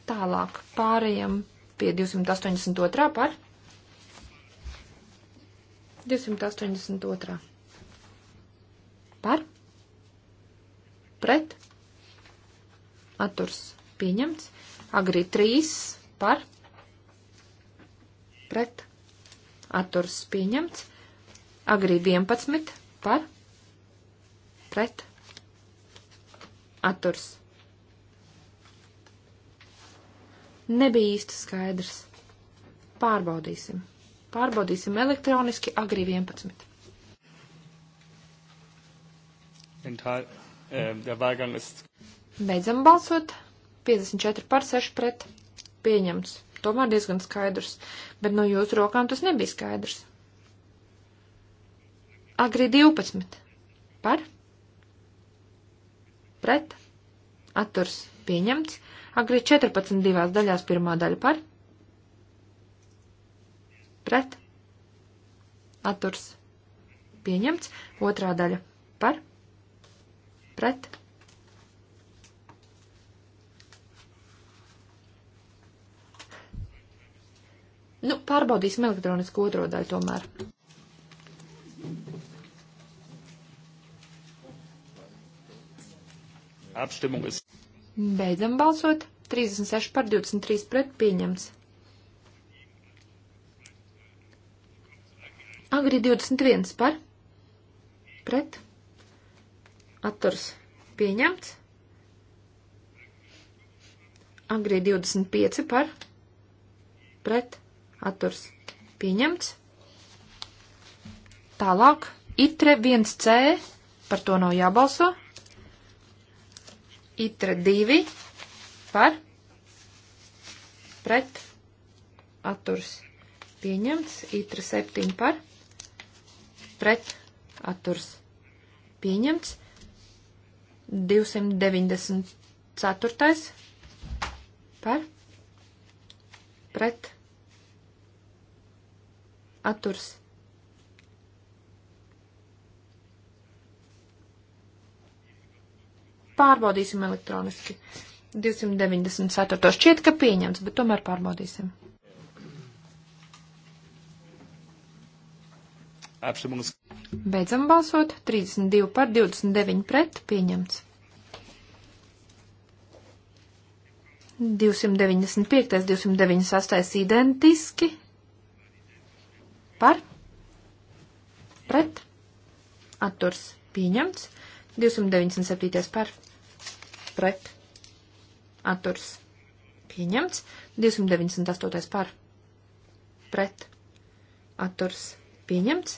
Tālāk pārējām pie 282 par 282 par pret atturs pieņemts. Agri 3 par pret atturs pieņemts. Agri 11 par pret atturs. Nebija īsti skaidrs. Pārbaudīsim. Pārbaudīsim elektroniski agri 11. Enthal, äh, der Wahlgang ist Beidzam balsot. 54 par 6 pret. Pieņemts. Tomēr diezgan skaidrs. Bet no jūsu rokām tas nebija skaidrs. Agri 12. Par. Pret. Atturs. Pieņemts. Agri 14 divās daļās pirmā daļa par. Pret. Atturs. Pieņemts. Otrā daļa par. Pret Nu, pārbaudīsim elektronisku otro daļu tomēr. Abstimmung ist. Beidzam balsot. 36 par 23 pret pieņemts. Agri 21 par pret. Atturs pieņemts. Agri 25 par pret atturs pieņemts. Tālāk, itre 1C, par to nav jābalso. Itre 2, par, pret, atturs pieņemts. Itre 7, par, pret, atturs pieņemts. 294. par, pret, atturs pieņemts atturs. Pārbaudīsim elektroniski. 294. šķiet, ka pieņems, bet tomēr pārbaudīsim. Apstimulis. Beidzam balsot. 32 par 29 pret pieņemts. 295, 298 identiski par, pret, atturs pieņemts, 297. par, pret, atturs pieņemts, 298. par, pret, atturs pieņemts,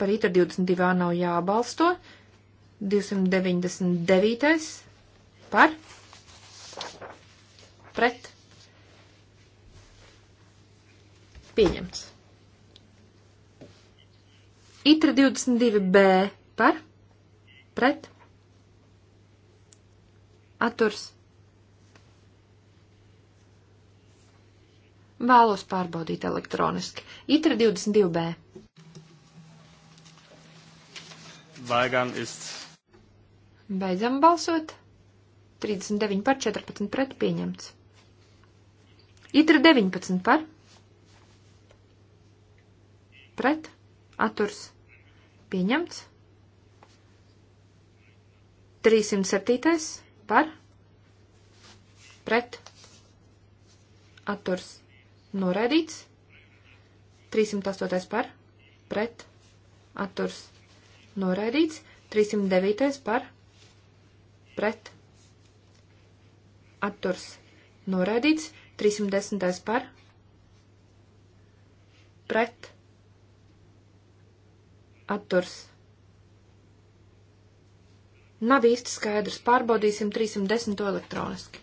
par rītu 22. nav jābalsto, 299. par, pret, pieņemts. Itra 22b par pret atturs. Vēlos pārbaudīt elektroniski. Itra 22b. Wahlgang ist. Beidzam balsot. 39 par 14 pret pieņemts. Itra 19 par. Pret. Aturs. Pieņemts. 307. par pret atturs noraidīts. 308. par pret atturs noraidīts. 309. par pret atturs noraidīts. 310. par pret atturs noraidīts pret atturs. Nav īsti skaidrs. Pārbaudīsim 310 elektroniski.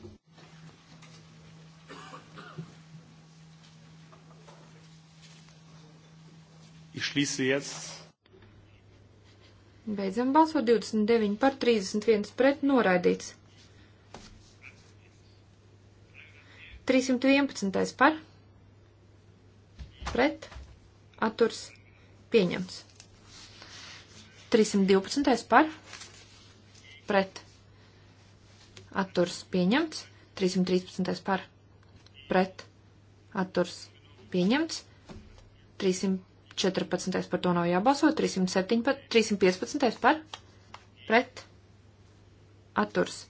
Beidzam balsot 29 par 31 pret noraidīts. 311 par pret atturs pieņemts. 312. par pret atturs pieņemts. 313. par pret atturs pieņemts. 314. par to nav jābalso. 317, 315. par pret atturs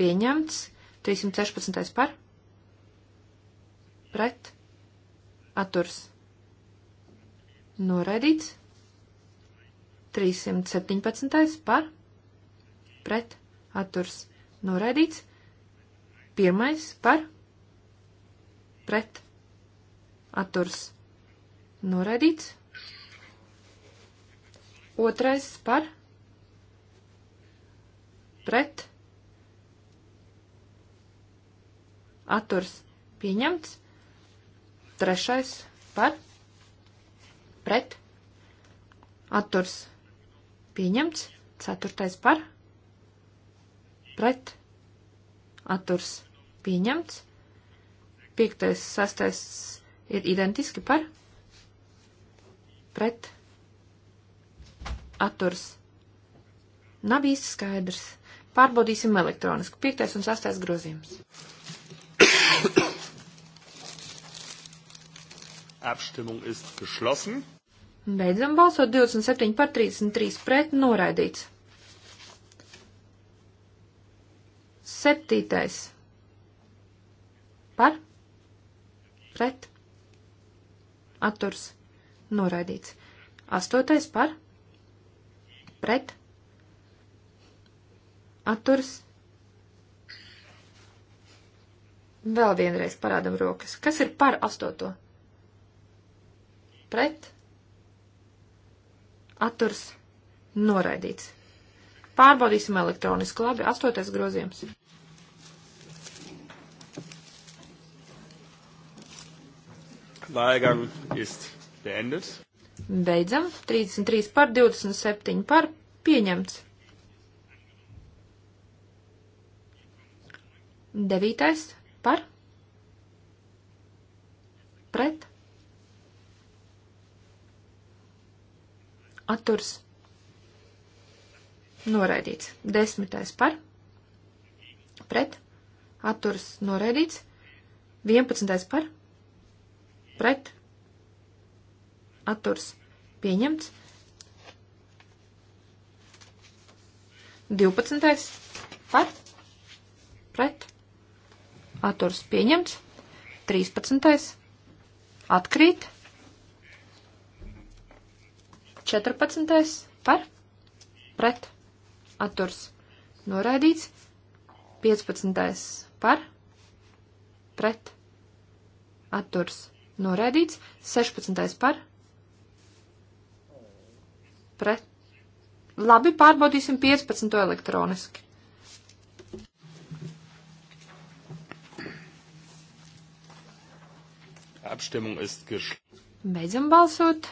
pieņemts. 316. par pret atturs noraidīts. 317. par pret atturs noraidīts. Pirmais par pret atturs noraidīts. Otrais par pret atturs pieņemts. Trešais par pret atturs noraidīts. Pieņemts. Ceturtais par. Pret. Atturs. Pieņemts. Piektais, sastais ir identiski par. Pret. Atturs. Nav īsti skaidrs. Pārbaudīsim elektroniski. Piektais un sastais grozījums. Abstimmung ist geschlossen. Beidzam balsot 27 par 33 pret noraidīts. Septītais. Par? Pret? Atturs. Noraidīts. Astotais par? Pret? Atturs. Vēl vienreiz parādam rokas. Kas ir par astoto? Pret? atturs noraidīts. Pārbaudīsim elektroniski labi. Astotais grozījums. Wahlgang ist beendet. Beidzam. 33 par 27 par pieņemts. Devītais par pret atturs noraidīts. Desmitais par, pret, atturs noraidīts. Vienpadsmitais par, pret, atturs pieņemts. 12. par, pret, atturs pieņemts, 13. atkrīt, 14. par, pret, atturs, noraidīts. 15. par, pret, atturs, noraidīts. 16. par, pret. Labi, pārbaudīsim 15. elektroniski. Abstimmung ist geschlossen. Beidzam balsot.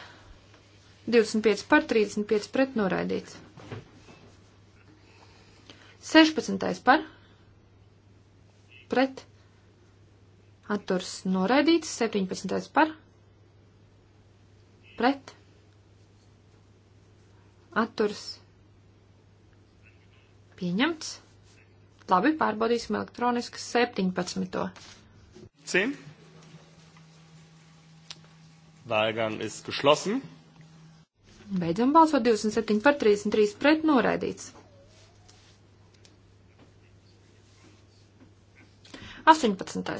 25 par 35 pret noraidīts. 16 par pret atturs noraidīts. 17 par pret atturs pieņemts. Labi, pārbaudīsim elektroniski 17. Cim. Wahlgang ist geschlossen. Beidzam balsot 27 par 33 pret noraidīts. 18.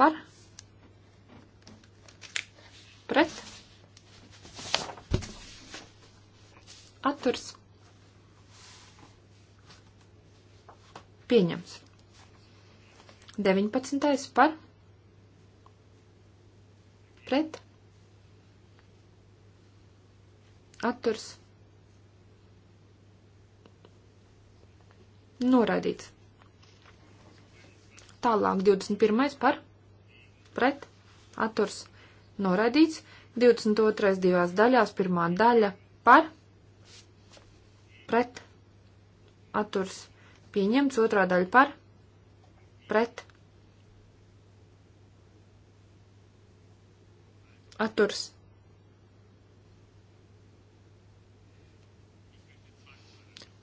par pret atturs pieņems. 19. par pret atturs. atturs noraidīts. Tālāk 21. par pret atturs noraidīts, 22. divās daļās, pirmā daļa par pret atturs pieņemts, otrā daļa par pret atturs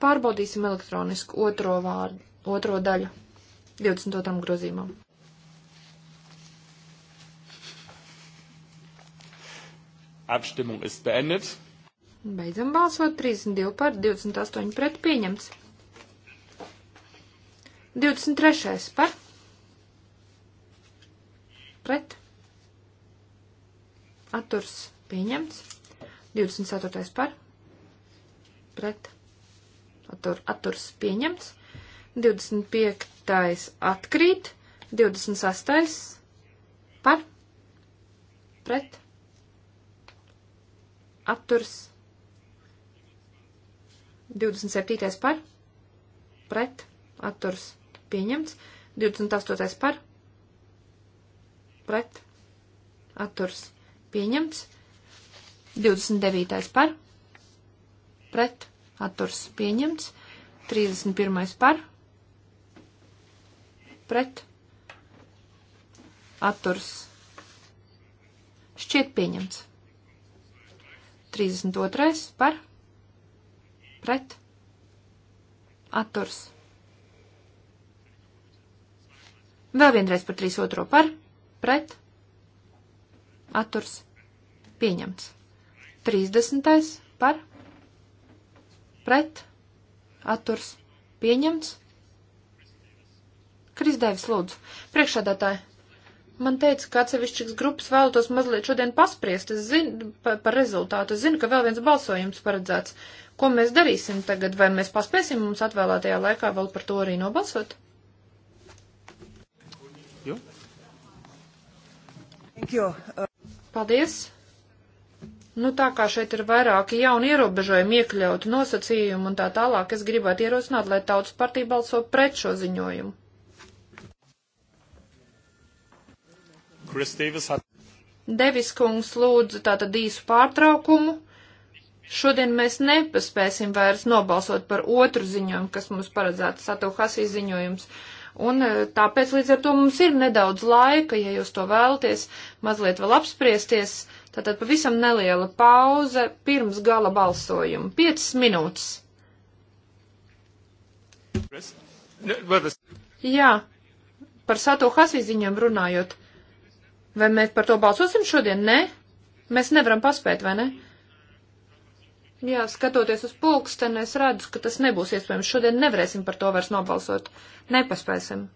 Pārbaudīsim elektronisku otro, vārdu, otro daļu 22. grozīmam. Abstimmung ist beendet. Beidzam balsot 32 par 28 pret pieņemts. 23 par pret atturs pieņemts. 24 par pret Atur, atturs pieņemts. 25. atkrīt. 26. par. Pret. Atturs. 27. par. Pret. Atturs pieņemts. 28. par. Pret. Atturs pieņemts. 29. par. Pret atturs pieņemts. 31. par pret atturs šķiet pieņemts. 32. par pret atturs. Vēl vienreiz par 32. par pret atturs pieņemts. 30. par pret pret, atturs, pieņemts. Krisdēvis lūdzu, priekšādātāji, man teica, ka atsevišķas grupas vēlētos mazliet šodien paspriest, es zinu par pa rezultātu, es zinu, ka vēl viens balsojums paredzēts. Ko mēs darīsim tagad, vai mēs paspēsim mums atvēlētajā laikā vēl par to arī nobalsot? Jo? Thank you. Uh... Paldies. Nu, tā kā šeit ir vairāki jauni ierobežojumi iekļauti nosacījumi un tā tālāk, es gribētu ierosināt, lai tautas partija balso pret šo ziņojumu. Devis kungs lūdzu tātad īsu pārtraukumu. Šodien mēs nepaspēsim vairs nobalsot par otru ziņojumu, kas mums paredzēts Satuhasī ziņojums. Un e, tāpēc līdz ar to mums ir nedaudz laika, ja jūs to vēlaties, mazliet vēl apspriesties Tātad pavisam neliela pauze pirms gala balsojuma. 5 minūtes. Jā, par Sato Hasīziņiem runājot. Vai mēs par to balsosim šodien? Nē, mēs nevaram paspēt, vai ne? Jā, skatoties uz pulksteni, es redzu, ka tas nebūs iespējams. Šodien nevarēsim par to vairs nobalsot. Nepaspēsim.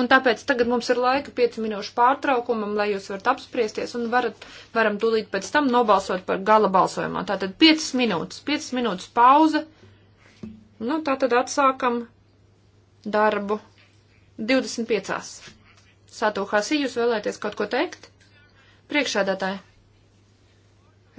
Un tāpēc tagad mums ir laika 5 minūšu pārtraukumam, lai jūs varat apspriesties un varat, varam tūlīt pēc tam nobalsot par gala balsojumā. Tātad 5 minūtes, 5 minūtes pauze. Nu, tātad atsākam darbu 25. Sātu Hasī, jūs vēlēties kaut ko teikt? Priekšādātāji.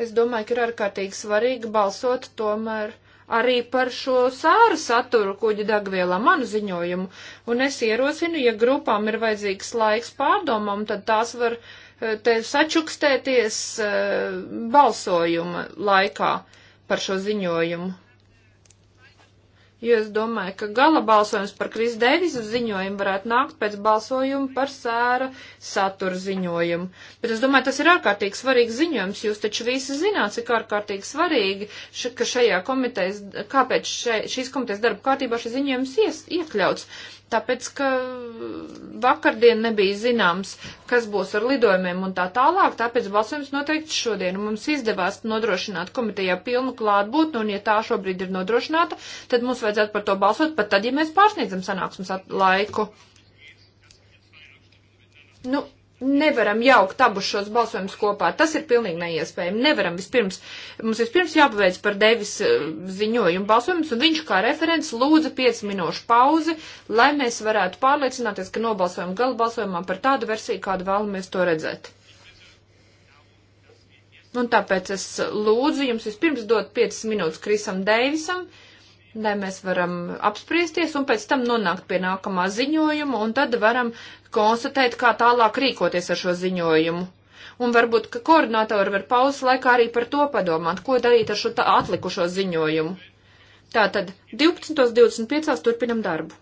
Es domāju, ka ir ārkārtīgi svarīgi balsot tomēr arī par šo sāru saturu kuģa degvielā manu ziņojumu, un es ierosinu, ja grupām ir vajadzīgs laiks pārdomām, tad tās var eh, te sačukstēties eh, balsojuma laikā par šo ziņojumu jo es domāju, ka gala balsojums par Kris Deivisu ziņojumu varētu nākt pēc balsojuma par sēra satura ziņojumu. Bet es domāju, tas ir ārkārtīgi svarīgs ziņojums. Jūs taču visi zināt, cik ārkārtīgi svarīgi, ka šajā komitejas, kāpēc še, šīs komitejas darba kārtībā šis ziņojums ies, iekļauts tāpēc, ka vakardien nebija zināms, kas būs ar lidojumiem un tā tālāk, tāpēc balsojums noteikti šodien. Mums izdevās nodrošināt komitejā pilnu klātbūtni, un ja tā šobrīd ir nodrošināta, tad mums vajadzētu par to balsot pat tad, ja mēs pārsniedzam sanāksmes laiku. Nu, nevaram jaukt abus šos balsojumus kopā. Tas ir pilnīgi neiespējami. Nevaram vispirms, mums vispirms jāpaveic par Devis eh, ziņojumu balsojumus, un viņš kā referents lūdza 5 minūšu pauzi, lai mēs varētu pārliecināties, ka nobalsojam gala balsojumā par tādu versiju, kādu vēlamies to redzēt. Un tāpēc es lūdzu jums vispirms dot 5 minūtes Krisam Deivisam, uh, lai mēs varam apspriesties un pēc tam nonākt pie nākamā ziņojuma, un tad varam konstatēt, kā tālāk rīkoties ar šo ziņojumu. Un varbūt, ka koordinātori var pauzes laikā arī par to padomāt, ko darīt ar šo atlikušo ziņojumu. Tātad 12.25. turpinam darbu.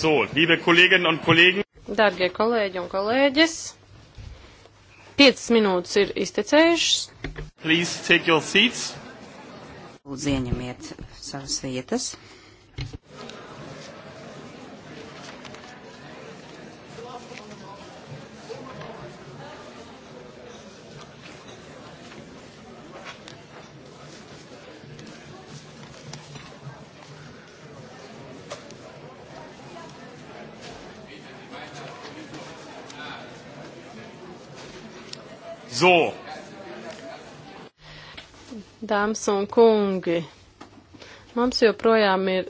So, liebe Kolleginnen und Kollegen. Dargie kolēģi un kolēģis, 5 minūtes ir iztecējušas. Please take your seats. Lūdzu, ieņemiet savas vietas. Dāmas un kungi, mums joprojām ir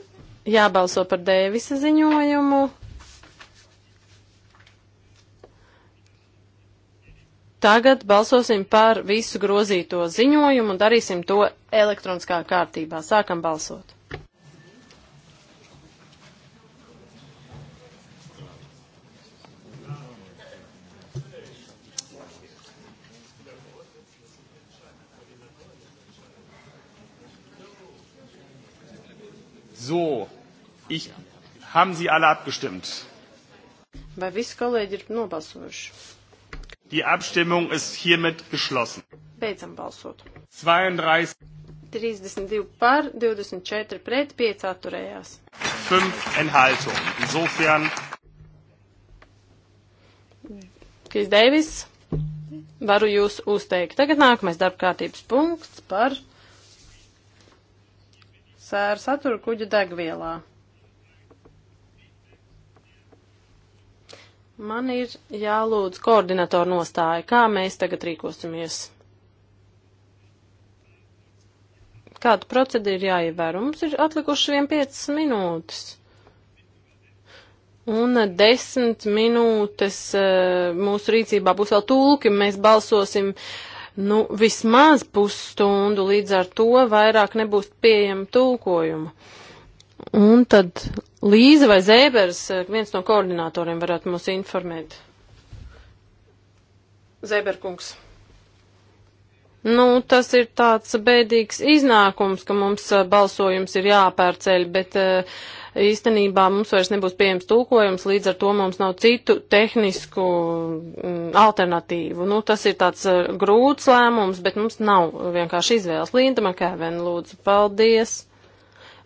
jābalso par Dēvisa ziņojumu. Tagad balsosim par visu grozīto ziņojumu un darīsim to elektroniskā kārtībā. Sākam balsot! Haben Sie alle abgestimmt? Vai visi kolēģi ir nobalsojuši? Die Abstimmung ist hiermit geschlossen. Beidzam balsot. 32. 32 par, 24 pret, 5 atturējās. 5 Enthaltungen. Insofern. Kris Deivis, varu jūs uzteikt. Tagad nākamais darbkārtības punkts par sēru saturu kuģa degvielā. Man ir jālūdz koordinatoru nostāja, kā mēs tagad rīkosimies. Kāda procedīra jāievēro? Mums ir atlikuši vien 5 minūtes. Un 10 minūtes eh, mūsu rīcībā būs vēl tulki, mēs balsosim nu, vismaz pusstundu, līdz ar to vairāk nebūs pieejama tulkojuma. Un tad Līza vai Zēbers, eh, viens no koordinatoriem varētu mūs informēt. Zēberkungs. Nu, tas ir tāds bēdīgs iznākums, ka mums eh, balsojums ir jāpārceļ, bet eh, īstenībā mums vairs nebūs pieejams tūkojums, līdz ar to mums nav citu tehnisku mm, alternatīvu. Nu, tas ir tāds grūts lēmums, bet mums nav vienkārši izvēles. Linda Makēven, lūdzu, paldies!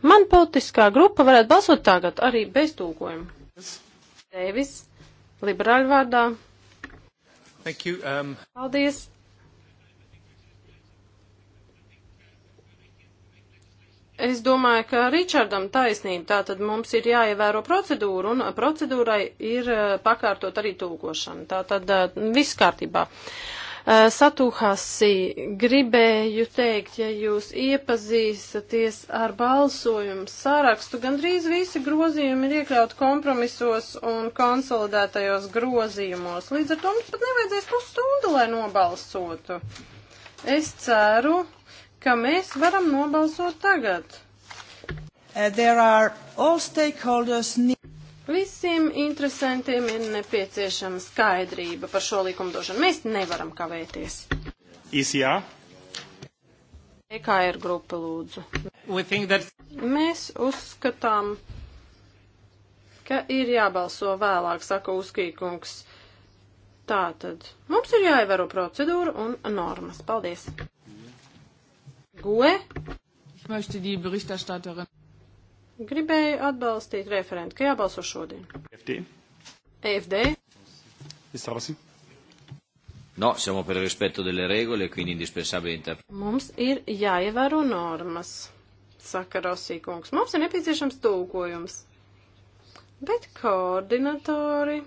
Man politiskā grupa varētu balsot tagad arī bez tūkojuma. Dēvis, liberāļu vārdā. Thank you, um... Paldies. Es domāju, ka Ričardam taisnība, tā tad mums ir jāievēro procedūra, un procedūrai ir uh, pakārtot arī tūkošana. Tā tad uh, viss kārtībā. Uh, Eh, Satūhasī, gribēju teikt, ja jūs iepazīstaties ar balsojumu sarakstu, gandrīz visi grozījumi ir iekļauti kompromisos un konsolidētajos grozījumos. Līdz ar to mums pat nevajadzēs pusstundu, lai nobalsotu. Es ceru, ka mēs varam nobalsot tagad. Uh, there are all stakeholders Visiem interesantiem ir nepieciešama skaidrība par šo likumdošanu. Mēs nevaram kavēties. Īsijā. E EKR grupa lūdzu. That... Mēs uzskatām, ka ir jābalso vēlāk, saka Uzkīkungs. Tātad mums ir jāievēro procedūra un normas. Paldies. Goe. Ich möchte die Berichterstatterin. Gribēju atbalstīt referentu, ka jābalso šodien. FD. EFD. Izstāvasi. No, siamo per il rispetto delle regole, quindi indispensabile interpretare. Mums ir jāievēro normas, saka Rosī kungs. Mums ir nepieciešams tūkojums. Bet koordinatori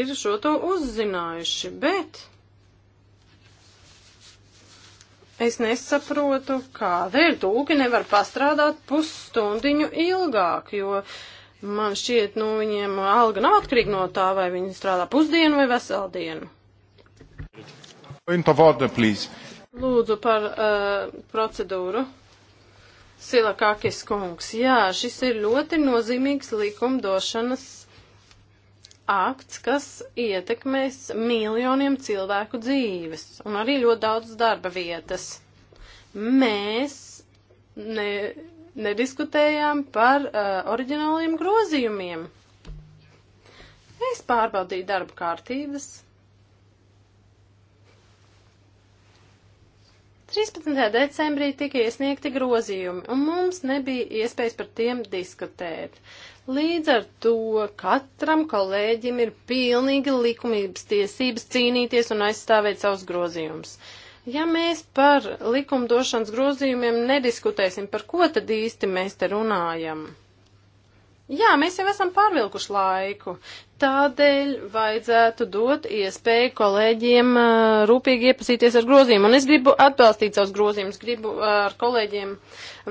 ir šo to uzzinājuši, bet Es nesaprotu, kādēļ tūki nevar pastrādāt pusstundiņu ilgāk, jo man šķiet, nu, viņiem alga nav atkarīga no tā, vai viņi strādā pusdienu vai veselu dienu. Order, Lūdzu par uh, procedūru. Silakakis kungs, jā, šis ir ļoti nozīmīgs likumdošanas akts, kas ietekmēs miljoniem cilvēku dzīves un arī ļoti daudz darba vietas. Mēs ne, nediskutējām par uh, oriģināliem grozījumiem. Es pārbaudīju darba kārtības. 13. decembrī tika iesniegti grozījumi, un mums nebija iespējas par tiem diskutēt. Uh, Līdz ar to katram kolēģim ir pilnīgi likumības tiesības cīnīties un aizstāvēt savus grozījumus. Ja mēs par likumdošanas grozījumiem nediskutēsim, par ko tad īsti mēs te runājam? Jā, mēs jau esam pārvilkuši laiku. Tādēļ vajadzētu dot iespēju kolēģiem uh, rūpīgi iepazīties ar grozījumu. Un es gribu atbalstīt savus grozījumus, gribu uh, ar kolēģiem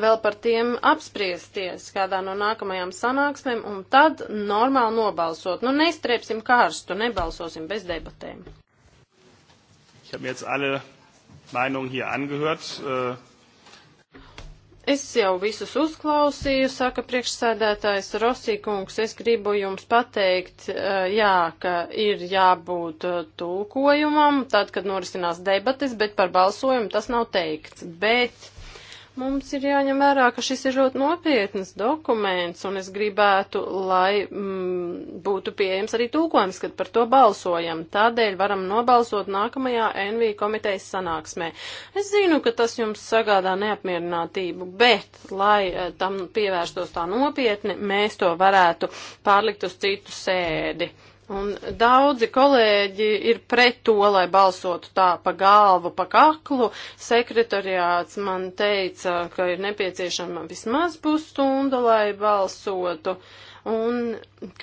vēl par tiem apspriesties kādā no nākamajām sanāksmēm un tad normāli nobalsot. Nu, neiztriepsim karstu, nebalsosim bez debatēm. Ich habe jetzt alle Meinungen hier angehört. Uh... Es jau visus uzklausīju, saka priekšsēdētājs Rosīkungs, es gribu jums pateikt, eh, jā, ka ir jābūt eh, tulkojumam, tad, kad norisinās debates, bet par balsojumu tas nav teikts. Bet Mums ir jāņem vērā, ka šis ir ļoti nopietnas dokuments, un es gribētu, lai mm, būtu pieejams arī tūkojums, kad par to balsojam. Tādēļ varam nobalsot nākamajā NV komitejas sanāksmē. Es zinu, ka tas jums sagādā neapmierinātību, bet, lai eh, tam pievērstos tā nopietni, mēs to varētu pārlikt uz citu sēdi. Un daudzi kolēģi ir pret to, lai balsotu tā pa galvu, pa kaklu. Sekretariāts man teica, ka ir nepieciešama vismaz pusstunda, lai balsotu. Un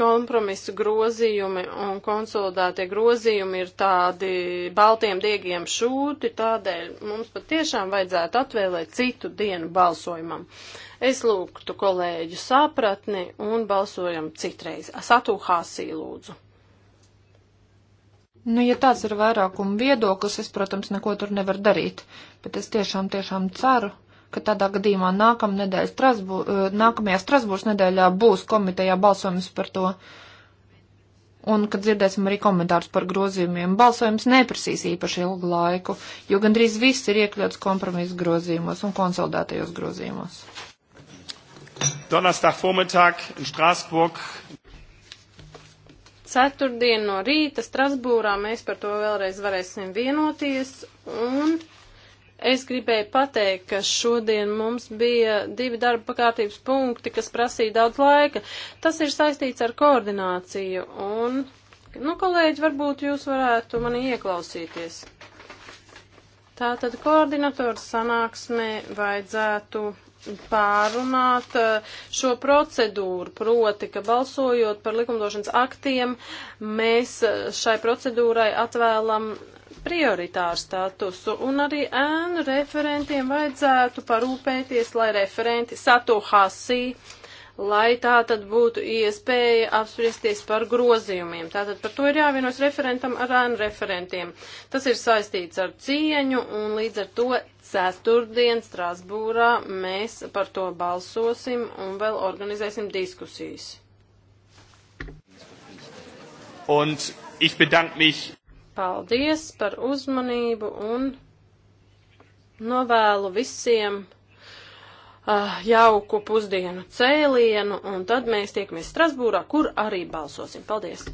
kompromisu grozījumi un konsolidētie grozījumi ir tādi baltiem diegiem šūti, tādēļ mums patiešām vajadzētu atvēlēt citu dienu balsojumam. Es lūgtu kolēģu sapratni un balsojam citreiz. Satū Hāsī lūdzu. Nu, ja tāds ir vairākuma viedoklis, es, protams, neko tur nevaru darīt, bet es tiešām, tiešām ceru, ka tādā gadījumā nākamnedēļ Strasbū, eh, nākamajā Strasbūras nedēļā būs komitejā balsojums par to, un kad dzirdēsim arī komentārus par grozījumiem. Balsojums neprasīs īpaši ilgu laiku, jo gandrīz viss ir iekļauts kompromisu grozījumos un konsolidētajos grozījumos. Donnerstag Vormittag in Straßburg. Ceturtdien no rīta Strasbūrā mēs par to vēlreiz varēsim vienoties un Es gribēju pateikt, ka šodien mums bija divi darba pakārtības punkti, kas prasīja daudz laika. Tas ir saistīts ar koordināciju un, nu, kolēģi, varbūt jūs varētu mani ieklausīties. Tātad koordinatoru sanāksmē vajadzētu pārunāt eh, šo procedūru, proti, ka balsojot par likumdošanas aktiem, mēs eh, šai procedūrai atvēlam prioritāru statusu, un arī ēnu referentiem vajadzētu parūpēties, lai referenti Satu Hasī lai tā tad būtu iespēja apspriesties par grozījumiem. Tātad par to ir jāvienos referentam ar ēnu referentiem. Tas ir saistīts ar cieņu un līdz ar to ceturtdien Strasbūrā mēs par to balsosim un vēl organizēsim diskusijas. Un ich bedank mich. Paldies par uzmanību un novēlu visiem uh, jauku pusdienu cēlienu, un tad mēs tiekamies Strasbūrā, kur arī balsosim. Paldies!